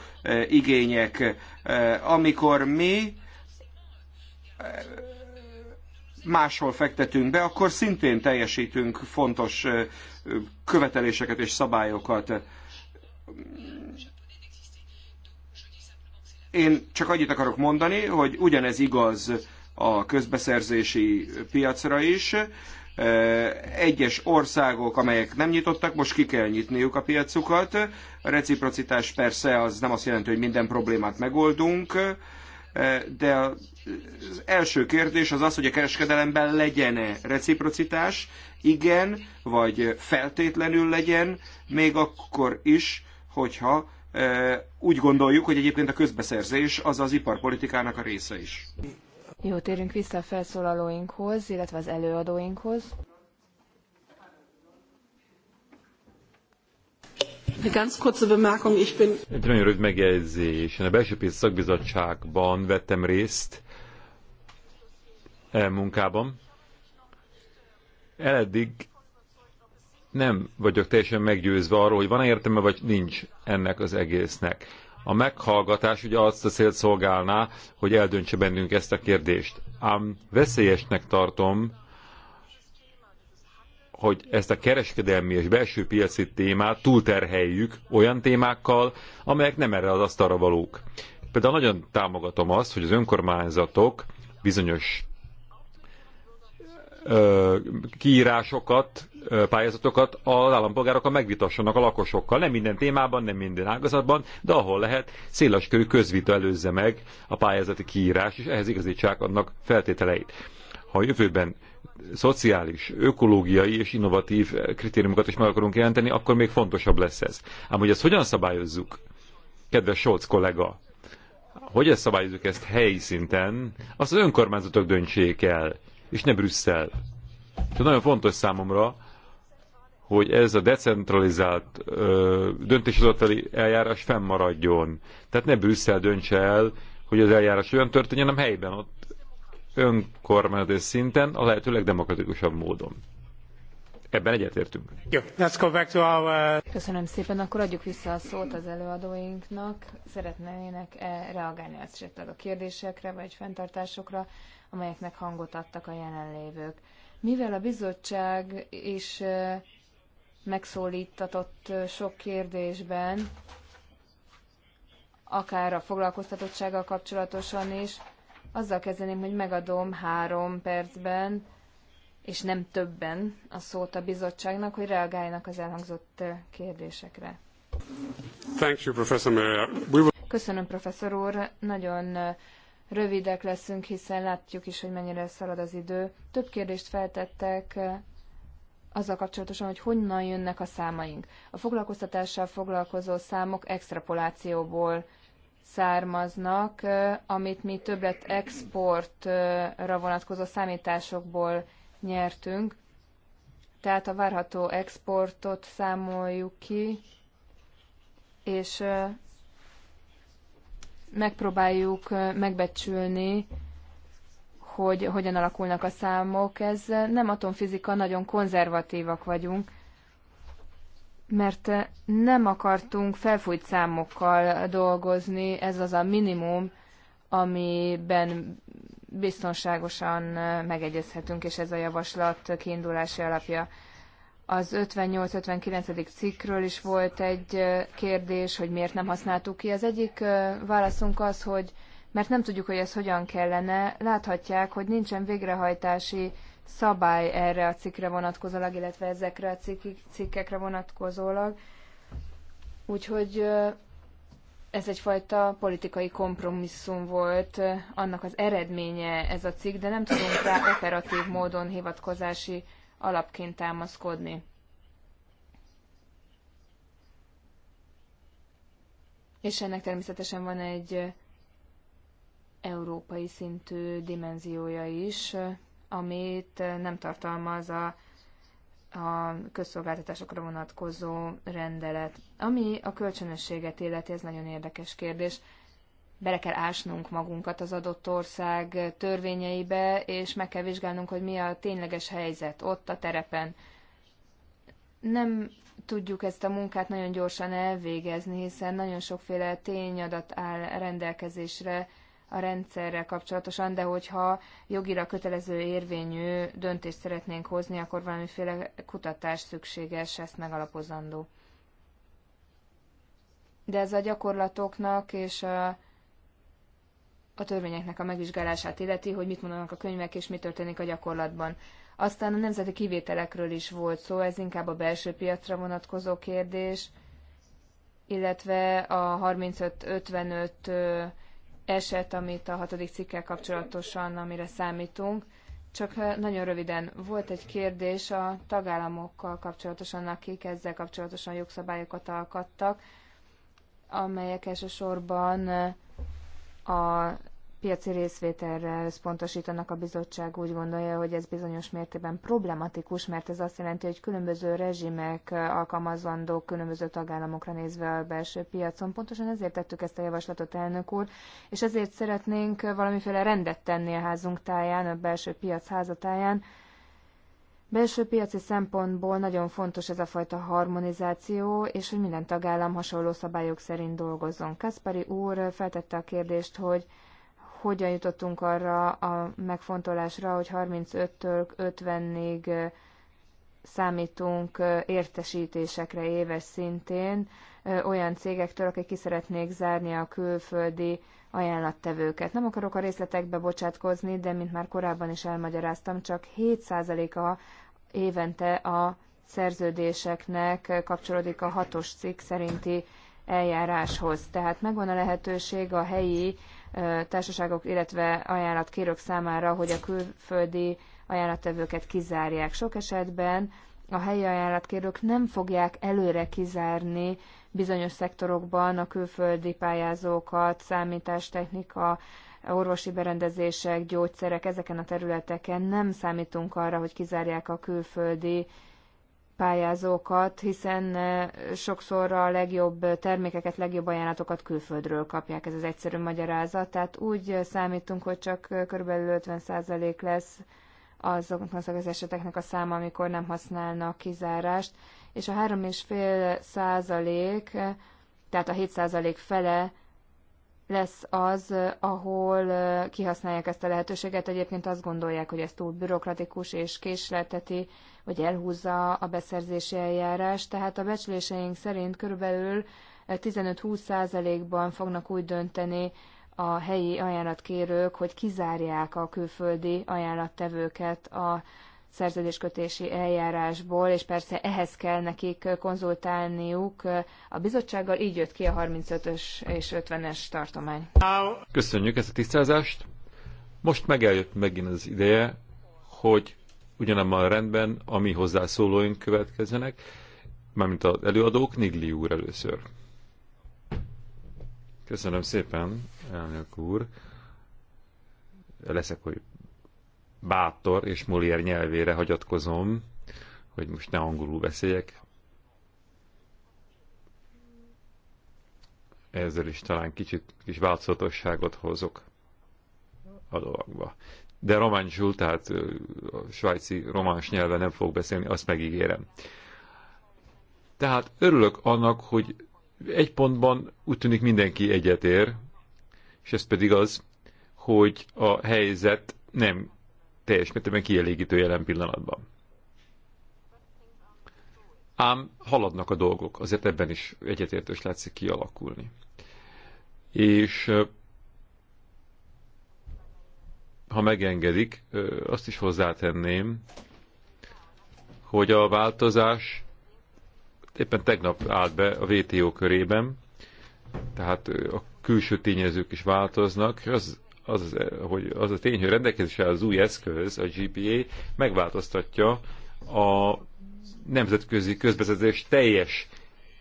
igények. Amikor mi máshol fektetünk be, akkor szintén teljesítünk fontos követeléseket és szabályokat. Én csak annyit akarok mondani, hogy ugyanez igaz a közbeszerzési piacra is. Egyes országok, amelyek nem nyitottak, most ki kell nyitniuk a piacukat. A reciprocitás persze az nem azt jelenti, hogy minden problémát megoldunk de az első kérdés az az, hogy a kereskedelemben legyen-e reciprocitás, igen, vagy feltétlenül legyen, még akkor is, hogyha e, úgy gondoljuk, hogy egyébként a közbeszerzés az az iparpolitikának a része is. Jó, térünk vissza a felszólalóinkhoz, illetve az előadóinkhoz. Eine ganz kurze Bemerkung, ich bin... Egy nagyon rövid megjegyzés. Én a belső pénz szakbizottságban vettem részt e munkában. Eleddig nem vagyok teljesen meggyőzve arról, hogy van-e értelme, vagy nincs ennek az egésznek. A meghallgatás ugye azt a célt szolgálná, hogy eldöntse bennünk ezt a kérdést. Ám veszélyesnek tartom, hogy ezt a kereskedelmi és belső piaci témát túlterheljük olyan témákkal, amelyek nem erre az asztalra valók. Például nagyon támogatom azt, hogy az önkormányzatok bizonyos ö, kiírásokat, ö, pályázatokat az állampolgárokkal megvitassanak a lakosokkal. Nem minden témában, nem minden ágazatban, de ahol lehet, körű közvita előzze meg a pályázati kiírás, és ehhez igazítsák annak feltételeit. Ha a jövőben szociális, ökológiai és innovatív kritériumokat is meg akarunk jelenteni, akkor még fontosabb lesz ez. Ám hogy ezt hogyan szabályozzuk, kedves Scholz kollega, hogy ezt szabályozzuk ezt helyi szinten, azt az önkormányzatok döntsék el, és ne Brüsszel. Ez nagyon fontos számomra, hogy ez a decentralizált döntéshozatali eljárás fennmaradjon. Tehát ne Brüsszel döntse el, hogy az eljárás olyan történjen, nem helyben, ott önkormányzati szinten a lehető legdemokratikusabb módon. Ebben egyetértünk. Uh, Köszönöm szépen, akkor adjuk vissza a szót az előadóinknak. Szeretnének -e reagálni esetleg a kérdésekre vagy fenntartásokra, amelyeknek hangot adtak a jelenlévők. Mivel a bizottság is uh, megszólítatott uh, sok kérdésben, akár a foglalkoztatottsággal kapcsolatosan is, azzal kezdeném, hogy megadom három percben, és nem többen a szót a bizottságnak, hogy reagáljanak az elhangzott eh, kérdésekre. Thank you, Professor Maria. Will... Köszönöm, professzor úr. Nagyon eh, rövidek leszünk, hiszen látjuk is, hogy mennyire szalad az idő. Több kérdést feltettek eh, azzal kapcsolatosan, hogy honnan jönnek a számaink. A foglalkoztatással foglalkozó számok extrapolációból származnak, amit mi többlet exportra vonatkozó számításokból nyertünk. Tehát a várható exportot számoljuk ki, és megpróbáljuk megbecsülni, hogy hogyan alakulnak a számok. Ez nem atomfizika, nagyon konzervatívak vagyunk mert eh, nem akartunk felfújt számokkal dolgozni, ez az a minimum, amiben biztonságosan eh, megegyezhetünk, és ez a javaslat kiindulási alapja. Az 58-59. cikkről is volt egy eh, kérdés, hogy miért nem használtuk ki. Az egyik válaszunk az, hogy mert nem tudjuk, hogy ez hogyan kellene, láthatják, hogy nincsen végrehajtási szabály erre a cikkre vonatkozólag, illetve ezekre a cikkekre vonatkozólag. Úgyhogy ez egyfajta politikai kompromisszum volt, annak az eredménye ez a cikk, de nem tudunk rá operatív módon hivatkozási alapként támaszkodni. És ennek természetesen van egy európai szintű dimenziója is, amit eh, nem tartalmaz a, a közszolgáltatásokra vonatkozó rendelet. Ami a kölcsönösséget illeti, ez nagyon érdekes kérdés. Bele kell ásnunk magunkat az adott ország törvényeibe, és meg kell vizsgálnunk, hogy mi a tényleges helyzet ott a terepen. Nem tudjuk ezt a munkát nagyon gyorsan elvégezni, hiszen nagyon sokféle tényadat áll rendelkezésre, a rendszerrel kapcsolatosan, de hogyha jogira kötelező érvényű döntést szeretnénk hozni, akkor valamiféle kutatás szükséges, ezt megalapozandó. De ez a gyakorlatoknak és a, a törvényeknek a megvizsgálását illeti, hogy mit mondanak a könyvek és mi történik a gyakorlatban. Aztán a nemzeti kivételekről is volt szó, ez inkább a belső piacra vonatkozó kérdés, illetve a 35-55 eset, amit a hatodik cikkel kapcsolatosan, amire számítunk. Csak nagyon röviden, volt egy kérdés a tagállamokkal kapcsolatosan, akik ezzel kapcsolatosan jogszabályokat alkattak, amelyek elsősorban a piaci részvételre összpontosítanak a bizottság, úgy gondolja, hogy ez bizonyos mértében problematikus, mert ez azt jelenti, hogy különböző rezsimek alkalmazandók különböző tagállamokra nézve a belső piacon. Pontosan ezért tettük ezt a javaslatot, elnök úr, és ezért szeretnénk valamiféle rendet tenni a házunk táján, a belső piac házatáján, Belső piaci szempontból nagyon fontos ez a fajta harmonizáció, és hogy minden tagállam hasonló szabályok szerint dolgozzon. Kaspari úr feltette a kérdést, hogy hogyan jutottunk arra a megfontolásra, hogy 35-től 50-ig számítunk értesítésekre éves szintén olyan cégektől, akik ki szeretnék zárni a külföldi ajánlattevőket. Nem akarok a részletekbe bocsátkozni, de mint már korábban is elmagyaráztam, csak 7%-a évente a szerződéseknek kapcsolódik a hatos cikk szerinti eljáráshoz. Tehát megvan a lehetőség a helyi társaságok, illetve ajánlatkérők számára, hogy a külföldi ajánlattevőket kizárják. Sok esetben a helyi ajánlatkérők nem fogják előre kizárni bizonyos szektorokban a külföldi pályázókat, számítástechnika, orvosi berendezések, gyógyszerek, ezeken a területeken nem számítunk arra, hogy kizárják a külföldi pályázókat, hiszen sokszor a legjobb termékeket, legjobb ajánlatokat külföldről kapják, ez az egyszerű magyarázat. Tehát úgy számítunk, hogy csak kb. 50% lesz azoknak az eseteknek a száma, amikor nem használnak kizárást, és a 3,5 százalék, tehát a 7 százalék fele lesz az, ahol kihasználják ezt a lehetőséget. Egyébként azt gondolják, hogy ez túl bürokratikus és késleteti, vagy elhúzza a beszerzési eljárás. tehát a becsléseink szerint körülbelül 15-20 százalékban fognak úgy dönteni a helyi ajánlatkérők, hogy kizárják a külföldi ajánlattevőket a szerződéskötési eljárásból, és persze ehhez kell nekik konzultálniuk a bizottsággal, így jött ki a 35-ös és 50-es tartomány. Köszönjük ezt a tisztázást. Most megeljött megint az ideje, hogy ugyanabban a rendben, ami hozzászólóink következzenek, mármint az előadók, Nigli úr először. Köszönöm szépen, elnök úr. Leszek, hogy bátor és Molière nyelvére hagyatkozom, hogy most ne angolul beszéljek. Ezzel is talán kicsit kis változatosságot hozok a dologba de románsul, tehát a svájci románs nyelve nem fog beszélni, azt megígérem. Tehát örülök annak, hogy egy pontban úgy tűnik mindenki egyetér, és ez pedig az, hogy a helyzet nem teljes mértékben kielégítő jelen pillanatban. Ám haladnak a dolgok, azért ebben is egyetértős látszik kialakulni. És ha megengedik, azt is hozzátenném, hogy a változás éppen tegnap állt be a VTO körében, tehát a külső tényezők is változnak, az, az, hogy az a tény, hogy rendelkezésre az új eszköz, a GPA, megváltoztatja a nemzetközi közbeszerzés teljes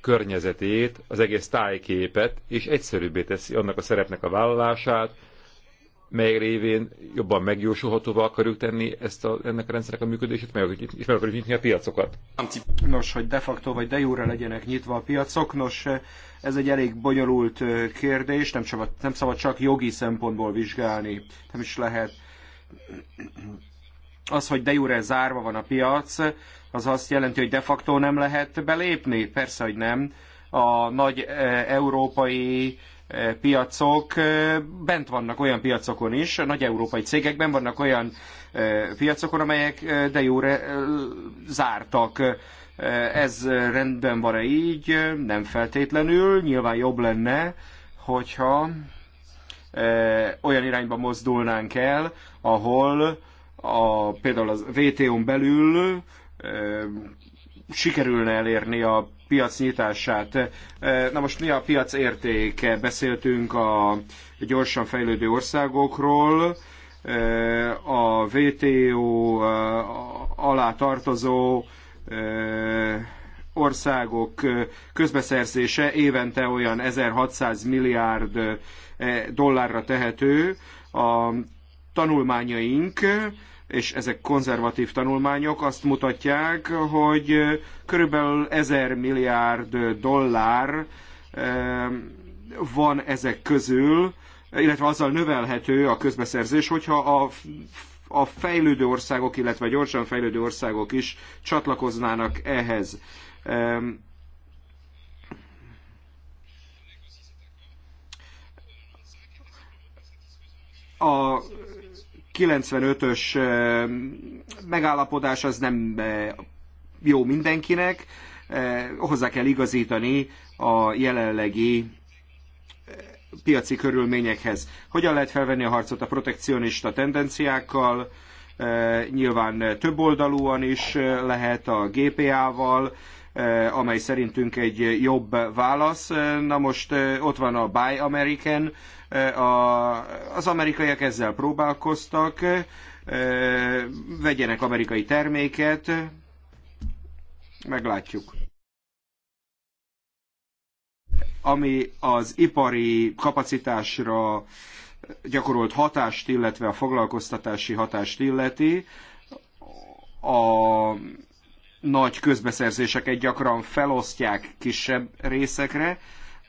környezetét, az egész tájképet, és egyszerűbbé teszi annak a szerepnek a vállalását, mely révén jobban megjósolhatóvá akarjuk tenni ezt a, ennek a rendszernek a működését, meg, és meg akarjuk nyitni a piacokat. Nos, hogy de facto vagy de jóra legyenek nyitva a piacok, nos, ez egy elég bonyolult kérdés, nem, csak, nem szabad csak jogi szempontból vizsgálni, nem is lehet. Az, hogy de jóra zárva van a piac, az azt jelenti, hogy de facto nem lehet belépni, persze, hogy nem. A nagy e, európai piacok bent vannak olyan piacokon is, nagy európai cégekben vannak olyan piacokon, amelyek de jóre zártak. Ez rendben van-e így? Nem feltétlenül. Nyilván jobb lenne, hogyha olyan irányba mozdulnánk el, ahol a, például az VTO-n belül sikerülne elérni a piac nyitását. E, na most mi a piac értéke? Beszéltünk a gyorsan fejlődő országokról, e, a WTO e, alá tartozó országok közbeszerzése évente olyan 1600 milliárd dollárra tehető. A tanulmányaink és ezek konzervatív tanulmányok azt mutatják, hogy körülbelül 1000 milliárd dollár van ezek közül, illetve azzal növelhető a közbeszerzés, hogyha a a fejlődő országok, illetve gyorsan fejlődő országok is csatlakoznának ehhez. A 95-ös megállapodás az nem jó mindenkinek, hozzá kell igazítani a jelenlegi piaci körülményekhez. Hogyan lehet felvenni a harcot a protekcionista tendenciákkal, nyilván többoldalúan is lehet a GPA-val, Eh, amely szerintünk egy jobb válasz. Eh, na most eh, ott van a Buy American, az amerikaiak ezzel próbálkoztak, vegyenek amerikai terméket, meglátjuk. Ami az ipari kapacitásra gyakorolt hatást, illetve a foglalkoztatási hatást illeti, a nagy közbeszerzéseket gyakran felosztják kisebb részekre,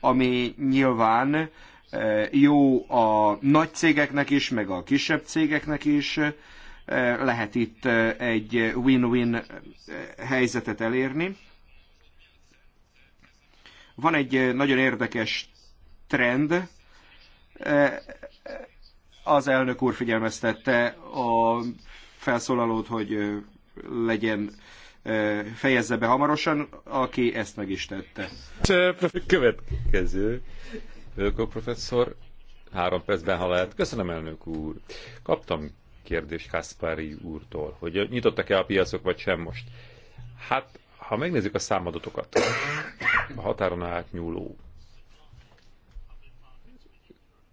ami nyilván e, jó a nagy cégeknek is, meg a kisebb cégeknek is. E, lehet itt e, egy win-win helyzetet elérni. Van egy nagyon érdekes trend. Az elnök úr figyelmeztette a felszólalót, hogy legyen fejezze be hamarosan, aki ezt meg is tette. Következő. Ölkó professzor, három percben, ha lehet. Köszönöm, elnök úr. Kaptam kérdést Kaspari úrtól, hogy nyitottak-e a piacok, vagy sem most. Hát, ha megnézzük a számadatokat, a határon átnyúló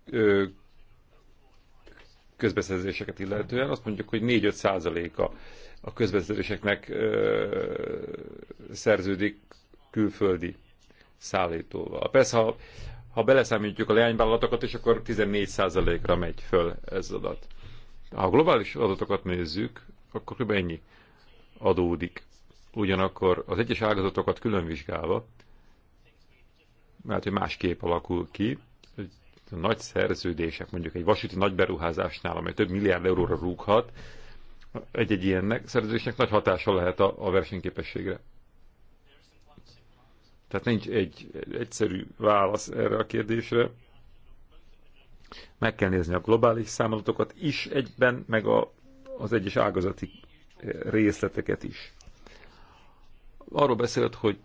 ö, közbeszerzéseket illetően, azt mondjuk, hogy 4-5 százaléka a közvetítőseknek szerződik külföldi szállítóval. Persze, ha, ha beleszámítjuk a leányvállalatokat, és akkor 14%-ra megy föl ez adat. Ha a globális adatokat nézzük, akkor kb. ennyi adódik. Ugyanakkor az egyes ágazatokat külön vizsgálva, mert hogy más kép alakul ki, A nagy szerződések, mondjuk egy vasúti nagy beruházásnál, amely több milliárd euróra rúghat, egy-egy ilyennek, szerződésnek nagy hatása lehet a, a versenyképességre. Tehát nincs egy egyszerű válasz erre a kérdésre. Meg kell nézni a globális számadatokat is egyben, meg a, az egyes ágazati eh, részleteket is. Arról beszélt, hogy,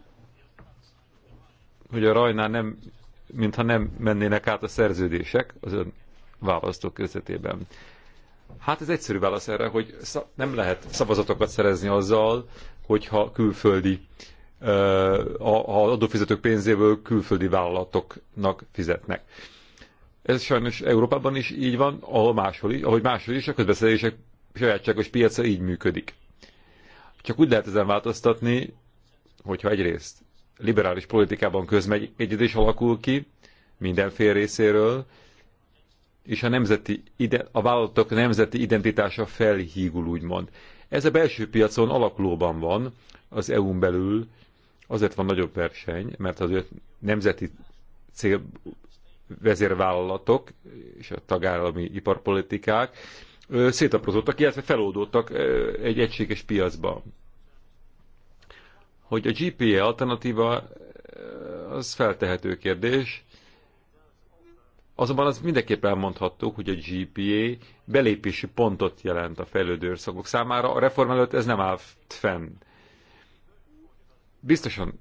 hogy a rajnál nem, mintha nem mennének át a szerződések az ön választók közvetében. Hát ez egyszerű válasz erre, hogy nem lehet szavazatokat szerezni azzal, hogyha külföldi, ha adófizetők pénzéből külföldi vállalatoknak fizetnek. Ez sajnos Európában is így van, ahol máshol is, ahogy máshol is, a közbeszerzések sajátságos piaca így működik. Csak úgy lehet ezen változtatni, hogyha egyrészt liberális politikában közmegy egyedés alakul ki, mindenfél részéről, és a, nemzeti ide, a vállalatok nemzeti identitása felhígul, úgymond. Ez a belső piacon alakulóban van, az EU-n belül azért van nagyobb verseny, mert az nemzeti cél vezérvállalatok és a tagállami iparpolitikák szétaprózódtak, illetve feloldódtak egy egységes piacban. Hogy a GPA alternatíva, az feltehető kérdés, Azonban az mindenképp elmondhattuk, hogy a GPA belépési pontot jelent a fejlődő országok számára. A reform előtt ez nem állt fenn. Biztosan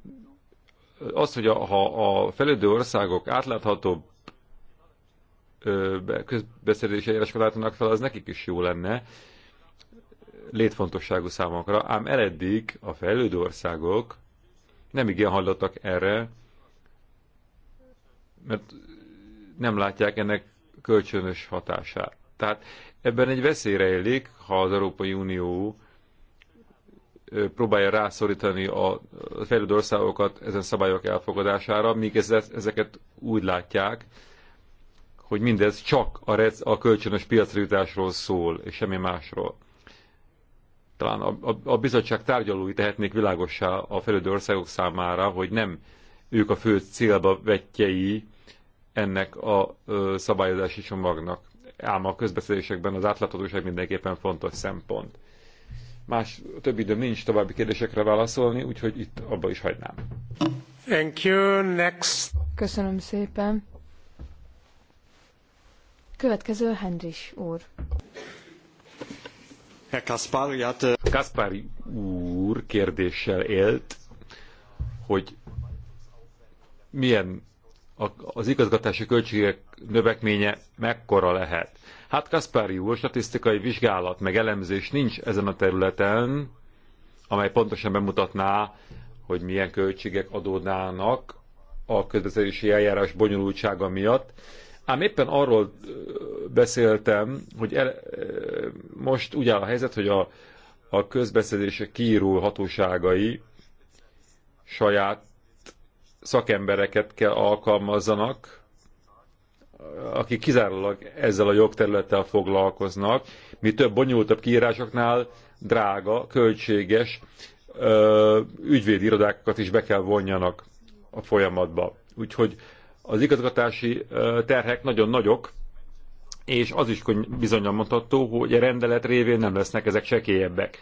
az, hogy a, ha a fejlődő országok átláthatóbb közbeszerzési eljárásokat látnak fel, az nekik is jó lenne létfontosságú számunkra, ám eleddig a fejlődő országok nem igen hallottak erre, mert nem látják ennek kölcsönös hatását. Tehát ebben egy veszély rejlik, ha az Európai Unió próbálja rászorítani a fejlődő országokat ezen szabályok elfogadására, míg ezeket úgy látják, hogy mindez csak a, rec, a kölcsönös piacra jutásról szól, és semmi másról. Talán a, a, a bizottság tárgyalói tehetnék világossá a fejlődő országok számára, hogy nem ők a fő célba vetjei ennek a szabályozási csomagnak. Ám a közbeszélésekben az átláthatóság mindenképpen fontos szempont. Más több időm nincs további kérdésekre válaszolni, úgyhogy itt abba is hagynám. Thank you, next. Köszönöm szépen. Következő Hendris úr. Herr Kaspari, hát... Kaspari úr kérdéssel élt, hogy milyen az igazgatási költségek növekménye mekkora lehet. Hát Kaspári úr, statisztikai vizsgálat meg elemzés nincs ezen a területen, amely pontosan bemutatná, hogy milyen költségek adódnának a közbeszerzési eljárás bonyolultsága miatt. Ám éppen arról beszéltem, hogy el, most úgy áll a helyzet, hogy a, a közbeszerzések kiíró hatóságai saját szakembereket kell alkalmazzanak, akik kizárólag ezzel a jogterülettel foglalkoznak, mi több bonyolultabb kiírásoknál drága, költséges ügyvédi irodákat is be kell vonjanak a folyamatba. Úgyhogy az igazgatási terhek nagyon nagyok, és az is bizonyan mondható, hogy a rendelet révén nem lesznek ezek sekélyebbek.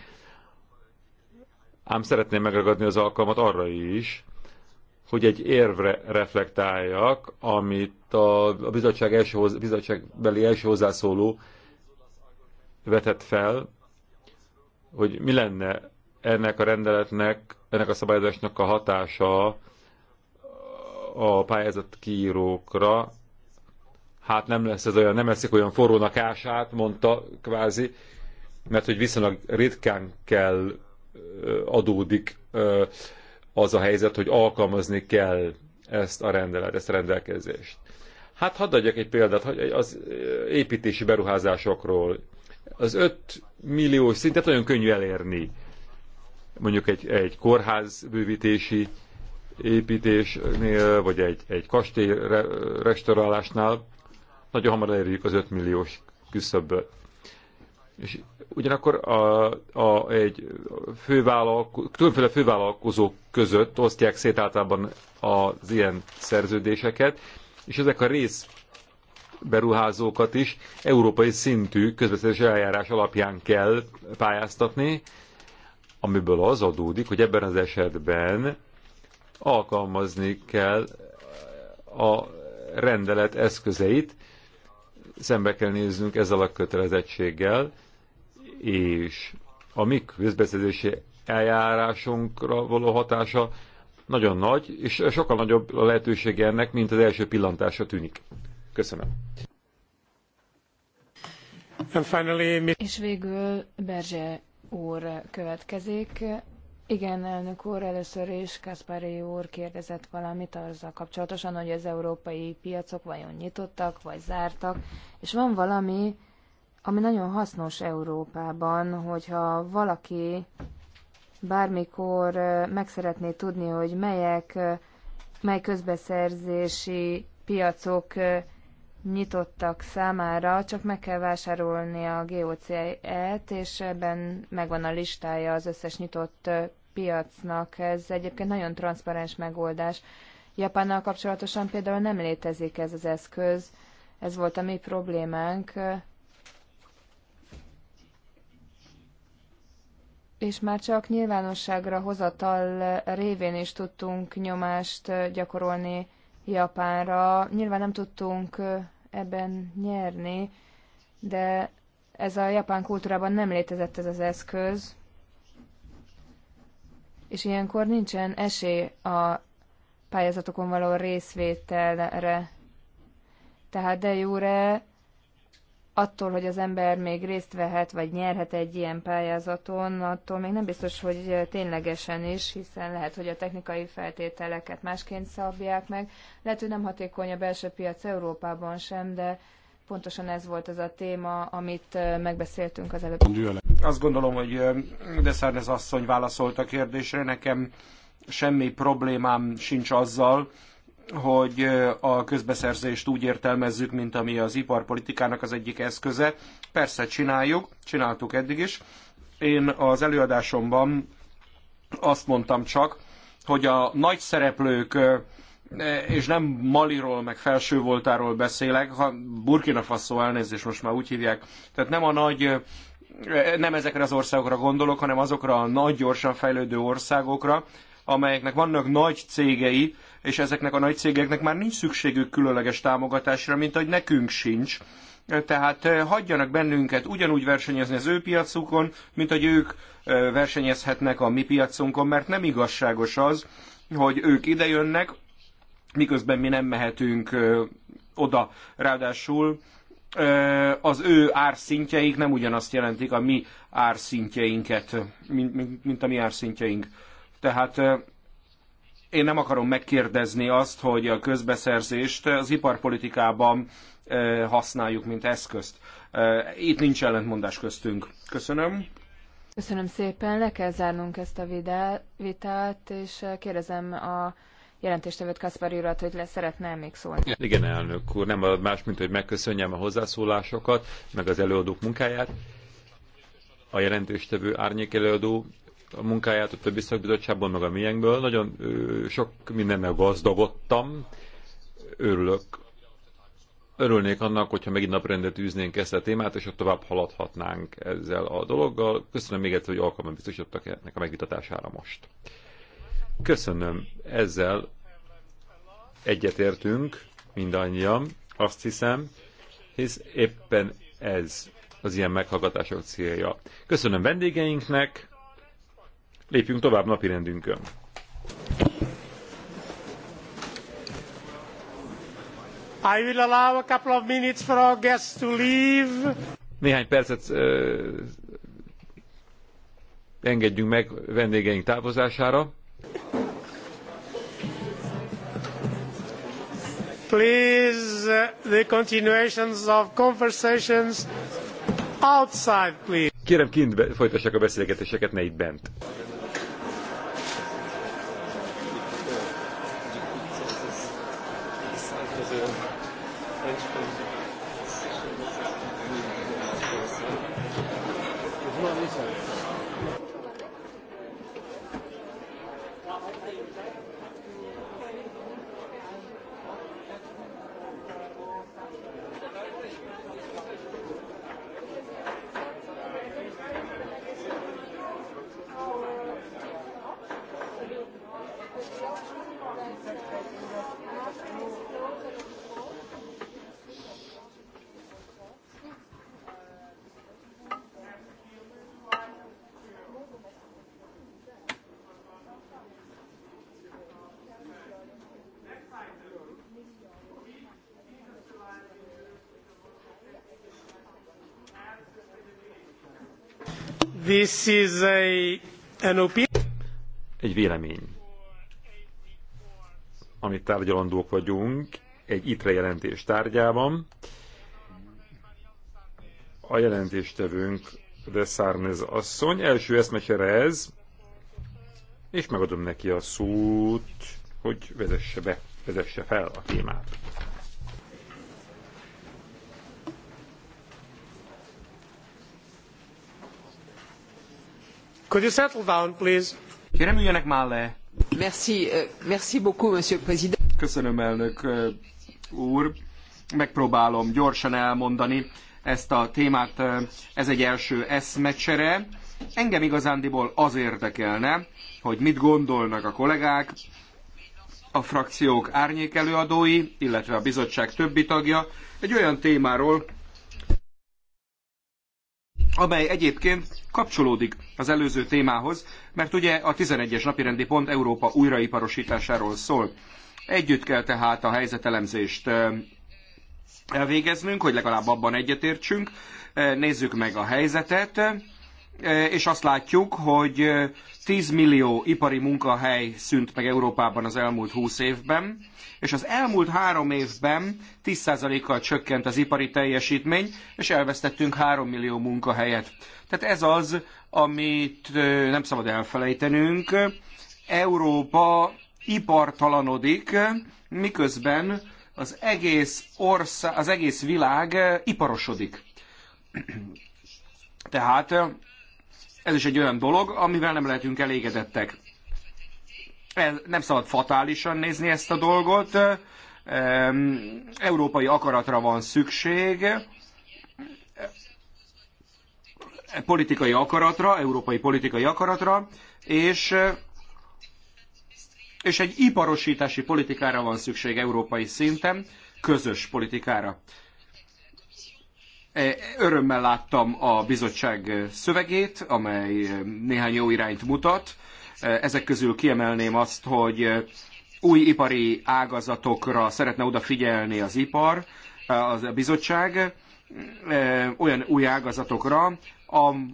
Ám szeretném megragadni az alkalmat arra is, hogy egy érvre reflektáljak, amit a, bizottság első, bizottságbeli első hozzászóló vetett fel, hogy mi lenne ennek a rendeletnek, ennek a szabályozásnak a hatása a pályázat kiírókra. Hát nem lesz ez olyan, nem eszik olyan forrónak ását, mondta kvázi, mert hogy viszonylag ritkán kell adódik az a helyzet, hogy alkalmazni kell ezt a rendelet, ezt a rendelkezést. Hát hadd adjak egy példát hogy az építési beruházásokról. Az 5 millió szintet nagyon könnyű elérni. Mondjuk egy, egy kórház bővítési építésnél, vagy egy, egy kastély restaurálásnál nagyon hamar elérjük az 5 milliós küszöbből. És ugyanakkor a, a, egy fővállalko, különféle fővállalkozók között osztják szét általában az ilyen szerződéseket, és ezek a rész beruházókat is európai szintű közbeszerzési eljárás alapján kell pályáztatni, amiből az adódik, hogy ebben az esetben alkalmazni kell a rendelet eszközeit, szembe kell néznünk ezzel a kötelezettséggel, és a mi közbeszerzési eljárásunkra való hatása nagyon nagy, és sokkal nagyobb a lehetősége ennek, mint az első pillantásra tűnik. Köszönöm. Finally... És végül Berzse úr következik. Igen, elnök úr, először is Kaspari úr kérdezett valamit azzal kapcsolatosan, hogy az európai piacok vajon nyitottak, vagy zártak, és van valami, ami nagyon hasznos Európában, hogyha valaki bármikor meg szeretné tudni, hogy melyek, mely közbeszerzési piacok nyitottak számára, csak meg kell vásárolni a GOCE-et, és ebben megvan a listája az összes nyitott piacnak. Ez egyébként nagyon transzparens megoldás. Japánnal kapcsolatosan például nem létezik ez az eszköz, ez volt a mi problémánk, és már csak nyilvánosságra hozatal révén is tudtunk nyomást gyakorolni Japánra. Nyilván nem tudtunk ebben nyerni, de ez a japán kultúrában nem létezett ez az eszköz, és ilyenkor nincsen esély a pályázatokon való részvételre. Tehát de jóre attól, hogy az ember még részt vehet, vagy nyerhet egy ilyen pályázaton, attól még nem biztos, hogy ténylegesen is, hiszen lehet, hogy a technikai feltételeket másként szabják meg. Lehet, hogy nem hatékony a belső piac Európában sem, de pontosan ez volt az a téma, amit megbeszéltünk az előbb. Azt gondolom, hogy de asszony válaszolt a kérdésre, nekem semmi problémám sincs azzal, hogy a közbeszerzést úgy értelmezzük, mint ami az iparpolitikának az egyik eszköze. Persze csináljuk, csináltuk eddig is. Én az előadásomban azt mondtam csak, hogy a nagy szereplők és nem Maliról, meg felső voltáról beszélek, ha Burkina Faso elnézést most már úgy hívják, tehát nem a nagy nem ezekre az országokra gondolok, hanem azokra a nagy, gyorsan fejlődő országokra, amelyeknek vannak nagy cégei, és ezeknek a nagy cégeknek már nincs szükségük különleges támogatásra, mint ahogy nekünk sincs. Tehát eh, hagyjanak bennünket ugyanúgy versenyezni az ő piacukon, mint hogy ők eh, versenyezhetnek a mi piacunkon, mert nem igazságos az, hogy ők idejönnek, miközben mi nem mehetünk eh, oda. Ráadásul az ő árszintjeik nem ugyanazt jelentik a mi árszintjeinket, mint, mint, mint a mi árszintjeink. Tehát én nem akarom megkérdezni azt, hogy a közbeszerzést az iparpolitikában használjuk, mint eszközt. Itt nincs ellentmondás köztünk. Köszönöm. Köszönöm szépen, le kell zárnunk ezt a vitát, és kérdezem a jelentéstevőt Kaspar Jurat, hogy le szeretne még szólni. Igen, elnök úr, nem más, mint hogy megköszönjem a hozzászólásokat, meg az előadók munkáját. A jelentéstevő árnyék előadó a munkáját a többi szakbizottságból, meg a miénkből. Nagyon sok mindennel gazdagodtam. Örülök. Örülnék annak, hogyha megint naprendet űznénk ezt a témát, és ott tovább haladhatnánk ezzel a dologgal. Köszönöm még egyszer, hogy alkalmat biztosítottak ennek a megvitatására most. Köszönöm. Ezzel egyetértünk mindannyian, azt hiszem, hisz éppen ez az ilyen meghallgatások célja. Köszönöm vendégeinknek, Lépjünk tovább rendünkön. I will allow a couple of minutes for our guests to leave. Néhány percet uh, engedjünk meg vendégeink távozására. Please, uh, the continuations of conversations outside, please. Kérem, kint folytassák a beszélgetéseket, ne itt bent. This is a, an opinion. Egy vélemény, amit tárgyalandók vagyunk, egy ITRE jelentés tárgyában. A jelentéstevőnk de Szárnez asszony. Első eszmecsere ez, és megadom neki a szót, hogy vezesse be, vezesse fel a témát. Kérem, üljenek már le. Euh, Köszönöm, elnök euh, úr. Megpróbálom gyorsan elmondani ezt a témát. Euh, ez egy első eszmecsere. Engem igazándiból az érdekelne, hogy mit gondolnak a kollégák, a frakciók árnyékelőadói, illetve a bizottság többi tagja egy olyan témáról, amely egyébként kapcsolódik az előző témához, mert ugye a 11-es napirendi pont Európa újraiparosításáról szól. Együtt kell tehát a helyzetelemzést elvégeznünk, hogy legalább abban egyetértsünk. Nézzük meg a helyzetet E, és azt látjuk, hogy 10 e, millió ipari munkahely szűnt meg Európában az elmúlt 20 évben, és az elmúlt három évben 10%-kal csökkent az ipari teljesítmény, és elvesztettünk 3 millió munkahelyet. Tehát ez az, amit e, nem szabad elfelejtenünk. Európa ipartalanodik, miközben az egész, ország, az egész világ iparosodik. [clears throat] Tehát ez is egy olyan dolog, amivel nem lehetünk elégedettek. Nem szabad fatálisan nézni ezt a dolgot. Európai akaratra van szükség, politikai akaratra, európai politikai akaratra, és és egy iparosítási politikára van szükség európai szinten, közös politikára. E, örömmel láttam a bizottság szövegét, amely néhány jó irányt mutat. E, ezek közül kiemelném azt, hogy új ipari ágazatokra szeretne odafigyelni az ipar, e, a bizottság, olyan új ágazatokra,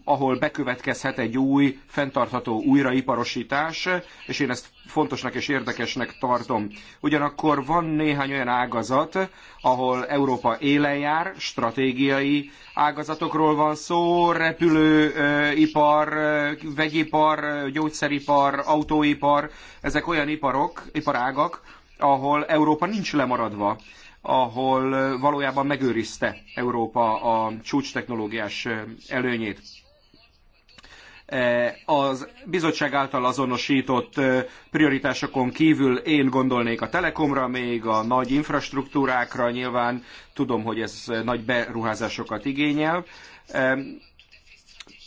ahol bekövetkezhet egy új, fenntartható újraiparosítás, és én ezt fontosnak és érdekesnek tartom. Ugyanakkor van néhány olyan ágazat, ahol Európa élen jár, stratégiai ágazatokról van szó, repülőipar, vegyipar, gyógyszeripar, autóipar, ezek olyan iparok, iparágak, ahol Európa nincs lemaradva ahol valójában megőrizte Európa a csúcs technológiás előnyét e, az bizottság által azonosított prioritásokon kívül én gondolnék a telekomra, még a nagy infrastruktúrákra, nyilván tudom, hogy ez nagy beruházásokat igényel. E,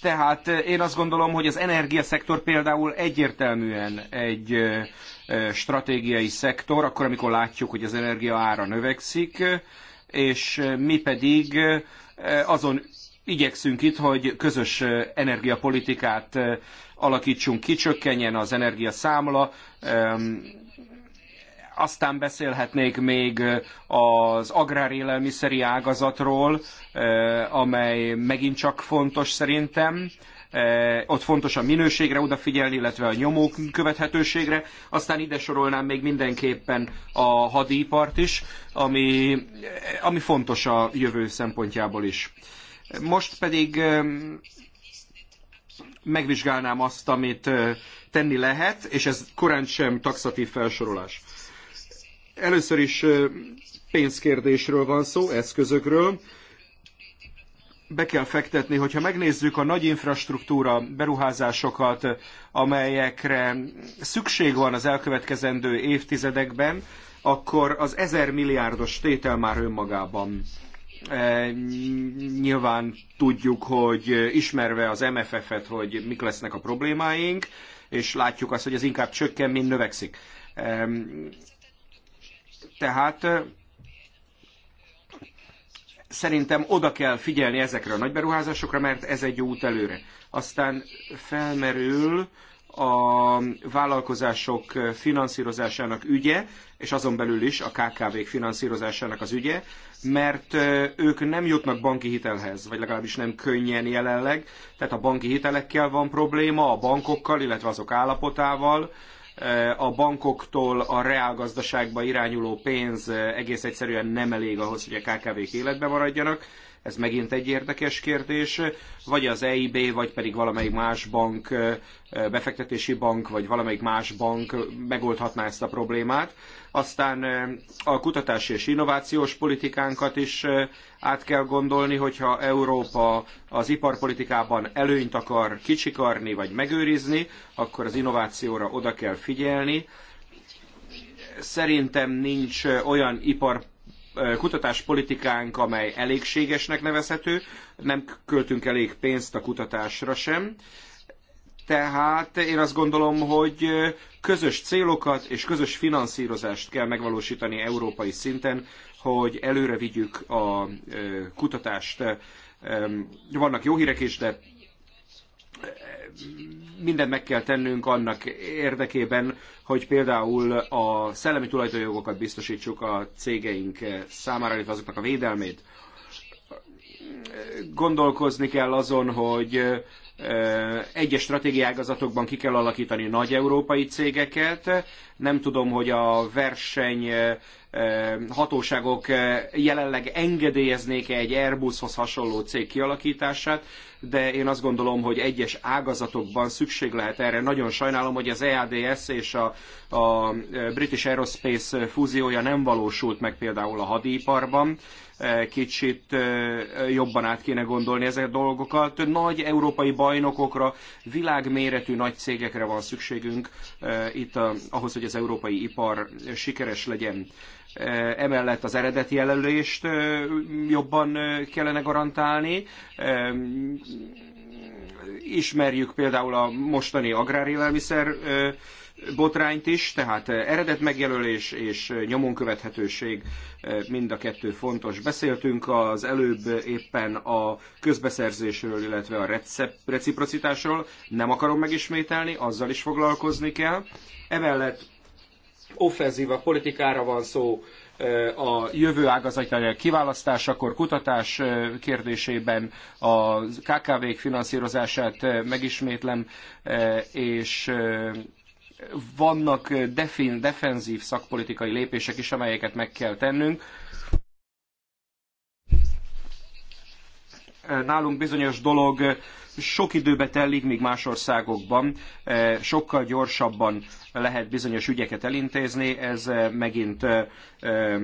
tehát én azt gondolom, hogy az energiaszektor például egyértelműen egy stratégiai szektor, akkor amikor látjuk, hogy az energia ára növekszik, és mi pedig azon igyekszünk itt, hogy közös energiapolitikát alakítsunk ki, csökkenjen az energiaszámla, aztán beszélhetnék még az agrárélelmiszeri ágazatról, amely megint csak fontos szerintem. Eh, ott fontos a minőségre odafigyelni, illetve a nyomók követhetőségre. Aztán ide sorolnám még mindenképpen a hadipart is, ami, ami fontos a jövő szempontjából is. Most pedig megvizsgálnám azt, amit eh, tenni lehet, és ez korán sem taxatív felsorolás. Először is eh, pénzkérdésről van szó, eszközökről be kell fektetni, hogyha megnézzük a nagy infrastruktúra beruházásokat, amelyekre szükség van az elkövetkezendő évtizedekben, akkor az ezer milliárdos tétel már önmagában e, nyilván tudjuk, hogy ismerve az MFF-et, hogy mik lesznek a problémáink, és látjuk azt, hogy ez inkább csökken, mint növekszik. E, tehát Szerintem oda kell figyelni ezekre a nagyberuházásokra, mert ez egy jó út előre. Aztán felmerül a vállalkozások finanszírozásának ügye, és azon belül is a KKV-k finanszírozásának az ügye, mert ők nem jutnak banki hitelhez, vagy legalábbis nem könnyen jelenleg. Tehát a banki hitelekkel van probléma, a bankokkal, illetve azok állapotával Eh, a bankoktól a reálgazdaságba irányuló pénz eh, egész egyszerűen nem elég ahhoz, hogy a KKV-k életbe maradjanak ez megint egy érdekes kérdés, vagy az EIB, vagy pedig valamelyik más bank, befektetési bank, vagy valamelyik más bank megoldhatná ezt a problémát. Aztán a kutatási és innovációs politikánkat is át kell gondolni, hogyha Európa az iparpolitikában előnyt akar kicsikarni, vagy megőrizni, akkor az innovációra oda kell figyelni. Szerintem nincs olyan ipar kutatáspolitikánk, amely elégségesnek nevezhető, nem költünk elég pénzt a kutatásra sem. Tehát én azt gondolom, hogy közös célokat és közös finanszírozást kell megvalósítani európai szinten, hogy előre vigyük a kutatást. Vannak jó hírek is, de mindent meg kell tennünk annak érdekében, hogy például a szellemi tulajdonjogokat biztosítsuk a cégeink számára, illetve azoknak a védelmét. Gondolkozni kell azon, hogy egyes stratégiágazatokban ki kell alakítani nagy európai cégeket, nem tudom, hogy a verseny hatóságok jelenleg engedélyeznék-e egy Airbushoz hasonló cég kialakítását, de én azt gondolom, hogy egyes ágazatokban szükség lehet erre. Nagyon sajnálom, hogy az EADS és a, a British Aerospace fúziója nem valósult meg például a hadiparban. Kicsit jobban át kéne gondolni ezeket a dolgokat. Nagy európai bajnokokra, világméretű nagy cégekre van szükségünk itt a, ahhoz, hogy az európai ipar sikeres legyen. Eh, emellett az eredeti jelölést eh, jobban eh, kellene garantálni. Ismerjük például a mostani agrárélelmiszer botrányt is, tehát eredet megjelölés és nyomon követhetőség mind a kettő fontos. Beszéltünk az előbb éppen a közbeszerzésről, illetve a reciprocitásról, nem akarom megismételni, azzal is foglalkozni kell. Emellett offenzíva politikára van szó a jövő ágazatjának kiválasztásakor, kutatás kérdésében, a KKV-k finanszírozását megismétlem, és vannak defin, defenzív szakpolitikai lépések is, amelyeket meg kell tennünk. Nálunk bizonyos dolog sok időbe telik, míg más országokban sokkal gyorsabban lehet bizonyos ügyeket elintézni, ez eh, megint eh, eh,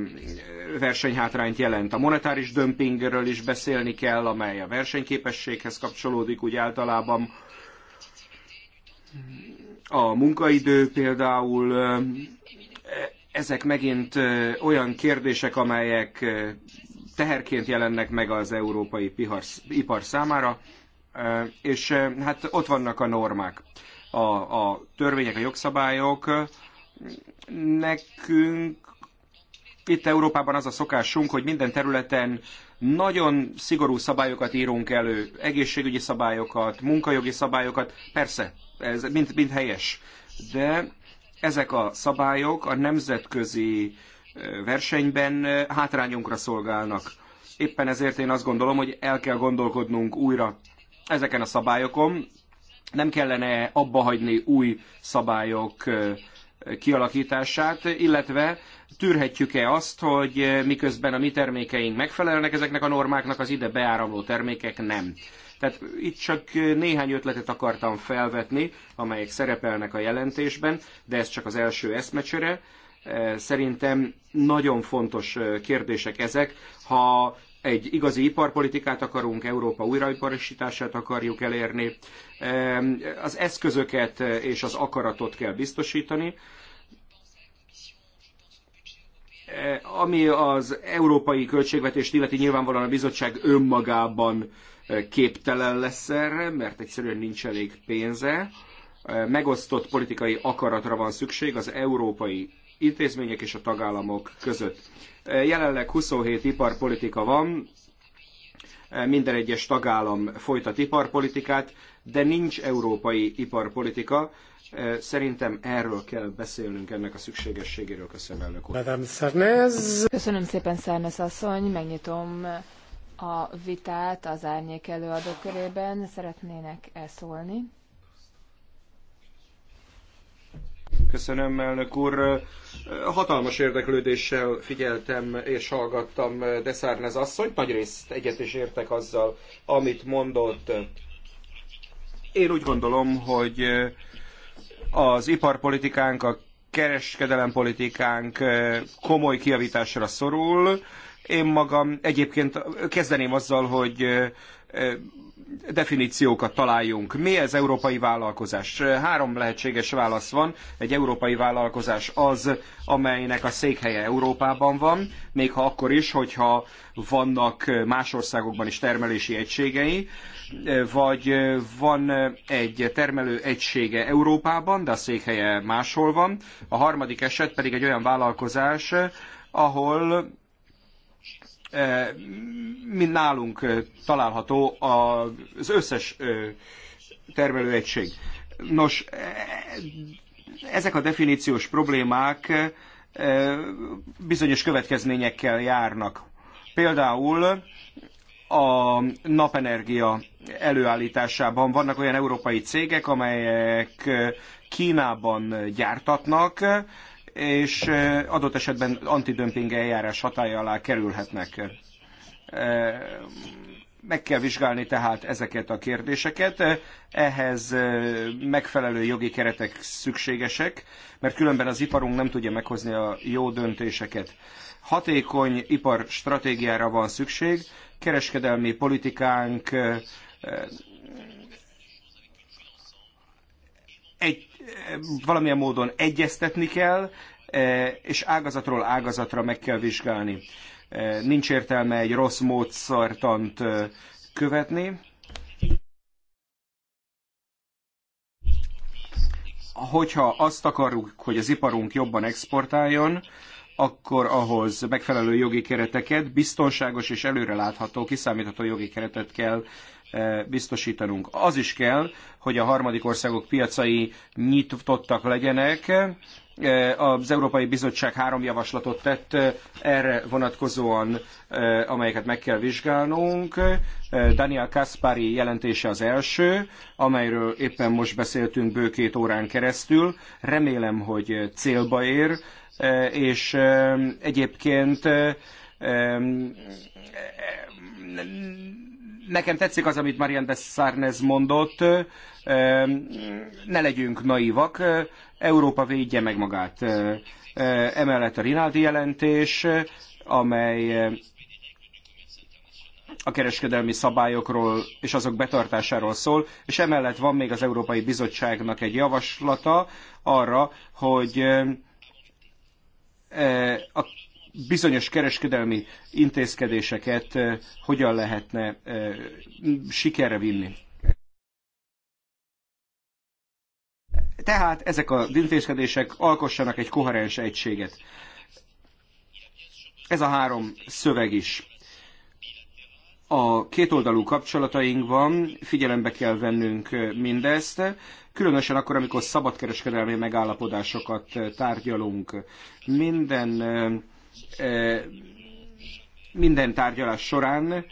versenyhátrányt jelent. A monetáris dömpingről is beszélni kell, amely a versenyképességhez kapcsolódik úgy általában. A munkaidő például ezek megint olyan kérdések, amelyek teherként jelennek meg az európai ipar számára, és hát ott vannak a normák a, a törvények, a jogszabályok. Nekünk itt Európában az a szokásunk, hogy minden területen nagyon szigorú szabályokat írunk elő, egészségügyi szabályokat, munkajogi szabályokat, persze, ez mind, mind helyes, de ezek a szabályok a nemzetközi versenyben hátrányunkra szolgálnak. Éppen ezért én azt gondolom, hogy el kell gondolkodnunk újra ezeken a szabályokon, nem kellene abba hagyni új szabályok kialakítását, illetve tűrhetjük-e azt, hogy miközben a mi termékeink megfelelnek ezeknek a normáknak, az ide beáramló termékek nem. Tehát itt csak néhány ötletet akartam felvetni, amelyek szerepelnek a jelentésben, de ez csak az első eszmecsere. Szerintem nagyon fontos kérdések ezek. Ha egy igazi iparpolitikát akarunk, Európa újraiparosítását akarjuk elérni. Az eszközöket és az akaratot kell biztosítani. Eh, ami az európai költségvetést illeti, nyilvánvalóan a bizottság önmagában eh, képtelen lesz erre, mert egyszerűen nincs elég pénze. Eh, megosztott politikai akaratra van szükség az európai intézmények és a tagállamok között Jelenleg 27 iparpolitika van, minden egyes tagállam folytat iparpolitikát, de nincs európai iparpolitika. Szerintem erről kell beszélnünk, ennek a szükségességéről. Köszönöm, elnök úr. Madame Sarnez. Köszönöm szépen, Sarnez asszony. Megnyitom a vitát az árnyék előadó körében. Szeretnének-e szólni? Köszönöm, elnök úr. Hatalmas érdeklődéssel figyeltem és hallgattam Deszárnez asszonyt. Nagyrészt egyet is értek azzal, amit mondott. Én úgy gondolom, hogy az iparpolitikánk, a kereskedelempolitikánk komoly kiavításra szorul. Én magam egyébként kezdeném azzal, hogy definíciókat találjunk. Mi ez európai vállalkozás? Három lehetséges válasz van. Egy európai vállalkozás az, amelynek a székhelye Európában van, még ha akkor is, hogyha vannak más országokban is termelési egységei, vagy van egy termelő egysége Európában, de a székhelye máshol van. A harmadik eset pedig egy olyan vállalkozás, ahol Eh, mint nálunk eh, található az összes eh, termelőegység. Nos, ezek a definíciós problémák bizonyos következményekkel járnak. Például a napenergia előállításában vannak olyan európai cégek, amelyek Kínában gyártatnak, és adott esetben antidömping eljárás hatája alá kerülhetnek. Meg kell vizsgálni tehát ezeket a kérdéseket, ehhez megfelelő jogi keretek szükségesek, mert különben az iparunk nem tudja meghozni a jó döntéseket. Hatékony stratégiára van szükség, kereskedelmi politikánk egy valamilyen módon egyeztetni kell, e, és ágazatról ágazatra meg kell vizsgálni. E, nincs értelme egy rossz módszertant e, követni. Hogyha azt akarjuk, hogy az iparunk jobban exportáljon, akkor ahhoz megfelelő jogi kereteket, biztonságos és előrelátható, kiszámítható jogi keretet kell Eh, biztosítanunk. Az is kell, hogy a harmadik országok piacai nyitottak legyenek. Eh, az Európai Bizottság három javaslatot tett eh, erre vonatkozóan, amelyeket meg kell vizsgálnunk. Daniel Kaspari jelentése az első, amelyről éppen most beszéltünk bő két órán keresztül. Remélem, hogy célba ér, és egyébként nekem tetszik az, amit Marian de Sarnez mondott, ne legyünk naivak, Európa védje meg magát. Emellett a Rinaldi jelentés, amely a kereskedelmi szabályokról és azok betartásáról szól, és emellett van még az Európai Bizottságnak egy javaslata arra, hogy a bizonyos kereskedelmi intézkedéseket eh, hogyan lehetne eh, sikerre vinni. Tehát ezek az intézkedések alkossanak egy koherens egységet. Ez a három szöveg is. A kétoldalú kapcsolatainkban figyelembe kell vennünk eh, mindezt, különösen akkor, amikor szabadkereskedelmi megállapodásokat tárgyalunk. Minden minden tárgyalás során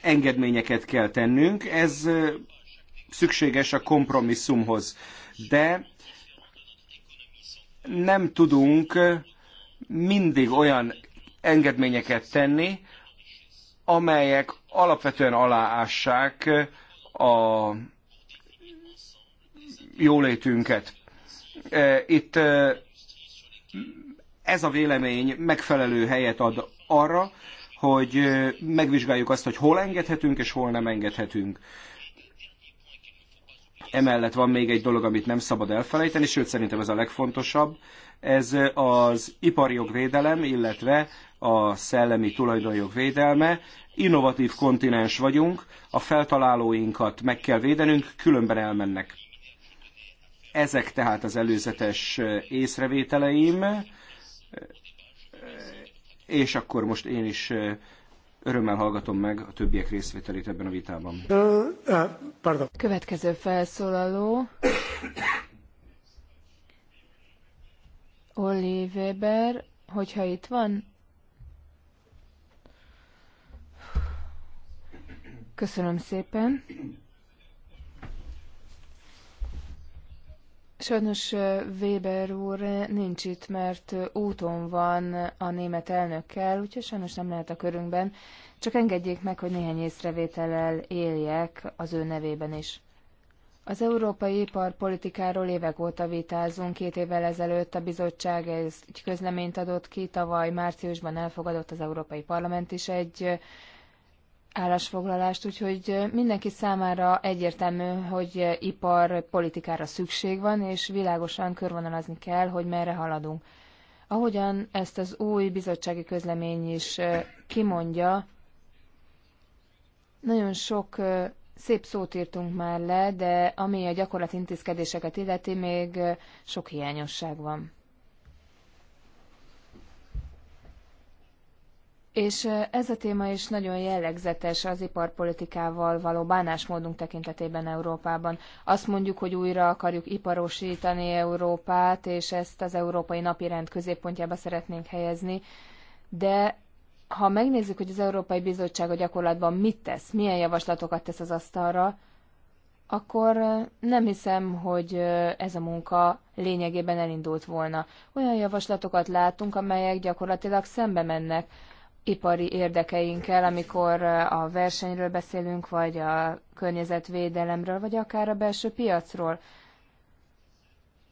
engedményeket kell tennünk, ez szükséges a kompromisszumhoz, de nem tudunk mindig olyan engedményeket tenni, amelyek alapvetően aláássák a jólétünket. Itt ez a vélemény megfelelő helyet ad arra, hogy megvizsgáljuk azt, hogy hol engedhetünk és hol nem engedhetünk. Emellett van még egy dolog, amit nem szabad elfelejteni, sőt szerintem ez a legfontosabb, ez az ipari jogvédelem, illetve a szellemi tulajdonjog védelme. Innovatív kontinens vagyunk, a feltalálóinkat meg kell védenünk, különben elmennek. Ezek tehát az előzetes észrevételeim és akkor most én is örömmel hallgatom meg a többiek részvételét ebben a vitában. Pardon. Következő felszólaló. Olli Weber, hogyha itt van. Köszönöm szépen. Sajnos Weber úr nincs itt, mert úton van a német elnökkel, úgyhogy sajnos nem lehet a körünkben. Csak engedjék meg, hogy néhány észrevétellel éljek az ő nevében is. Az európai iparpolitikáról évek óta vitázunk. Két évvel ezelőtt a bizottság egy közleményt adott ki, tavaly márciusban elfogadott az Európai Parlament is egy állásfoglalást, úgyhogy mindenki számára egyértelmű, hogy iparpolitikára szükség van, és világosan körvonalazni kell, hogy merre haladunk. Ahogyan ezt az új bizottsági közlemény is kimondja, nagyon sok szép szót írtunk már le, de ami a gyakorlati intézkedéseket illeti, még sok hiányosság van. És ez a téma is nagyon jellegzetes az iparpolitikával való bánásmódunk tekintetében Európában. Azt mondjuk, hogy újra akarjuk iparosítani Európát, és ezt az európai napirend középpontjába szeretnénk helyezni, de ha megnézzük, hogy az Európai Bizottság a gyakorlatban mit tesz, milyen javaslatokat tesz az asztalra, akkor nem hiszem, hogy ez a munka lényegében elindult volna. Olyan javaslatokat látunk, amelyek gyakorlatilag szembe mennek ipari érdekeinkkel, amikor eh, a versenyről beszélünk, vagy a környezetvédelemről, vagy akár a belső piacról.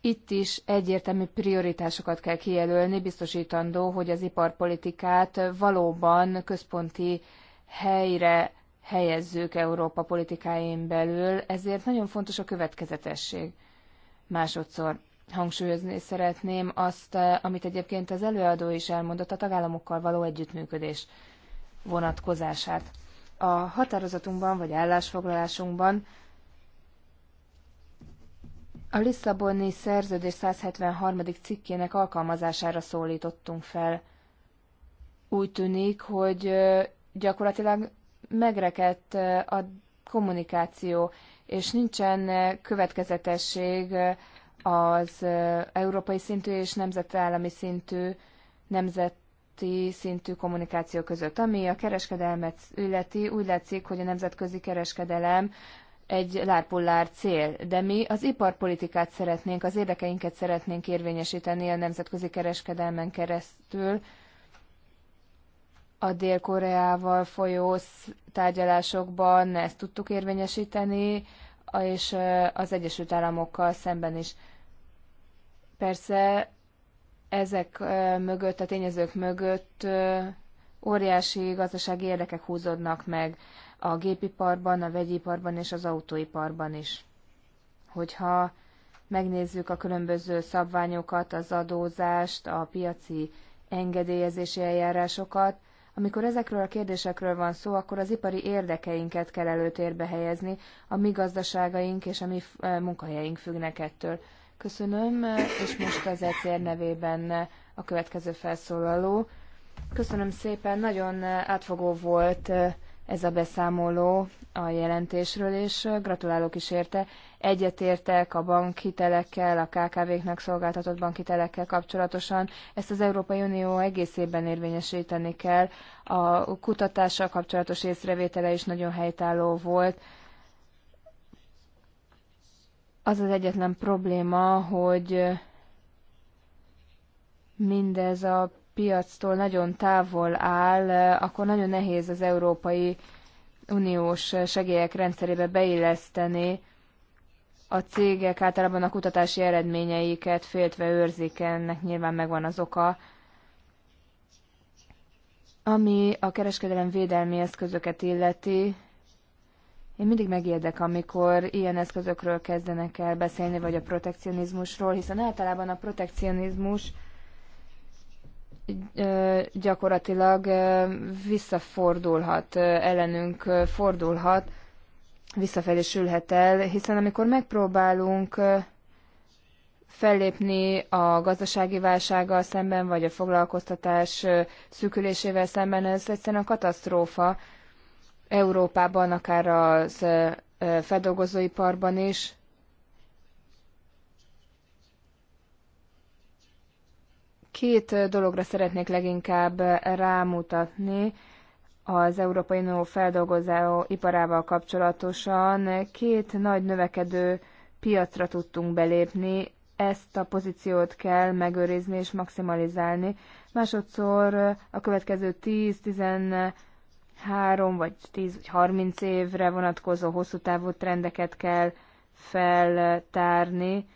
Itt is egyértelmű prioritásokat kell kijelölni, biztosítandó, hogy az iparpolitikát valóban központi helyre helyezzük Európa politikáin belül, ezért nagyon fontos a következetesség. Másodszor, hangsúlyozni szeretném azt, eh, amit egyébként az előadó is elmondott, a tagállamokkal való együttműködés vonatkozását. A határozatunkban vagy állásfoglalásunkban a Lisszaboni szerződés 173. cikkének alkalmazására szólítottunk fel. Úgy tűnik, hogy eh, gyakorlatilag megrekedt eh, a kommunikáció, és nincsen következetesség az európai szintű és nemzetállami szintű, nemzeti szintű kommunikáció között. Ami a kereskedelmet illeti, úgy látszik, hogy a nemzetközi kereskedelem egy lárpullár cél, de mi az iparpolitikát szeretnénk, az érdekeinket szeretnénk érvényesíteni a nemzetközi kereskedelmen keresztül, a Dél-Koreával folyó tárgyalásokban ezt tudtuk érvényesíteni, és az Egyesült Államokkal szemben is. Persze ezek mögött, a tényezők mögött óriási gazdasági érdekek húzódnak meg a gépiparban, a vegyiparban és az autóiparban is. Hogyha megnézzük a különböző szabványokat, az adózást, a piaci engedélyezési eljárásokat, amikor ezekről a kérdésekről van szó, akkor az ipari érdekeinket kell előtérbe helyezni, a mi gazdaságaink és a mi munkahelyeink függnek ettől. Köszönöm, és most az ECR nevében a következő felszólaló. Köszönöm szépen, nagyon átfogó volt ez a beszámoló a jelentésről, és gratulálok is érte. Egyetértek a bankhitelekkel, a KKV-knak szolgáltatott bankhitelekkel kapcsolatosan. Ezt az Európai Unió egészében érvényesíteni kell. A kutatással kapcsolatos észrevétele is nagyon helytálló volt az az egyetlen probléma, hogy mindez a piactól nagyon távol áll, akkor nagyon nehéz az Európai Uniós segélyek rendszerébe beilleszteni. A cégek általában a kutatási eredményeiket féltve őrzik, ennek nyilván megvan az oka. Ami a kereskedelem védelmi eszközöket illeti, én mindig megérdek, amikor ilyen eszközökről kezdenek el beszélni, vagy a protekcionizmusról, hiszen általában a protekcionizmus gyakorlatilag visszafordulhat, ellenünk fordulhat, visszafelé sülhet el, hiszen amikor megpróbálunk fellépni a gazdasági válsággal szemben, vagy a foglalkoztatás szűkülésével szemben, ez egyszerűen a katasztrófa, Európában, akár az feldolgozóiparban is. Két dologra szeretnék leginkább rámutatni az Európai Unió feldolgozó iparával kapcsolatosan. Két nagy növekedő piacra tudtunk belépni, ezt a pozíciót kell megőrizni és maximalizálni. Másodszor a következő 10-15 három vagy tíz vagy harminc évre vonatkozó hosszú távú trendeket kell feltárni,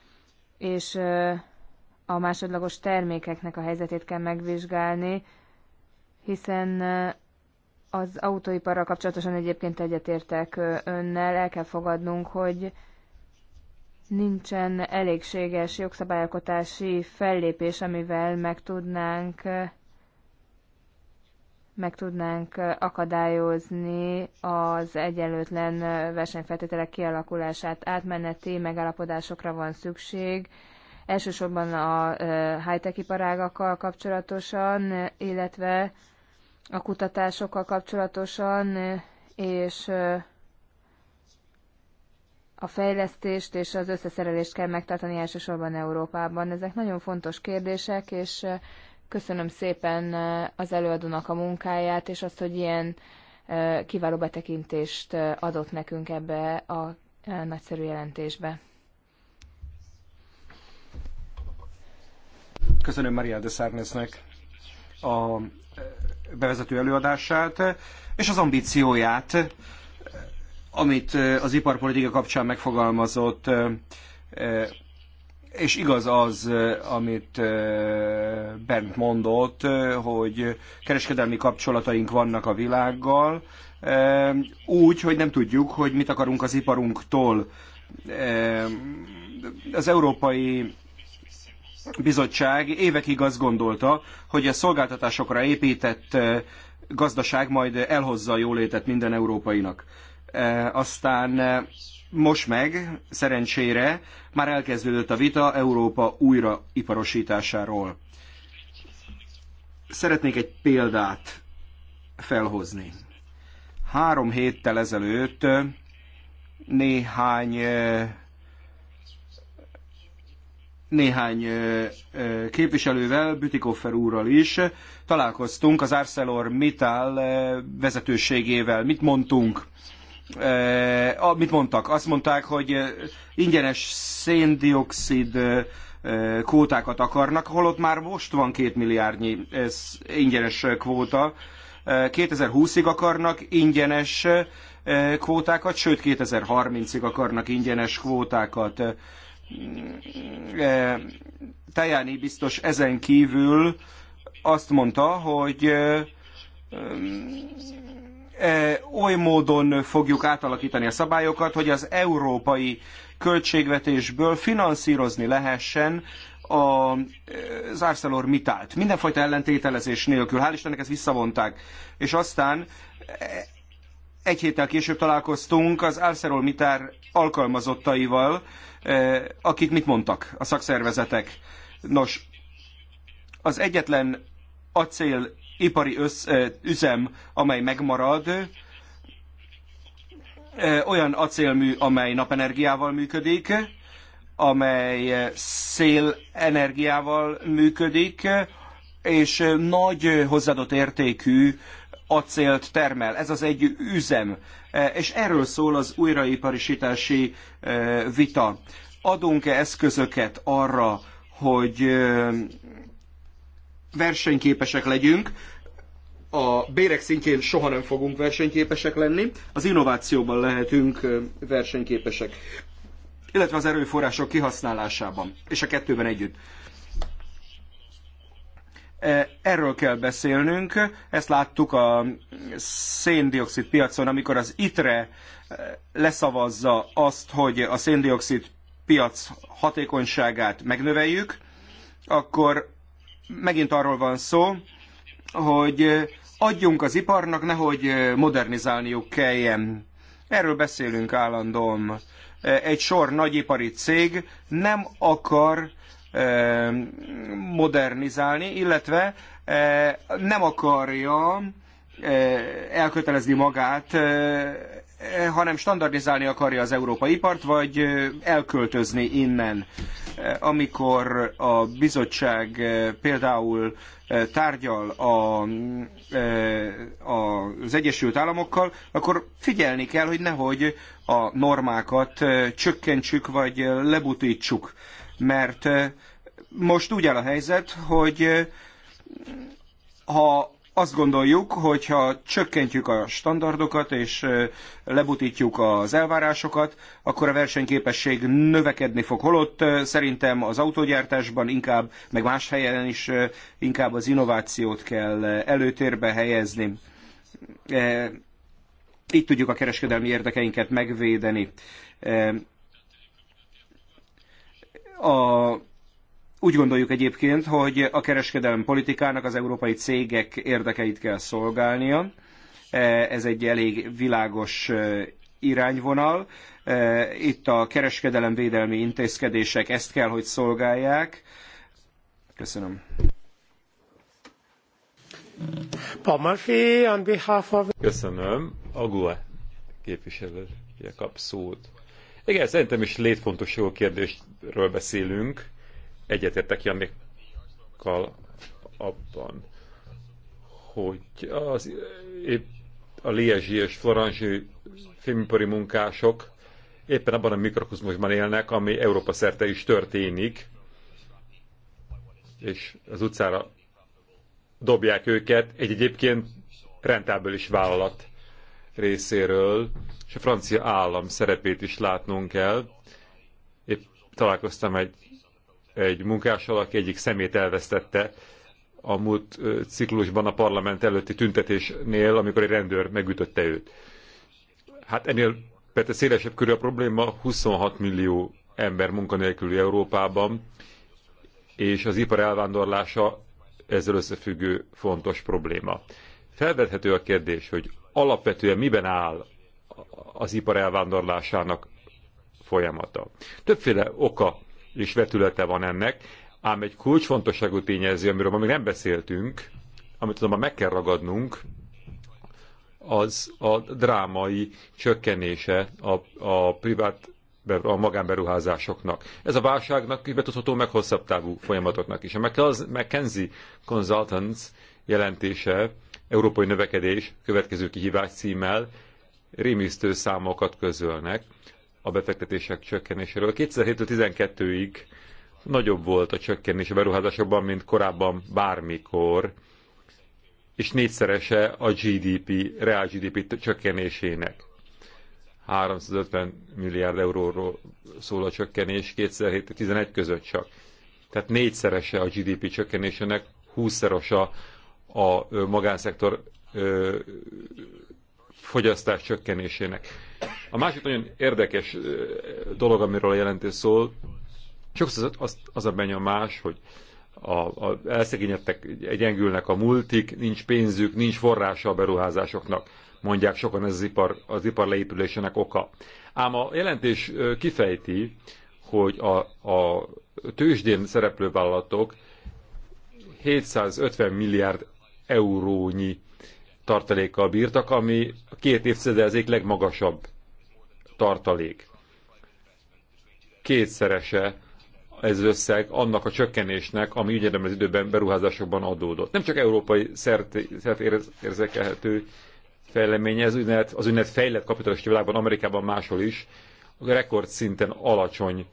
és a másodlagos termékeknek a helyzetét kell megvizsgálni, hiszen az autóiparral kapcsolatosan egyébként egyetértek önnel, el kell fogadnunk, hogy nincsen elégséges jogszabályalkotási fellépés, amivel meg tudnánk meg tudnánk akadályozni az egyenlőtlen versenyfeltételek kialakulását. Átmeneti megállapodásokra van szükség, elsősorban a high-tech iparágakkal kapcsolatosan, illetve a kutatásokkal kapcsolatosan, és a fejlesztést és az összeszerelést kell megtartani elsősorban Európában. Ezek nagyon fontos kérdések, és Köszönöm szépen az előadónak a munkáját, és azt, hogy ilyen kiváló betekintést adott nekünk ebbe a nagyszerű jelentésbe. Köszönöm Maria de Sárneznek a bevezető előadását, és az ambícióját, amit az iparpolitika kapcsán megfogalmazott és igaz az, amit Bent mondott, hogy kereskedelmi kapcsolataink vannak a világgal, úgy, hogy nem tudjuk, hogy mit akarunk az iparunktól. Az Európai Bizottság évekig azt gondolta, hogy a szolgáltatásokra épített gazdaság majd elhozza a jólétet minden európainak. Aztán most meg, szerencsére, már elkezdődött a vita Európa újraiparosításáról. Szeretnék egy példát felhozni. Három héttel ezelőtt néhány eh, néhány eh, eh, képviselővel, Bütikoffer úrral is találkoztunk az ArcelorMittal vezetőségével. Mit mondtunk? Eh, mit mondtak? Azt mondták, hogy eh, ingyenes széndiokszid eh, kvótákat akarnak, holott már most van két milliárdnyi ez ingyenes kvóta. 2020-ig akarnak ingyenes kvótákat, sőt mm, 2030-ig akarnak ingyenes kvótákat. Tajáni biztos ezen kívül azt mondta, hogy mm, E, oly módon fogjuk átalakítani a szabályokat, hogy az európai költségvetésből finanszírozni lehessen a, e, az Mitált. Mindenfajta ellentételezés nélkül. Hál' Istennek ezt visszavonták. És aztán e, egy héttel később találkoztunk az ArcelorMittal alkalmazottaival, akik mit mondtak a szakszervezetek. Nos, az egyetlen acél ipari össz, üzem, amely megmarad, olyan acélmű, amely napenergiával működik, amely szélenergiával működik, és nagy hozzáadott értékű acélt termel. Ez az egy üzem. És erről szól az újraiparisítási vita. Adunk-e eszközöket arra, hogy versenyképesek legyünk, a bérek szintjén soha nem fogunk versenyképesek lenni, az innovációban lehetünk versenyképesek, illetve az erőforrások kihasználásában, és a kettőben együtt. E, erről kell beszélnünk, ezt láttuk a széndiokszid piacon, amikor az ITRE e, leszavazza azt, hogy a széndiokszid piac hatékonyságát megnöveljük, akkor megint arról van szó, hogy adjunk az iparnak, nehogy modernizálniuk kelljen. Erről beszélünk állandóan. Egy sor nagyipari cég nem akar modernizálni, illetve nem akarja elkötelezni magát hanem standardizálni akarja az európai ipart, vagy elköltözni innen. Amikor a bizottság például tárgyal a, az Egyesült Államokkal, akkor figyelni kell, hogy nehogy a normákat csökkentsük, vagy lebutítsuk. Mert most úgy áll a helyzet, hogy ha azt gondoljuk, hogy ha csökkentjük a standardokat és lebutítjuk az elvárásokat, akkor a versenyképesség növekedni fog. Holott szerintem az autógyártásban inkább, meg más helyen is inkább az innovációt kell előtérbe helyezni. Itt tudjuk a kereskedelmi érdekeinket megvédeni. A úgy gondoljuk egyébként, hogy a kereskedelem politikának az európai cégek érdekeit kell szolgálnia. E, ez egy elég világos e, irányvonal. E, itt a kereskedelemvédelmi intézkedések ezt kell, hogy szolgálják. Köszönöm. on behalf of... Köszönöm. Agua képviselője kap szót. Igen, szerintem is létfontosságú kérdésről beszélünk egyetértek Jannikkal abban, hogy az, épp a liezsi és floransi filmipari munkások éppen abban a mikrokozmosban élnek, ami Európa szerte is történik, és az utcára dobják őket egy egyébként is vállalat részéről, és a francia állam szerepét is látnunk kell. Épp találkoztam egy egy munkással, aki egyik szemét elvesztette a múlt ciklusban a parlament előtti tüntetésnél, amikor egy rendőr megütötte őt. Hát ennél persze szélesebb körül a probléma, 26 millió ember munkanélküli Európában, és az ipar elvándorlása ezzel összefüggő fontos probléma. Felvethető a kérdés, hogy alapvetően miben áll az ipar elvándorlásának folyamata. Többféle oka is vetülete van ennek, ám egy kulcsfontosságú tényező, amiről ma még nem beszéltünk, amit azonban meg kell ragadnunk, az a drámai csökkenése a, a privát a magánberuházásoknak. Ez a válságnak betudható meg hosszabb távú folyamatoknak is. A McKenzie Consultants jelentése Európai Növekedés következő kihívás címmel rémisztő számokat közölnek a befektetések csökkenéséről. 2007-12-ig nagyobb volt a csökkenés a beruházásokban, mint korábban bármikor, és négyszerese a GDP, reál GDP csökkenésének. 350 milliárd euróról szól a csökkenés 2007-11 között csak. Tehát négyszerese a GDP csökkenésének, húszszerosa a magánszektor fogyasztás csökkenésének. A másik nagyon érdekes dolog, amiről a jelentés szól, sokszor az, az, az a benyomás, hogy a, a elszegényedtek egyengülnek a multik, nincs pénzük, nincs forrása a beruházásoknak. Mondják sokan ez az ipar, az ipar leépülésének oka. Ám a jelentés kifejti, hogy a, a tőzsdén szereplő vállalatok 750 milliárd eurónyi tartalékkal bírtak, ami a két évtizedel az egyik legmagasabb tartalék. Kétszerese ez összeg annak a csökkenésnek, ami ugyanebben az időben beruházásokban adódott. Nem csak európai szert, szert érzekelhető fejlemény, ez ünnet, az ünnep fejlett kapitalista világban, Amerikában máshol is, a rekord szinten alacsony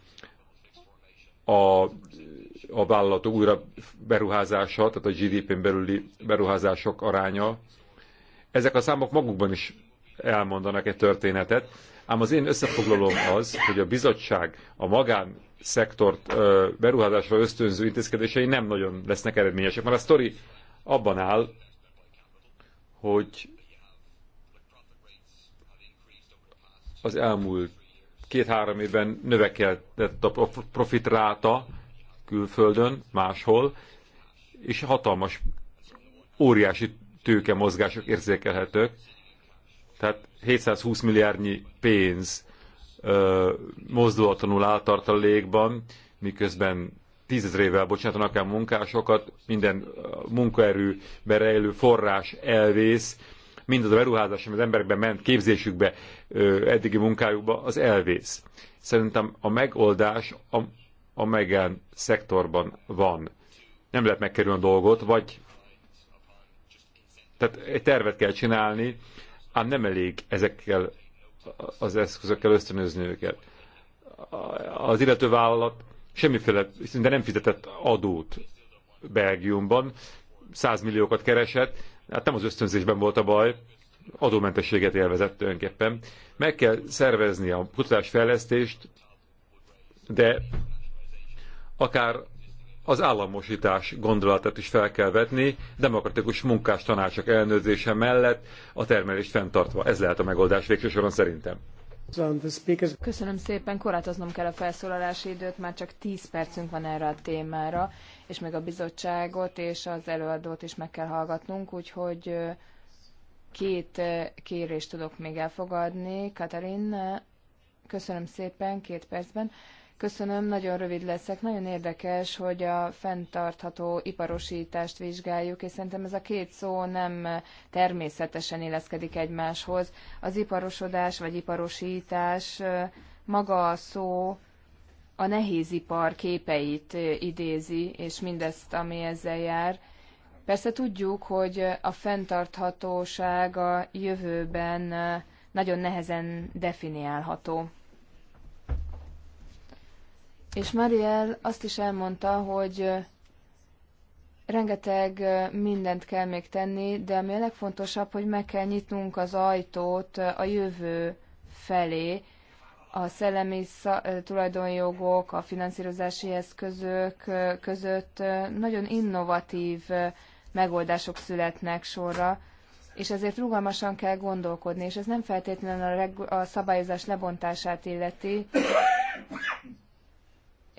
a, a vállalatok újra beruházása, tehát a GDP-n belüli beruházások aránya, ezek a számok magukban is elmondanak egy történetet, ám az én összefoglalom az, hogy a bizottság a magán szektort beruházásra ösztönző intézkedései nem nagyon lesznek eredményesek, mert a sztori abban áll, hogy az elmúlt két-három évben növekedett a profitráta külföldön, máshol, és hatalmas, óriási tőke mozgások érzékelhetők. Tehát 720 milliárdnyi pénz ö, mozdulatlanul áll tartalékban, miközben tízezrével bocsátanak el munkásokat, minden munkaerő berejlő forrás elvész, mindaz a beruházás, ami az emberekben ment képzésükbe, eddigi munkájukba, az elvész. Szerintem a megoldás a, a megen szektorban van. Nem lehet megkerülni a dolgot, vagy tehát egy tervet kell csinálni, ám nem elég ezekkel az eszközökkel ösztönözni őket. Az illető vállalat semmiféle, szinte nem fizetett adót Belgiumban, 100 milliókat keresett, hát nem az ösztönzésben volt a baj, adómentességet élvezett tulajdonképpen. Meg kell szervezni a kutatásfejlesztést, de akár az államosítás gondolatát is fel kell vetni, demokratikus tanácsok ellenőrzése mellett a termelést fenntartva. Ez lehet a megoldás végső soron szerintem. Köszönöm szépen, korlátoznom kell a felszólalási időt, már csak 10 percünk van erre a témára, és még a bizottságot és az előadót is meg kell hallgatnunk, úgyhogy két kérést tudok még elfogadni. Katalin, köszönöm szépen, két percben. Köszönöm, nagyon rövid leszek. Nagyon érdekes, hogy a fenntartható iparosítást vizsgáljuk, és szerintem ez a két szó nem természetesen illeszkedik egymáshoz. Az iparosodás vagy iparosítás maga a szó a ipar képeit idézi, és mindezt, ami ezzel jár. Persze tudjuk, hogy a fenntarthatóság a jövőben nagyon nehezen definiálható. És Mariel azt is elmondta, hogy rengeteg mindent kell még tenni, de ami a legfontosabb, hogy meg kell nyitnunk az ajtót a jövő felé, a szellemi tulajdonjogok, a finanszírozási eszközök között nagyon innovatív megoldások születnek sorra, és ezért rugalmasan kell gondolkodni, és ez nem feltétlenül a, reg- a szabályozás lebontását illeti,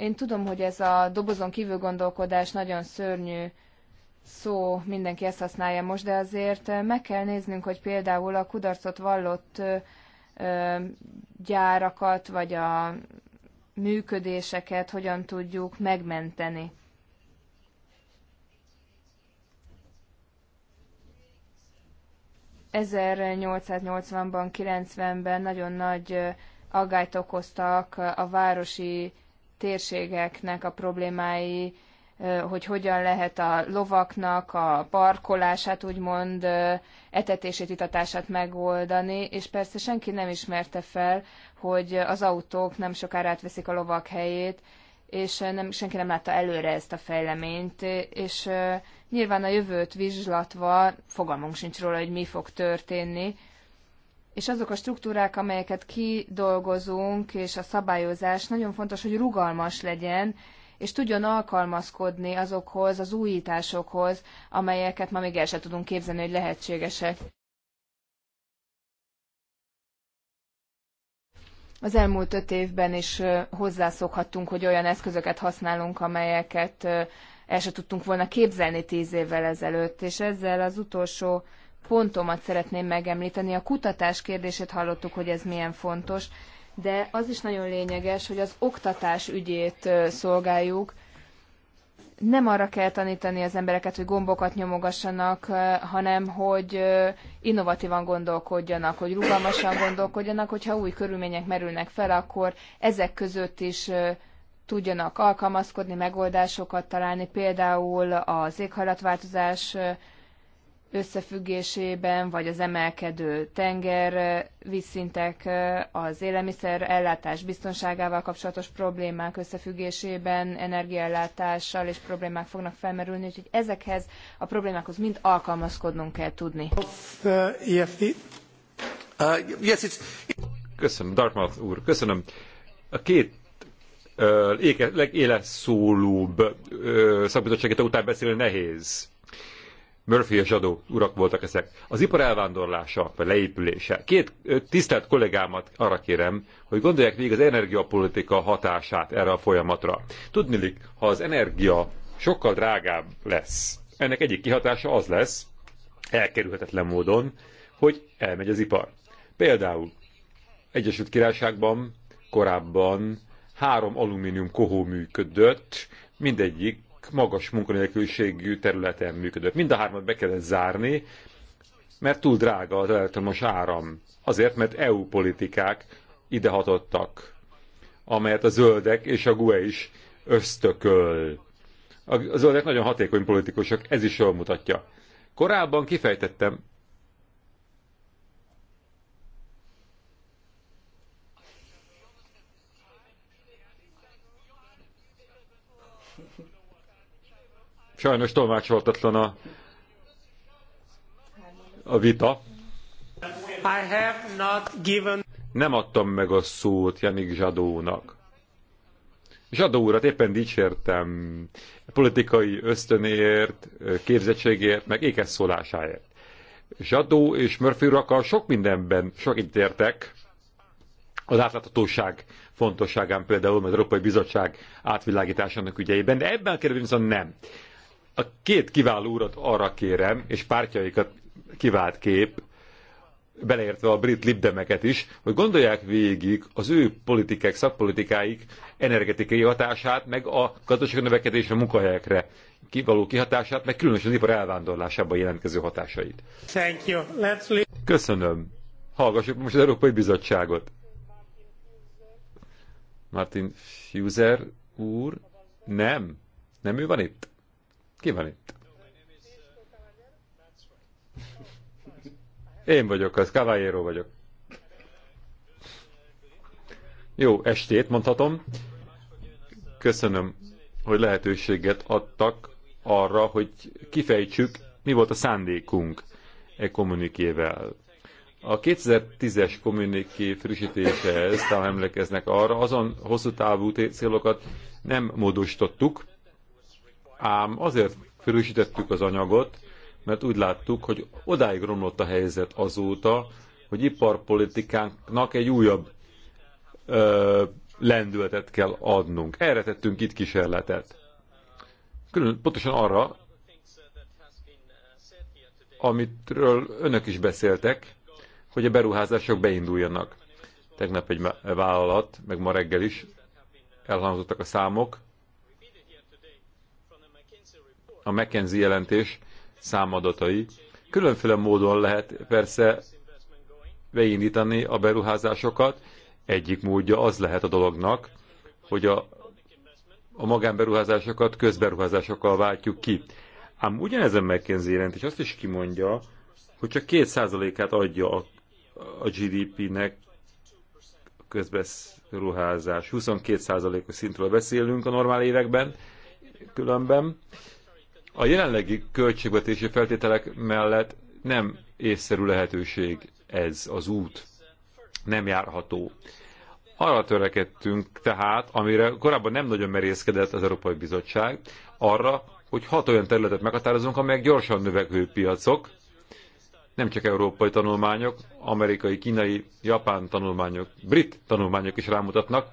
én tudom, hogy ez a dobozon kívül gondolkodás nagyon szörnyű szó, mindenki ezt használja most, de azért meg kell néznünk, hogy például a kudarcot vallott gyárakat, vagy a működéseket hogyan tudjuk megmenteni. ...1880-ban, 90-ben nagyon nagy aggályt okoztak a városi térségeknek a problémái, hogy hogyan lehet a lovaknak a parkolását, úgymond etetését, itatását megoldani, és persze senki nem ismerte fel, hogy az autók nem sokára átveszik a lovak helyét, és nem, senki nem látta előre ezt a fejleményt, és nyilván a jövőt vizslatva fogalmunk sincs róla, hogy mi fog történni, és azok a struktúrák, amelyeket kidolgozunk, és a szabályozás nagyon fontos, hogy rugalmas legyen, és tudjon alkalmazkodni azokhoz, az újításokhoz, amelyeket ma még el sem tudunk képzelni, hogy lehetségesek. Az elmúlt öt évben is hozzászokhattunk, hogy olyan eszközöket használunk, amelyeket el sem tudtunk volna képzelni tíz évvel ezelőtt, és ezzel az utolsó pontomat szeretném megemlíteni. A kutatás kérdését hallottuk, hogy ez milyen fontos, de az is nagyon lényeges, hogy az oktatás ügyét szolgáljuk. Nem arra kell tanítani az embereket, hogy gombokat nyomogassanak, hanem hogy innovatívan gondolkodjanak, hogy rugalmasan gondolkodjanak, hogyha új körülmények merülnek fel, akkor ezek között is tudjanak alkalmazkodni, megoldásokat találni, például az éghajlatváltozás összefüggésében, vagy az emelkedő tenger vízszintek az élelmiszer ellátás biztonságával kapcsolatos problémák összefüggésében, energiaellátással és problémák fognak felmerülni, úgyhogy ezekhez a problémákhoz mind alkalmazkodnunk kell tudni. Uh, köszönöm, Dartmouth úr, köszönöm. A két uh, legéleszólóbb uh, szakbizottságot után beszélni nehéz Murphy és Zsadó urak voltak ezek. Az ipar elvándorlása, vagy leépülése. Két tisztelt kollégámat arra kérem, hogy gondolják végig az energiapolitika hatását erre a folyamatra. Tudnilik, ha az energia sokkal drágább lesz, ennek egyik kihatása az lesz, elkerülhetetlen módon, hogy elmegy az ipar. Például Egyesült Királyságban korábban három alumínium kohó működött, mindegyik magas munkanélküliségű területen működött. Mind a hármat be kellett zárni, mert túl drága az elektromos áram. Azért, mert EU politikák idehatottak, amelyet a zöldek és a GUE is ösztököl. A zöldek nagyon hatékony politikusok, ez is jól mutatja. Korábban kifejtettem, Sajnos tolmácsoltatlan a, a vita. I have not given... Nem adtam meg a szót Janik Zsadónak. Zsadó urat éppen dicsértem politikai ösztönéért, képzettségért, meg ékeszólásáért. Zsadó és Murphy urakkal sok mindenben sok értek. Az átláthatóság fontosságán például, az Európai Bizottság átvilágításának ügyeiben, de ebben a kérdésben viszont nem. A két kiváló urat arra kérem, és pártjaikat kivált kép, beleértve a brit libdemeket is, hogy gondolják végig az ő politikák, szakpolitikáik energetikai hatását, meg a gazdasági növekedésre, munkahelyekre kiváló kihatását, meg különösen az ipar elvándorlásában jelentkező hatásait. Thank you. Let's leave. Köszönöm. Hallgassuk most az Európai Bizottságot. Martin Fuser úr? Nem. Nem ő van itt? Ki van itt? Én vagyok az, Cavallero vagyok. Jó estét, mondhatom. Köszönöm, hogy lehetőséget adtak arra, hogy kifejtsük, mi volt a szándékunk e kommunikével. A 2010-es kommuniké frissítésehez, talán emlékeznek arra, azon hosszú távú célokat nem módosítottuk, ám azért frissítettük az anyagot, mert úgy láttuk, hogy odáig romlott a helyzet azóta, hogy iparpolitikánknak egy újabb ö, lendületet kell adnunk. Erre tettünk itt kísérletet. Külön, pontosan arra, amitről önök is beszéltek, hogy a beruházások beinduljanak. Tegnap egy vállalat, meg ma reggel is elhangzottak a számok, a McKenzie jelentés számadatai. Különféle módon lehet persze beindítani a beruházásokat. Egyik módja az lehet a dolognak, hogy a, a magánberuházásokat közberuházásokkal váltjuk ki. Ám ugyanezen McKenzie jelentés azt is kimondja, hogy csak 2 százalékát adja a, a GDP-nek közberuházás. 22%-os szintről beszélünk a normál években különben. A jelenlegi költségvetési feltételek mellett nem észszerű lehetőség ez az út. Nem járható. Arra törekedtünk tehát, amire korábban nem nagyon merészkedett az Európai Bizottság, arra, hogy hat olyan területet meghatározunk, amelyek gyorsan növekvő piacok, nem csak európai tanulmányok, amerikai, kínai, japán tanulmányok, brit tanulmányok is rámutatnak,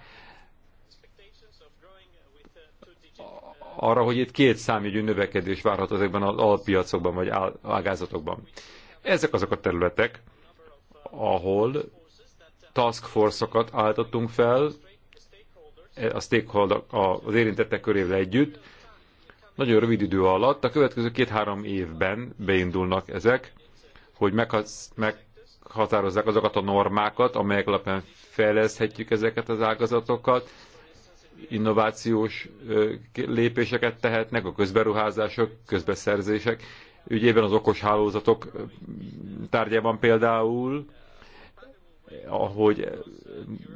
arra, hogy itt két számjegyű növekedés várható ezekben az alpiacokban vagy ágázatokban. Ezek azok a területek, ahol task force-okat álltottunk fel, e, a stakeholder, az érintettek körével együtt, nagyon rövid idő alatt, a következő két-három évben beindulnak ezek, hogy meghatározzák azokat a normákat, amelyek alapján fejleszthetjük ezeket az ágazatokat, innovációs lépéseket tehetnek, a közberuházások, közbeszerzések ügyében az okos hálózatok tárgyában például, ahogy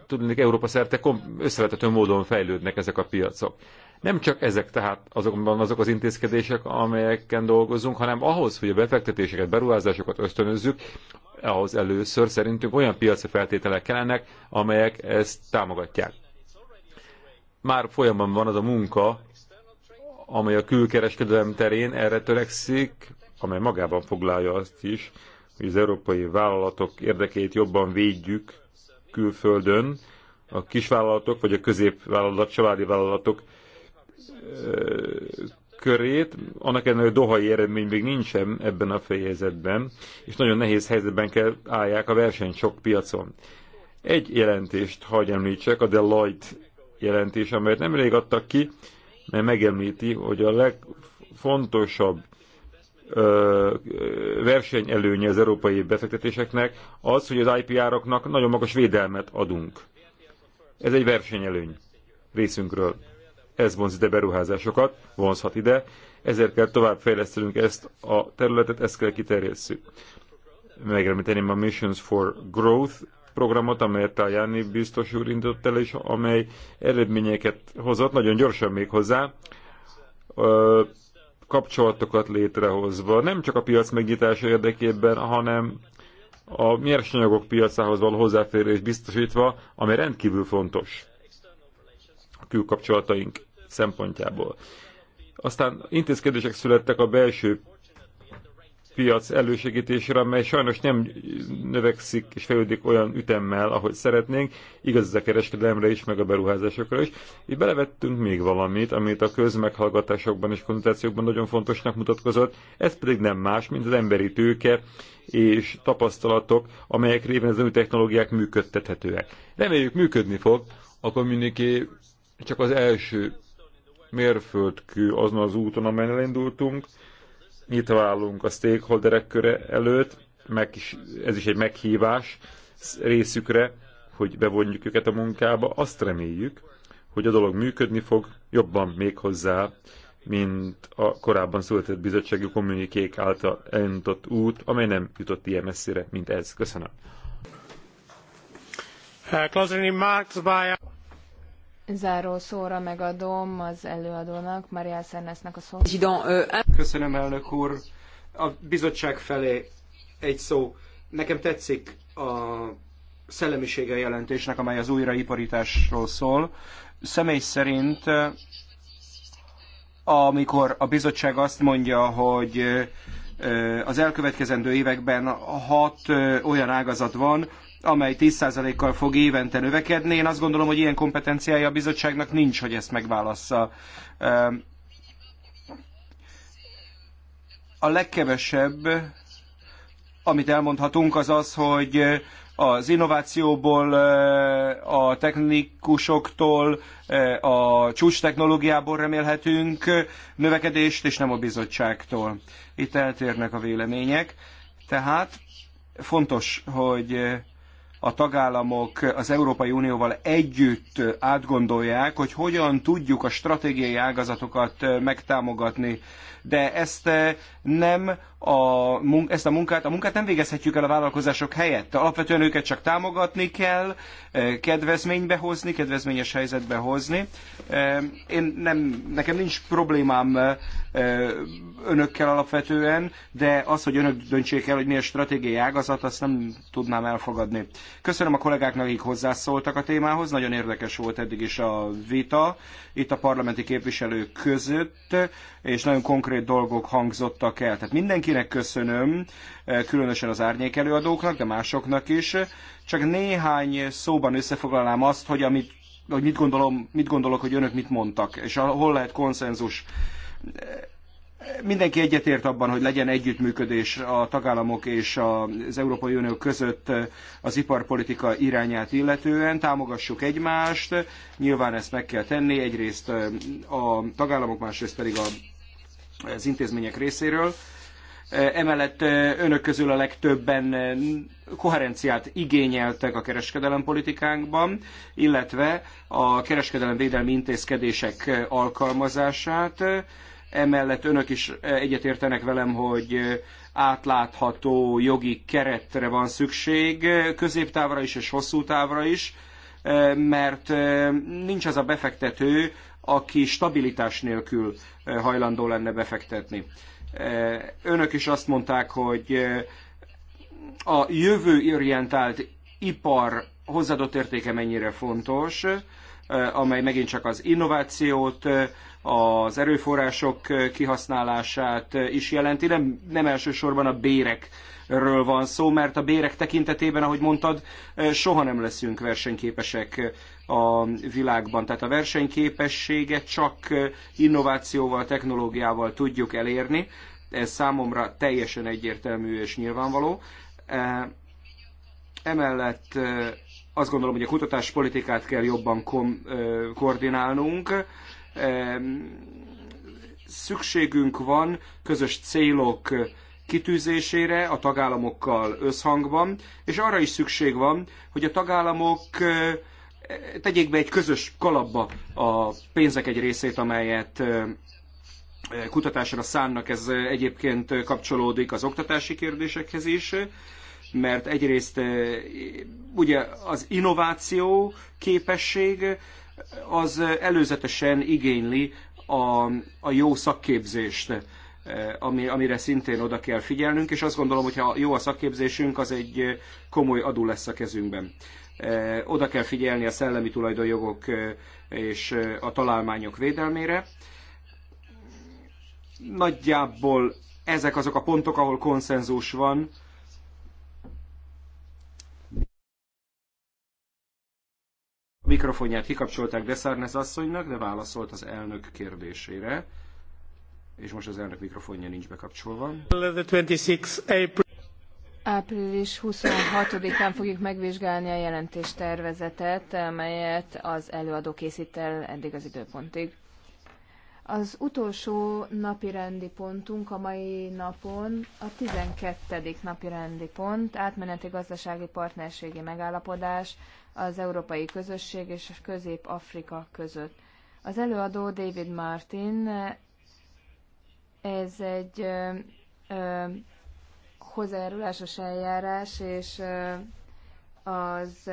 tudnék, Európa szerte összevetető módon fejlődnek ezek a piacok. Nem csak ezek tehát azokban azok az intézkedések, amelyeken dolgozunk, hanem ahhoz, hogy a befektetéseket, beruházásokat ösztönözzük, ahhoz először szerintünk olyan piaci feltételek kellenek, amelyek ezt támogatják már folyamban van az a munka, amely a külkereskedelem terén erre törekszik, amely magában foglalja azt is, hogy az európai vállalatok érdekét jobban védjük külföldön, a kisvállalatok vagy a középvállalat, családi vállalatok körét, annak ellenére, hogy dohai eredmény még nincsen ebben a fejezetben, és nagyon nehéz helyzetben kell állják a verseny sok piacon. Egy jelentést hagy említsek, a Deloitte jelentés, amelyet nemrég adtak ki, mert megemlíti, hogy a legfontosabb ö, versenyelőnye az európai befektetéseknek az, hogy az IPR-oknak nagyon magas védelmet adunk. Ez egy versenyelőny részünkről. Ez vonz ide beruházásokat, vonzhat ide, ezért kell továbbfejlesztenünk ezt a területet, ezt kell kiterjesszük. Megremíteném a Missions for Growth programot, amelyet a Jáni biztos úr indított el, és amely eredményeket hozott, nagyon gyorsan még hozzá, kapcsolatokat létrehozva, nem csak a piac megnyitása érdekében, hanem a nyersanyagok piacához való hozzáférés biztosítva, ami rendkívül fontos a külkapcsolataink szempontjából. Aztán intézkedések születtek a belső piac elősegítésére, amely sajnos nem növekszik és fejlődik olyan ütemmel, ahogy szeretnénk, igaz ez a kereskedelemre is, meg a beruházásokra is. Így belevettünk még valamit, amit a közmeghallgatásokban és konzultációkban nagyon fontosnak mutatkozott, ez pedig nem más, mint az emberi tőke és tapasztalatok, amelyek révén az új technológiák működtethetőek. Reméljük működni fog, a kommuniké csak az első mérföldkő azon az úton, amelyen elindultunk, nyitva állunk a stakeholderek köre előtt, meg is, ez is egy meghívás részükre, hogy bevonjuk őket a munkába. Azt reméljük, hogy a dolog működni fog jobban még hozzá, mint a korábban született bizottsági kommunikék által elindított út, amely nem jutott ilyen messzire, mint ez. Köszönöm. Uh, záró szóra megadom az előadónak, Maria Szernesnek a szót. Euh, Köszönöm, elnök úr. A bizottság felé egy szó. Nekem tetszik a szellemisége jelentésnek, amely az újraiparításról szól. Személy szerint, amikor a bizottság azt mondja, hogy az elkövetkezendő években hat olyan ágazat van, amely 10%-kal fog évente növekedni. Én azt gondolom, hogy ilyen kompetenciája a bizottságnak nincs, hogy ezt megválassza. Ehm, a legkevesebb, amit elmondhatunk, az az, hogy az innovációból, eh, a technikusoktól, eh, a csúcs technológiából remélhetünk növekedést, és nem a bizottságtól. Itt eltérnek a vélemények. Tehát fontos, hogy a tagállamok az Európai Unióval együtt átgondolják, hogy hogyan tudjuk a stratégiai ágazatokat megtámogatni. De ezt nem a, ezt a munkát, a munkát nem végezhetjük el a vállalkozások helyett. Alapvetően őket csak támogatni kell, eh, kedvezménybe hozni, kedvezményes helyzetbe hozni. Eh, én nem, nekem nincs problémám eh, önökkel alapvetően, de az, hogy önök döntsék el, hogy mi a stratégiai ágazat, azt nem tudnám elfogadni. Köszönöm a kollégáknak, akik hozzászóltak a témához, nagyon érdekes volt eddig is a vita itt a parlamenti képviselők között, és nagyon konkrét dolgok hangzottak hangzottak el. Tehát mindenkinek köszönöm, eh, különösen az árnyék előadóknak, de másoknak is. Csak néhány szóban összefoglalnám azt, hogy, amit, hogy mit, gondolom, mit gondolok, hogy önök mit mondtak, és hol lehet konszenzus eh, mindenki egyetért abban, hogy legyen együttműködés a tagállamok és az Európai Unió között eh, az iparpolitika irányát illetően, támogassuk egymást, nyilván ezt meg kell tenni, egyrészt a tagállamok, másrészt pedig a az intézmények részéről. E, emellett e, önök közül a legtöbben e, koherenciát igényeltek a kereskedelempolitikánkban, illetve a kereskedelemvédelmi intézkedések alkalmazását. Emellett önök is egyetértenek velem, hogy átlátható jogi keretre van szükség, középtávra is és hosszú távra is, mert nincs az a befektető, aki stabilitás nélkül eh, hajlandó lenne befektetni. Eh, önök is azt mondták, hogy eh, a jövő orientált ipar hozzáadott értéke mennyire fontos, amely megint csak az innovációt, az erőforrások kihasználását is jelenti, nem, nem elsősorban a bérek ről van szó, mert a bérek tekintetében, ahogy mondtad, eh, soha nem leszünk versenyképesek eh, a világban. Tehát a versenyképességet csak eh, innovációval, technológiával tudjuk elérni. Ez számomra teljesen egyértelmű és nyilvánvaló. Emellett azt gondolom, hogy a kutatáspolitikát kell jobban koordinálnunk szükségünk van közös célok kitűzésére a tagállamokkal összhangban, és arra is szükség van, hogy a tagállamok tegyék be egy közös kalapba a pénzek egy részét, amelyet kutatásra szánnak, ez egyébként kapcsolódik az oktatási kérdésekhez is, mert egyrészt ugye az innováció képesség az előzetesen igényli a, a jó szakképzést. Eh, ami, amire szintén oda kell figyelnünk, és azt gondolom, hogy ha jó a szakképzésünk, az egy eh, komoly adó lesz a kezünkben. Eh, oda kell figyelni a szellemi tulajdonjogok és a találmányok védelmére. Nagyjából ezek azok a pontok, ahol konszenzus van, mikrofonját kikapcsolták Deszárnez asszonynak, de válaszolt az elnök kérdésére. És most az elnök mikrofonja nincs bekapcsolva. Április 26-án fogjuk megvizsgálni a jelentés tervezetet, amelyet az előadó készít el eddig az időpontig. Az utolsó napi rendi pontunk a mai napon a 12. napi rendi pont, átmeneti gazdasági partnerségi megállapodás az Európai Közösség és Közép-Afrika között. Az előadó David Martin, ez egy ö, ö, hozzájárulásos eljárás, és ö, az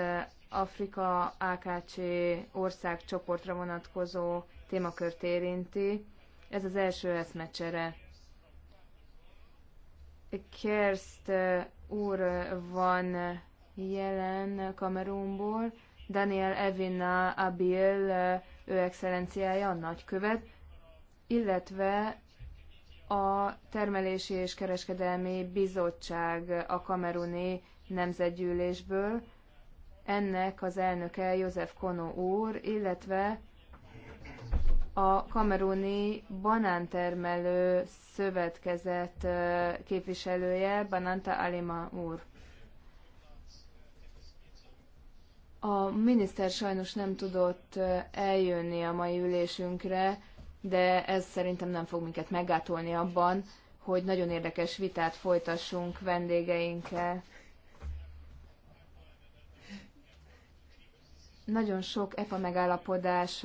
Afrika AKC ország csoportra vonatkozó témakört érinti. Ez az első eszmecsere. Kerst úr van jelen Kamerunból, Daniel Evina Abil, ő excellenciája, a nagykövet, illetve a Termelési és Kereskedelmi Bizottság a kameruni nemzetgyűlésből, ennek az elnöke József Kono úr, illetve a kameruni banántermelő szövetkezet képviselője, Bananta Alima úr. A miniszter sajnos nem tudott eljönni a mai ülésünkre, de ez szerintem nem fog minket meggátolni abban, hogy nagyon érdekes vitát folytassunk vendégeinkkel. Nagyon sok EPA megállapodás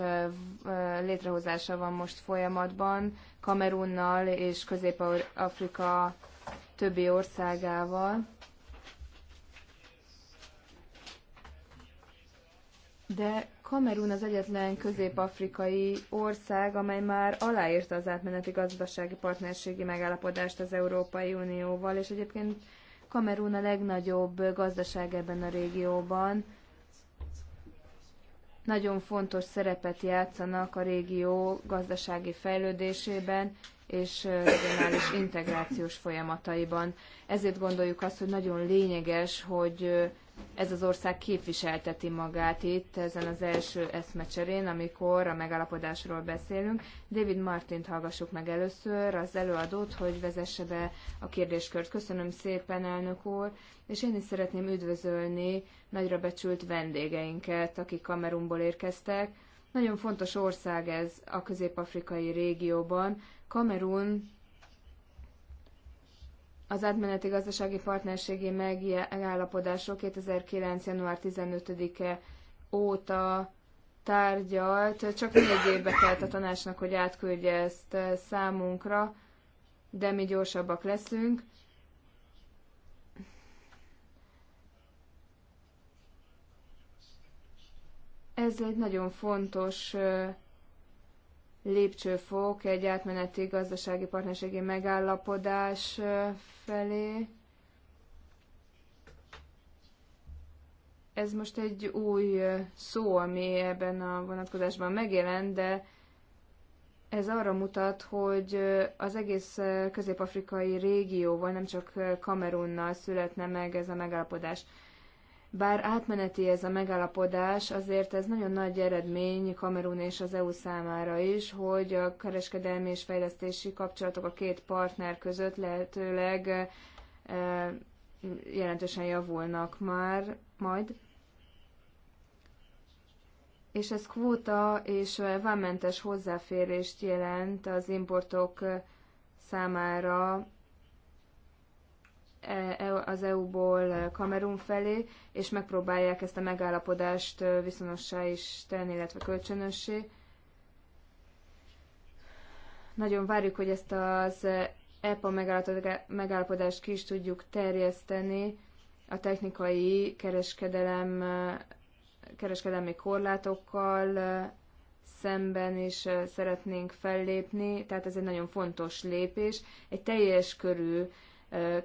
létrehozása van most folyamatban, Kamerunnal és Közép-Afrika többi országával. De Kamerun az egyetlen közép-afrikai ország, amely már aláírta az átmeneti gazdasági partnerségi megállapodást az Európai Unióval, és egyébként Kamerun a legnagyobb gazdaság ebben a régióban. Nagyon fontos szerepet játszanak a régió gazdasági fejlődésében és regionális integrációs folyamataiban. Ezért gondoljuk azt, hogy nagyon lényeges, hogy ez az ország képviselteti magát itt ezen az első eszmecserén, amikor a megállapodásról beszélünk. David Martint hallgassuk meg először, az előadót, hogy vezesse be a kérdéskört. Köszönöm szépen, elnök úr, és én is szeretném üdvözölni nagyra becsült vendégeinket, akik Kamerumból érkeztek. Nagyon fontos ország ez a közép-afrikai régióban. Kamerun az átmeneti gazdasági partnerségi megállapodásról 2009. január 15-e óta tárgyalt, csak négy évbe telt a tanácsnak, hogy átküldje ezt eh, számunkra, de mi gyorsabbak leszünk. Ez egy nagyon fontos eh, lépcsőfok egy átmeneti gazdasági partnerségi megállapodás felé. Ez most egy új szó, ami ebben a vonatkozásban megjelent, de ez arra mutat, hogy az egész közép-afrikai régióval, nem csak Kamerunnal születne meg ez a megállapodás. Bár átmeneti ez a megállapodás, azért ez nagyon nagy eredmény Kamerun és az EU számára is, hogy a kereskedelmi és fejlesztési kapcsolatok a két partner között lehetőleg eh, jelentősen javulnak már majd. És ez kvóta és vámmentes hozzáférést jelent az importok számára E- az EU-ból e, Kamerun felé, és megpróbálják ezt a megállapodást e, viszonossá is tenni, illetve kölcsönössé. Nagyon várjuk, hogy ezt az EPA megállapodást ki is tudjuk terjeszteni a technikai kereskedelem, kereskedelmi korlátokkal szemben is szeretnénk fellépni, tehát ez egy nagyon fontos lépés. Egy teljes körű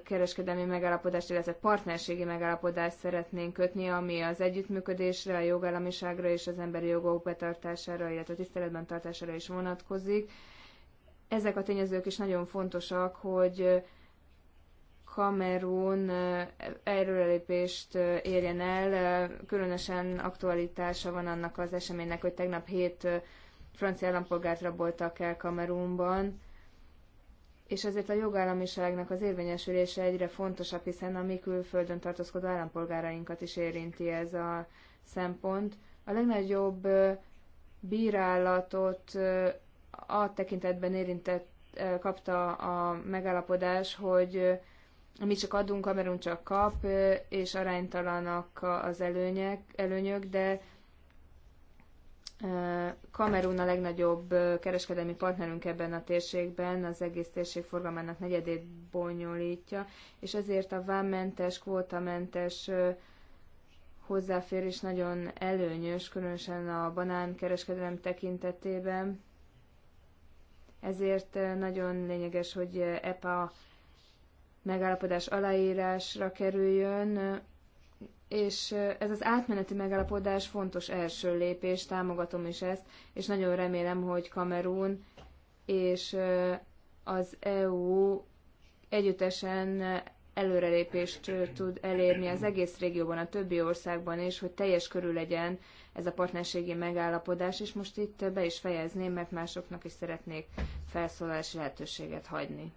kereskedelmi megállapodást, illetve partnerségi megállapodást szeretnénk kötni, ami az együttműködésre, a jogállamiságra és az emberi jogok betartására, illetve a tiszteletben tartására is vonatkozik. Ezek a tényezők is nagyon fontosak, hogy Kamerun előrelépést érjen el. Különösen aktualitása van annak az eseménynek, hogy tegnap hét francia állampolgárt raboltak el Kamerunban és ezért a jogállamiságnak az érvényesülése egyre fontosabb, hiszen a mi külföldön tartózkodó állampolgárainkat is érinti ez a szempont. A legnagyobb bírálatot a tekintetben érintett, kapta a megállapodás, hogy mi csak adunk, Kamerun csak kap, és aránytalanak az előnyek, előnyök, de Kamerun a legnagyobb kereskedelmi partnerünk ebben a térségben, az egész térség forgalmának negyedét bonyolítja, és ezért a vámmentes, kvótamentes hozzáférés nagyon előnyös, különösen a banán kereskedelem tekintetében. Ezért nagyon lényeges, hogy EPA megállapodás aláírásra kerüljön, és ez az átmeneti megállapodás fontos első lépés, támogatom is ezt, és nagyon remélem, hogy Kamerún és az EU együttesen előrelépést tud elérni az egész régióban, a többi országban is, hogy teljes körül legyen ez a partnerségi megállapodás, és most itt be is fejezném, mert másoknak is szeretnék felszólalási lehetőséget hagyni.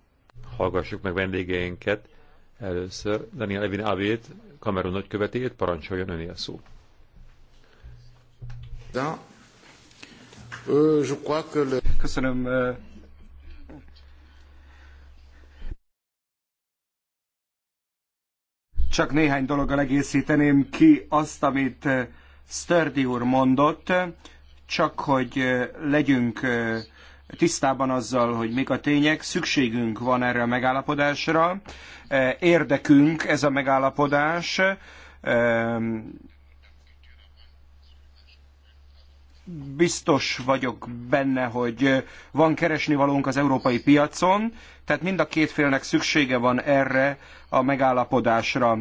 Hallgassuk meg vendégeinket. Először Daniel Evin Avét, Kamerun nagykövetét, parancsoljon öné a szó. Köszönöm. Csak néhány dologgal egészíteném ki azt, amit Sturdy úr mondott, csak hogy legyünk tisztában azzal, hogy mik a tények, szükségünk van erre a megállapodásra, e, érdekünk ez a megállapodás, e, biztos vagyok benne, hogy van keresnivalónk az európai piacon, tehát mind a két félnek szüksége van erre a megállapodásra.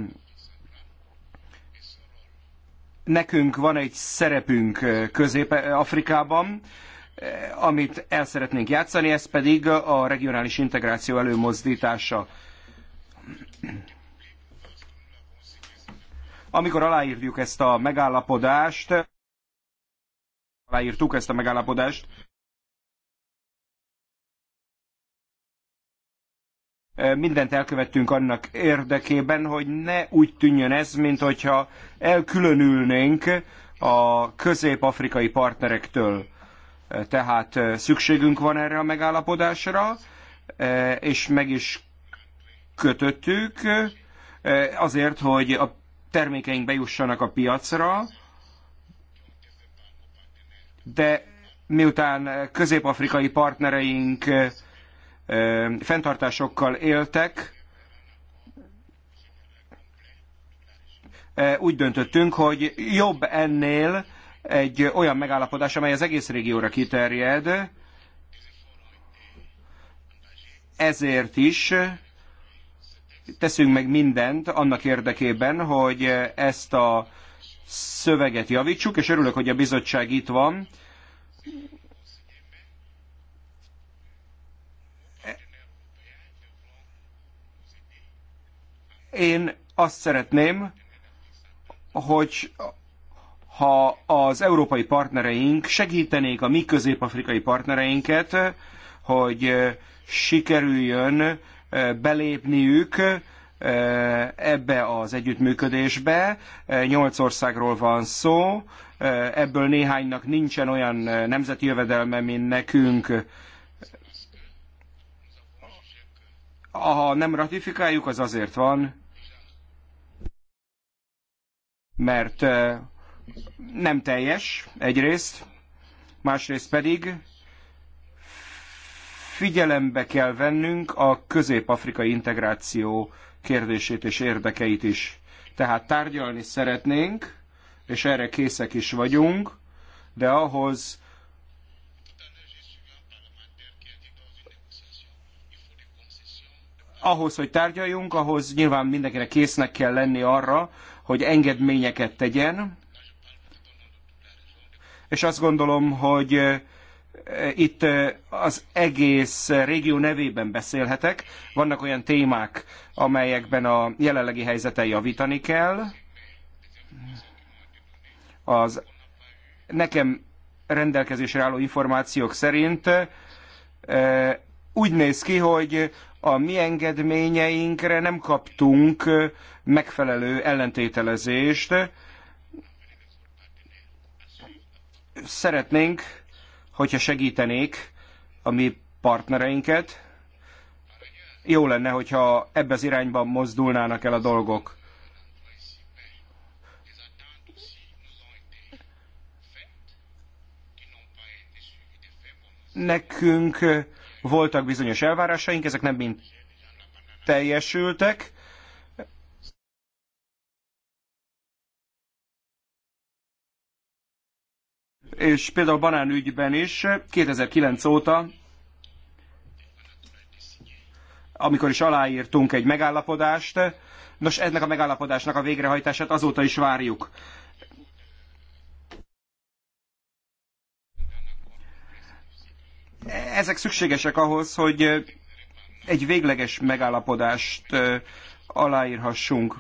Nekünk van egy szerepünk Közép-Afrikában, amit el szeretnénk játszani, ez pedig a regionális integráció előmozdítása. Amikor aláírjuk ezt a megállapodást, aláírtuk ezt a megállapodást, mindent elkövettünk annak érdekében, hogy ne úgy tűnjön ez, mint hogyha elkülönülnénk a közép-afrikai partnerektől. Tehát szükségünk van erre a megállapodásra, és meg is kötöttük azért, hogy a termékeink bejussanak a piacra, de miután közép-afrikai partnereink fenntartásokkal éltek, úgy döntöttünk, hogy jobb ennél egy olyan megállapodás, amely az egész régióra kiterjed, ezért is teszünk meg mindent annak érdekében, hogy ezt a szöveget javítsuk, és örülök, hogy a bizottság itt van. Én azt szeretném, hogy ha az európai partnereink segítenék a mi közép-afrikai partnereinket, hogy eh, sikerüljön eh, belépniük eh, ebbe az együttműködésbe. Nyolc országról van szó, ebből néhánynak nincsen olyan nemzeti jövedelme, mint nekünk. Ha nem ratifikáljuk, az azért van, mert nem teljes egyrészt, másrészt pedig figyelembe kell vennünk a közép-afrikai integráció kérdését és érdekeit is. Tehát tárgyalni szeretnénk, és erre készek is vagyunk, de ahhoz, ahhoz, hogy tárgyaljunk, ahhoz nyilván mindenkinek késznek kell lenni arra, hogy engedményeket tegyen, és azt gondolom, hogy eh, eh, itt eh, az egész régió nevében beszélhetek. Vannak olyan témák, amelyekben a jelenlegi helyzeten javítani kell. Az nekem rendelkezésre álló információk szerint úgy néz ki, hogy a mi engedményeinkre nem kaptunk megfelelő ellentételezést, Szeretnénk, hogyha segítenék a mi partnereinket. Jó lenne, hogyha ebbe az irányban mozdulnának el a dolgok. Nekünk voltak bizonyos elvárásaink, ezek nem mind teljesültek. és például banánügyben is 2009 óta, amikor is aláírtunk egy megállapodást, nos, ennek a megállapodásnak a végrehajtását azóta is várjuk. Ezek szükségesek ahhoz, hogy egy végleges megállapodást aláírhassunk.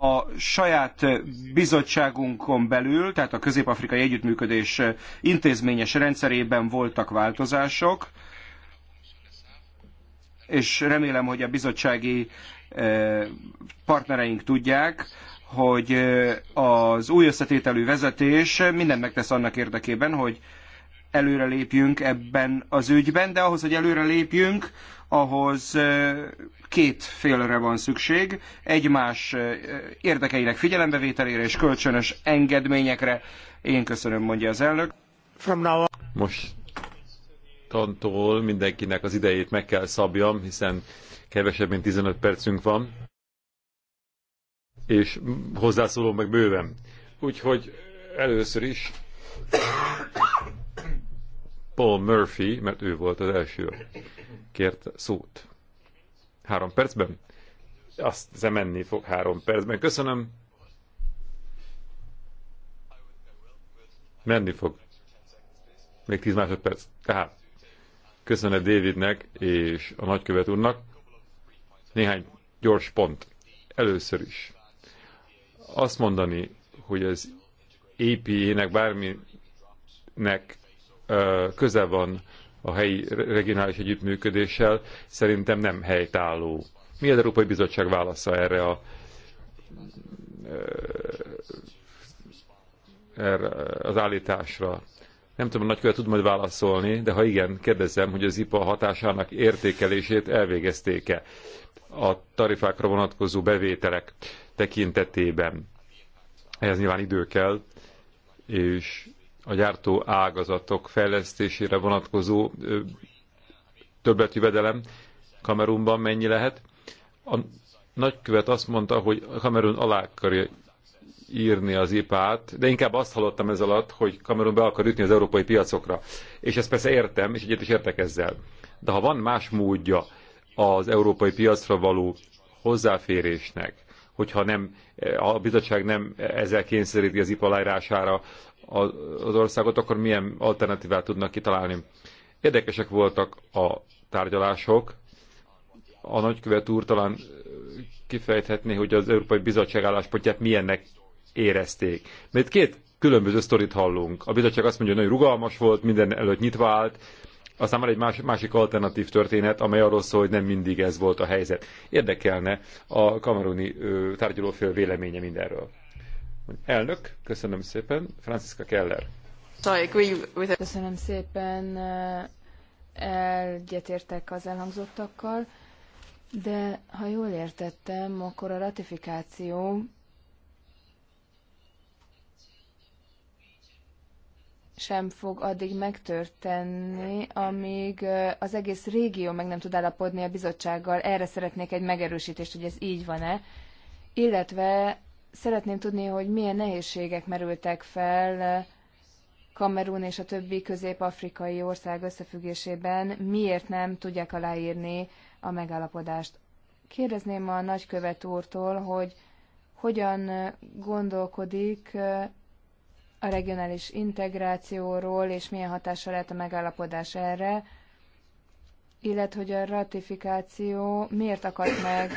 a saját bizottságunkon belül, tehát a közép-afrikai együttműködés intézményes rendszerében voltak változások, és remélem, hogy a bizottsági e, partnereink tudják, hogy e, az új összetételű vezetés mindent megtesz annak érdekében, hogy előre lépjünk ebben az ügyben, de ahhoz, hogy előre lépjünk, ahhoz két félre van szükség, egymás érdekeinek figyelembevételére és kölcsönös engedményekre. Én köszönöm, mondja az elnök. Most tantól mindenkinek az idejét meg kell szabjam, hiszen kevesebb, mint 15 percünk van, és hozzászólom meg bőven. Úgyhogy először is Paul Murphy, mert ő volt az első, kért szót. Három percben? Azt hiszem menni fog három percben. Köszönöm. Menni fog. Még tíz másodperc. Tehát köszönet Davidnek és a nagykövet úrnak. Néhány gyors pont. Először is. Azt mondani, hogy az APA-nek bárminek köze van a helyi regionális együttműködéssel, szerintem nem helytálló. Mi az Európai Bizottság válasza erre a erre az állításra? Nem tudom, a nagykövet tud majd válaszolni, de ha igen, kérdezem, hogy az IPA hatásának értékelését elvégezték-e a tarifákra vonatkozó bevételek tekintetében. Ehhez nyilván idő kell, és a gyártó ágazatok fejlesztésére vonatkozó többletjövedelem Kamerunban mennyi lehet. A nagykövet azt mondta, hogy Kamerun alá akarja írni az IPA-t, de inkább azt hallottam ez alatt, hogy Kamerun be akar ütni az európai piacokra. És ezt persze értem, és egyet is értek ezzel. De ha van más módja az európai piacra való hozzáférésnek, hogyha nem, a bizottság nem ezzel kényszeríti az ipalájrására, az országot, akkor milyen alternatívát tudnak kitalálni. Érdekesek voltak a tárgyalások. A nagykövet úr talán kifejthetné, hogy az Európai Bizottság álláspontját milyennek érezték. Mert két különböző sztorit hallunk. A bizottság azt mondja, hogy nagyon rugalmas volt, minden előtt nyitva állt, aztán van egy más, másik alternatív történet, amely arról szól, hogy nem mindig ez volt a helyzet. Érdekelne a kameruni tárgyalófél véleménye mindenről. Elnök, köszönöm szépen, Franciska Keller. Köszönöm szépen, eh, egyetértek az elhangzottakkal, de ha jól értettem, akkor a ratifikáció sem fog addig megtörténni, amíg eh, az egész régió meg nem tud állapodni a bizottsággal. Erre szeretnék egy megerősítést, hogy ez így van-e. Illetve Szeretném tudni, hogy milyen nehézségek merültek fel eh, Kamerun és a többi közép-afrikai ország összefüggésében, miért nem tudják aláírni a megállapodást. Kérdezném a nagykövet úrtól, hogy hogyan eh, gondolkodik eh, a regionális integrációról, és milyen hatással lehet a megállapodás erre, illetve hogy a ratifikáció miért akadt meg,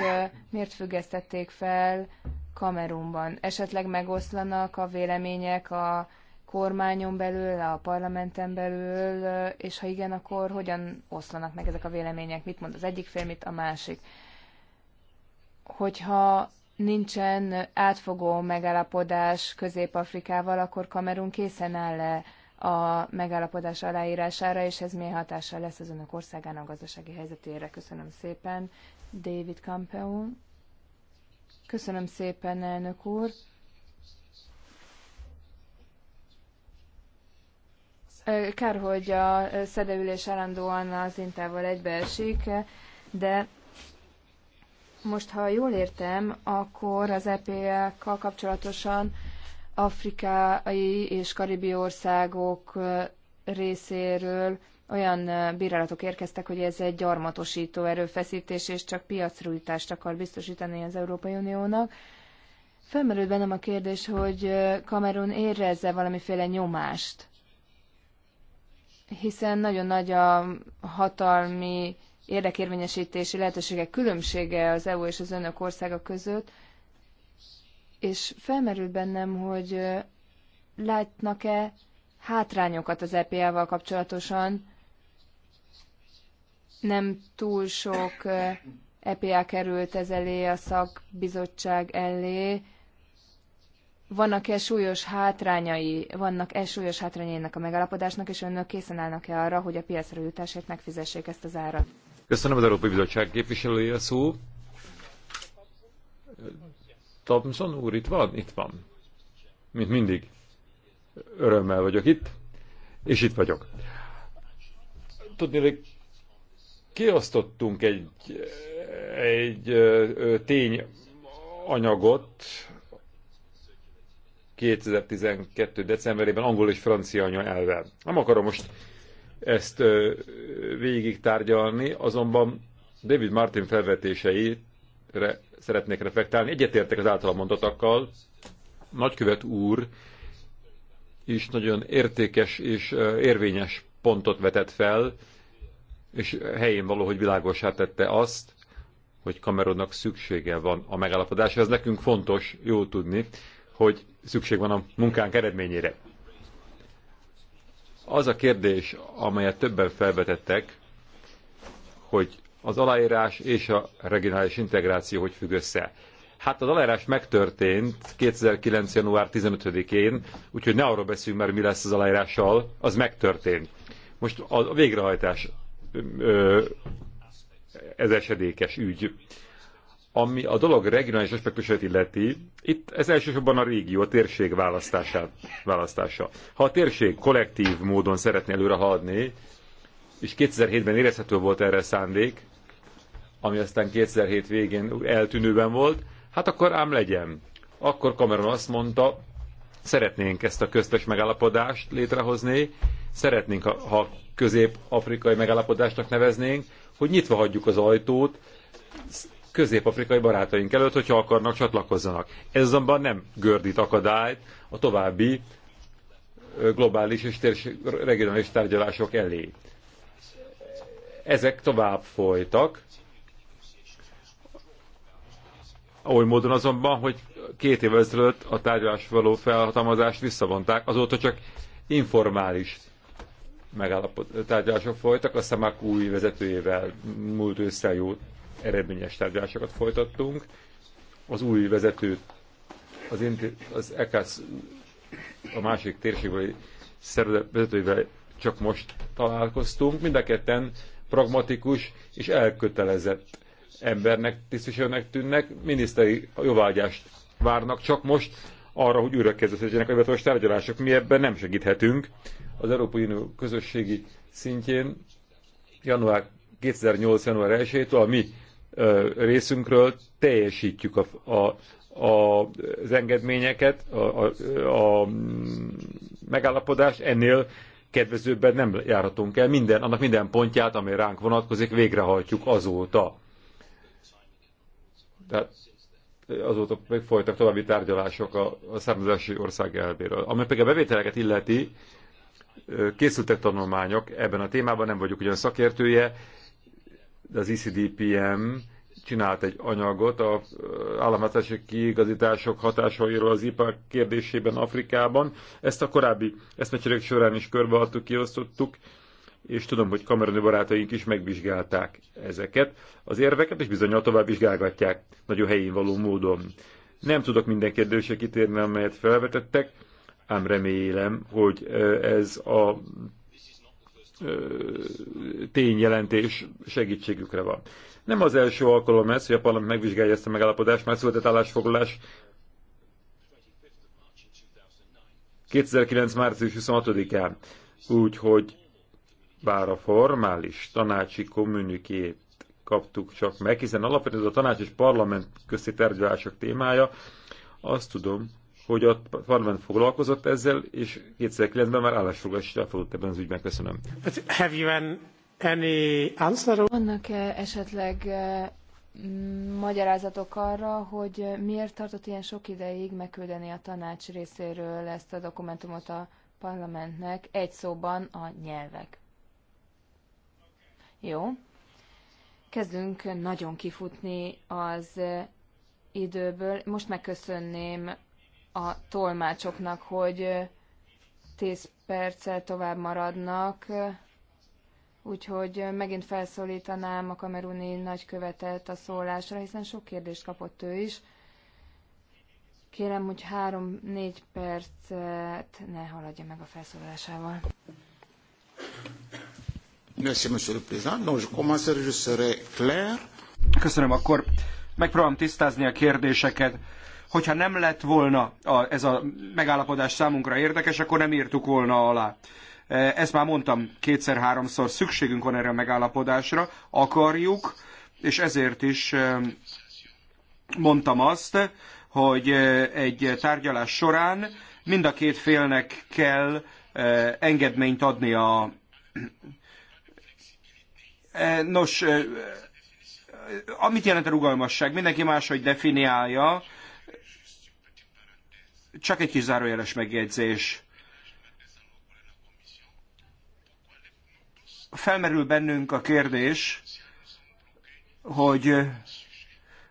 miért függesztették fel Kamerunban. Esetleg megoszlanak a vélemények a kormányon belül, a parlamenten belül, és ha igen, akkor hogyan oszlanak meg ezek a vélemények? Mit mond az egyik fél, mit a másik? Hogyha nincsen átfogó megállapodás Közép-Afrikával, akkor Kamerun készen áll-e a megállapodás aláírására, és ez milyen hatással lesz az önök országának gazdasági helyzetére? Köszönöm szépen. David Campeon. Köszönöm szépen, elnök úr. Kár, hogy a szedeülés állandóan az intával egybeesik, de most, ha jól értem, akkor az ep kkal kapcsolatosan afrikai és karibi országok részéről olyan bírálatok érkeztek, hogy ez egy gyarmatosító erőfeszítés, és csak piacrújtást akar biztosítani az Európai Uniónak. Felmerült bennem a kérdés, hogy Kamerun érezze valamiféle nyomást, hiszen nagyon nagy a hatalmi érdekérvényesítési lehetőségek különbsége az EU és az önök országa között, és felmerült bennem, hogy látnak-e hátrányokat az EPA-val kapcsolatosan, nem túl sok EPA került ez elé, a szakbizottság elé. Vannak-e súlyos hátrányai, vannak-e súlyos hátrányai ennek a megállapodásnak, és önök készen állnak-e arra, hogy a piacra jutásért megfizessék ezt az árat? Köszönöm az Európai Bizottság képviselője a szó. Thompson úr, itt van? Itt van. Mint mindig. Örömmel vagyok itt, és itt vagyok. Tudni, hogy kiosztottunk egy, egy tényanyagot 2012. decemberében angol és francia nyelven. Nem akarom most ezt végig tárgyalni, azonban David Martin felvetéseire szeretnék reflektálni. Egyetértek az általam mondatokkal. Nagykövet úr is nagyon értékes és érvényes pontot vetett fel, és helyén való, hogy világosá tette azt, hogy Cameronnak szüksége van a megállapodásra. Ez nekünk fontos, jó tudni, hogy szükség van a munkánk eredményére. Az a kérdés, amelyet többen felvetettek, hogy az aláírás és a regionális integráció hogy függ össze. Hát az aláírás megtörtént 2009. január 15-én, úgyhogy ne arról beszéljünk mert mi lesz az aláírással, az megtörtént. Most a végrehajtás ez esedékes ügy. Ami a dolog regionális aspektusát illeti, itt ez elsősorban a régió, a térség választását, választása. Ha a térség kollektív módon szeretné előre haladni, és 2007-ben érezhető volt erre szándék, ami aztán 2007 végén eltűnőben volt, hát akkor ám legyen. Akkor Cameron azt mondta, szeretnénk ezt a köztes megállapodást létrehozni, szeretnénk, ha közép-afrikai megállapodásnak neveznénk, hogy nyitva hagyjuk az ajtót közép-afrikai barátaink előtt, hogyha akarnak, csatlakozzanak. Ez azonban nem gördít akadályt a további globális és térség, regionális tárgyalások elé. Ezek tovább folytak, oly módon azonban, hogy két évvel ezelőtt a tárgyalás való felhatalmazást visszavonták, azóta csak informális megállapod, tárgyalások folytak, a Szamak új vezetőjével múlt ősszel jó eredményes tárgyalásokat folytattunk. Az új vezető, az, az EKSZ a másik térségbeli vezetőjével csak most találkoztunk. Mind a ketten pragmatikus és elkötelezett embernek, tisztviselőnek tűnnek, miniszteri jóvágyást várnak csak most arra, hogy újra kezdődjenek a hivatalos tárgyalások. Mi ebben nem segíthetünk. Az Európai Unió közösségi szintjén január 2008. január 1-től a mi ö, részünkről teljesítjük a, a, a, az engedményeket, a, a, a mm, megállapodást, ennél kedvezőbben nem járhatunk el. Minden, annak minden pontját, amely ránk vonatkozik, végrehajtjuk azóta. Tehát azóta még folytak további tárgyalások a, a származási ország elvéről. Ami pedig a bevételeket illeti, készültek tanulmányok ebben a témában, nem vagyok ugyan szakértője, de az ICDPM e csinált egy anyagot a államhatási kiigazítások hatásairól az IPA kérdésében Afrikában. Ezt a korábbi eszmecserék során is körbeadtuk, kiosztottuk és tudom, hogy kamerani barátaink is megvizsgálták ezeket az érveket, és bizonyal tovább vizsgálgatják nagyon helyén való módon. Nem tudok minden kérdésre kitérni, amelyet felvetettek, ám remélem, hogy ez a tényjelentés segítségükre van. Nem az első alkalom ez, hogy a parlament megvizsgálja ezt a megállapodást, már született állásfoglalás 2009. március 26-án. Úgyhogy bár a formális tanácsi kommunikét kaptuk csak meg, hiszen alapvetően ez a tanács és parlament közti tárgyalások témája, azt tudom, hogy a parlament foglalkozott ezzel, és 2009-ben már állásfoglalást elfogadott ebben az ügyben. Köszönöm. But have you an, any answer? Vannak-e eh, esetleg eh, magyarázatok arra, hogy miért tartott ilyen sok ideig megküldeni a tanács részéről ezt a dokumentumot a parlamentnek egy szóban a nyelvek. Jó. Kezdünk nagyon kifutni az időből. Most megköszönném a tolmácsoknak, hogy 10 perccel tovább maradnak, úgyhogy megint felszólítanám a kameruni nagykövetet a szólásra, hiszen sok kérdést kapott ő is. Kérem, hogy három-négy percet ne haladja meg a felszólásával. Köszönöm, akkor megpróbálom tisztázni a kérdéseket. Hogyha nem lett volna a, ez a megállapodás számunkra érdekes, akkor nem írtuk volna alá. E, ezt már mondtam kétszer-háromszor, szükségünk van erre a megállapodásra, akarjuk, és ezért is e, mondtam azt, hogy e, egy tárgyalás során mind a két félnek kell engedményt adni a E, nos, e, amit jelent a rugalmasság? Mindenki máshogy definiálja. Csak egy kis zárójeles megjegyzés. Felmerül bennünk a kérdés, hogy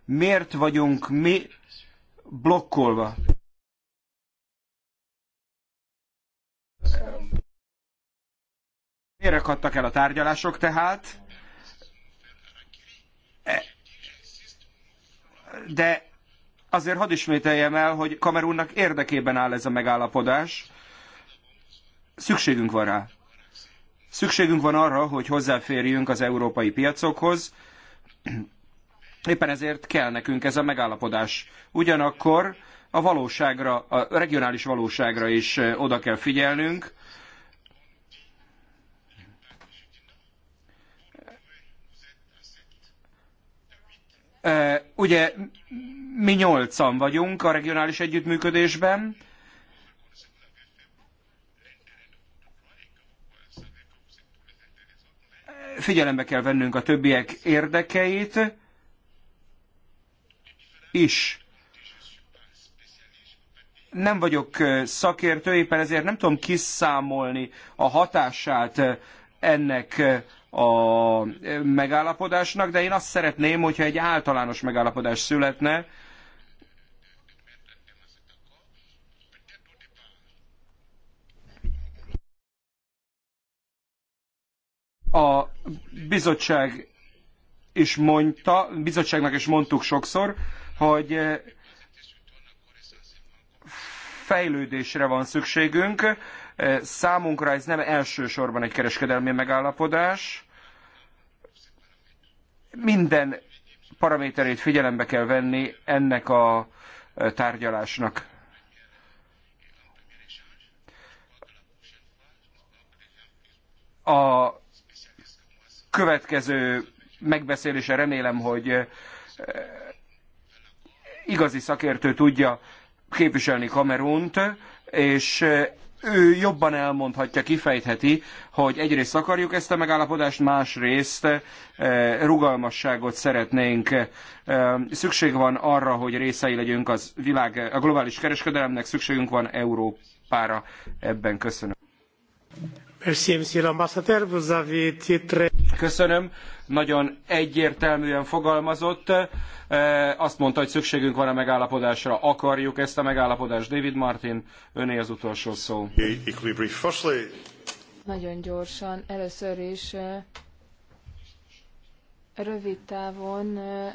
miért vagyunk mi blokkolva. Miért akadtak el a tárgyalások tehát? de azért hadd ismételjem el, hogy Kamerunnak érdekében áll ez a megállapodás. Szükségünk van rá. Szükségünk van arra, hogy hozzáférjünk az európai piacokhoz. Éppen ezért kell nekünk ez a megállapodás. Ugyanakkor a valóságra, a regionális valóságra is oda kell figyelnünk. Ugye mi nyolcan vagyunk a regionális együttműködésben, figyelembe kell vennünk a többiek érdekeit is. Nem vagyok szakértő, éppen ezért nem tudom kiszámolni a hatását ennek a e, megállapodásnak, de én azt szeretném, hogyha egy általános megállapodás születne, A bizottság is mondta, bizottságnak is mondtuk sokszor, hogy e, fejlődésre van szükségünk, Számunkra ez nem elsősorban egy kereskedelmi megállapodás. Minden paraméterét figyelembe kell venni ennek a tárgyalásnak. A következő megbeszélése remélem, hogy igazi szakértő tudja képviselni Kamerunt, és ő jobban elmondhatja, kifejtheti, hogy egyrészt akarjuk ezt a megállapodást, másrészt eh, rugalmasságot szeretnénk. Eh, szükség van arra, hogy részei legyünk az világ, a globális kereskedelemnek, szükségünk van Európára. Ebben köszönöm. Köszönöm, nagyon egyértelműen fogalmazott. Eh, azt mondta, hogy szükségünk van a megállapodásra. Akarjuk ezt a megállapodást. David Martin, öné az utolsó szó. Nagyon gyorsan, először is eh, rövid távon eh,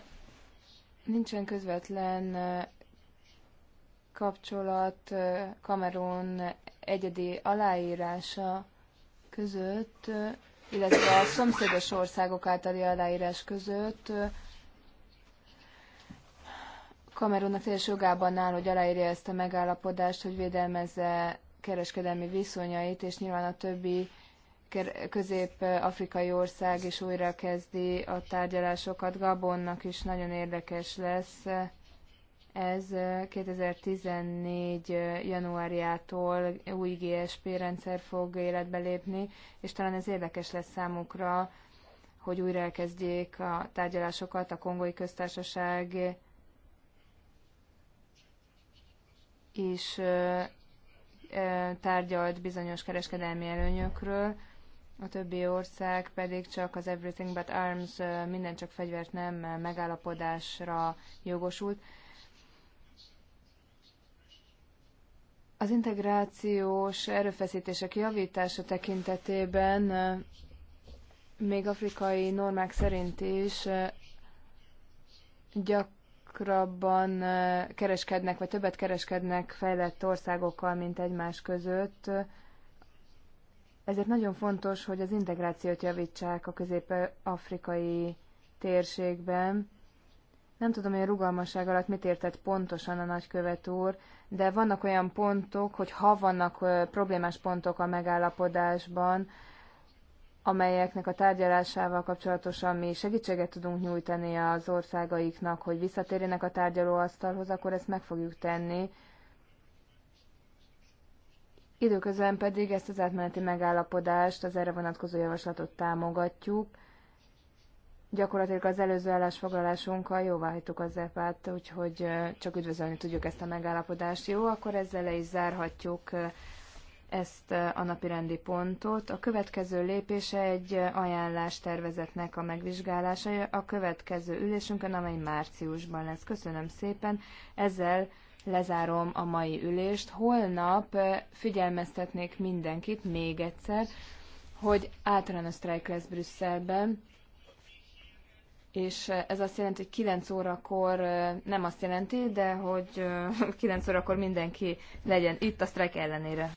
nincsen közvetlen kapcsolat Kamerun egyedi aláírása között, illetve a szomszédos országok általi aláírás között a teljes jogában áll, hogy aláírja ezt a megállapodást, hogy védelmezze kereskedelmi viszonyait, és nyilván a többi közép-afrikai ország is újra kezdi a tárgyalásokat. Gabonnak is nagyon érdekes lesz ez 2014. januárjától új GSP rendszer fog életbe lépni, és talán ez érdekes lesz számukra, hogy újra elkezdjék a tárgyalásokat a kongói köztársaság is tárgyalt bizonyos kereskedelmi előnyökről, a többi ország pedig csak az Everything But Arms minden csak fegyvert nem megállapodásra jogosult. Az integrációs erőfeszítések javítása tekintetében eh, még afrikai normák szerint is eh, gyakrabban eh, kereskednek, vagy többet kereskednek fejlett országokkal, mint egymás között. Ezért nagyon fontos, hogy az integrációt javítsák a közép-afrikai térségben, nem tudom, hogy a rugalmasság alatt mit értett pontosan a nagykövet úr, de vannak olyan pontok, hogy ha vannak problémás pontok a megállapodásban, amelyeknek a tárgyalásával kapcsolatosan mi segítséget tudunk nyújtani az országaiknak, hogy visszatérjenek a tárgyalóasztalhoz, akkor ezt meg fogjuk tenni. Időközben pedig ezt az átmeneti megállapodást, az erre vonatkozó javaslatot támogatjuk, Gyakorlatilag az előző állásfoglalásunkkal hagytuk az EPA-t, úgyhogy csak üdvözölni tudjuk ezt a megállapodást. Jó, akkor ezzel le is zárhatjuk ezt a napi rendi pontot. A következő lépése egy ajánlás tervezetnek a megvizsgálása a következő ülésünkön, amely márciusban lesz. Köszönöm szépen. Ezzel lezárom a mai ülést. Holnap figyelmeztetnék mindenkit még egyszer, hogy általános sztrájk lesz Brüsszelben, és ez azt jelenti, hogy 9 órakor nem azt jelenti, de hogy 9 [laughs] órakor mindenki legyen itt a sztrájk ellenére.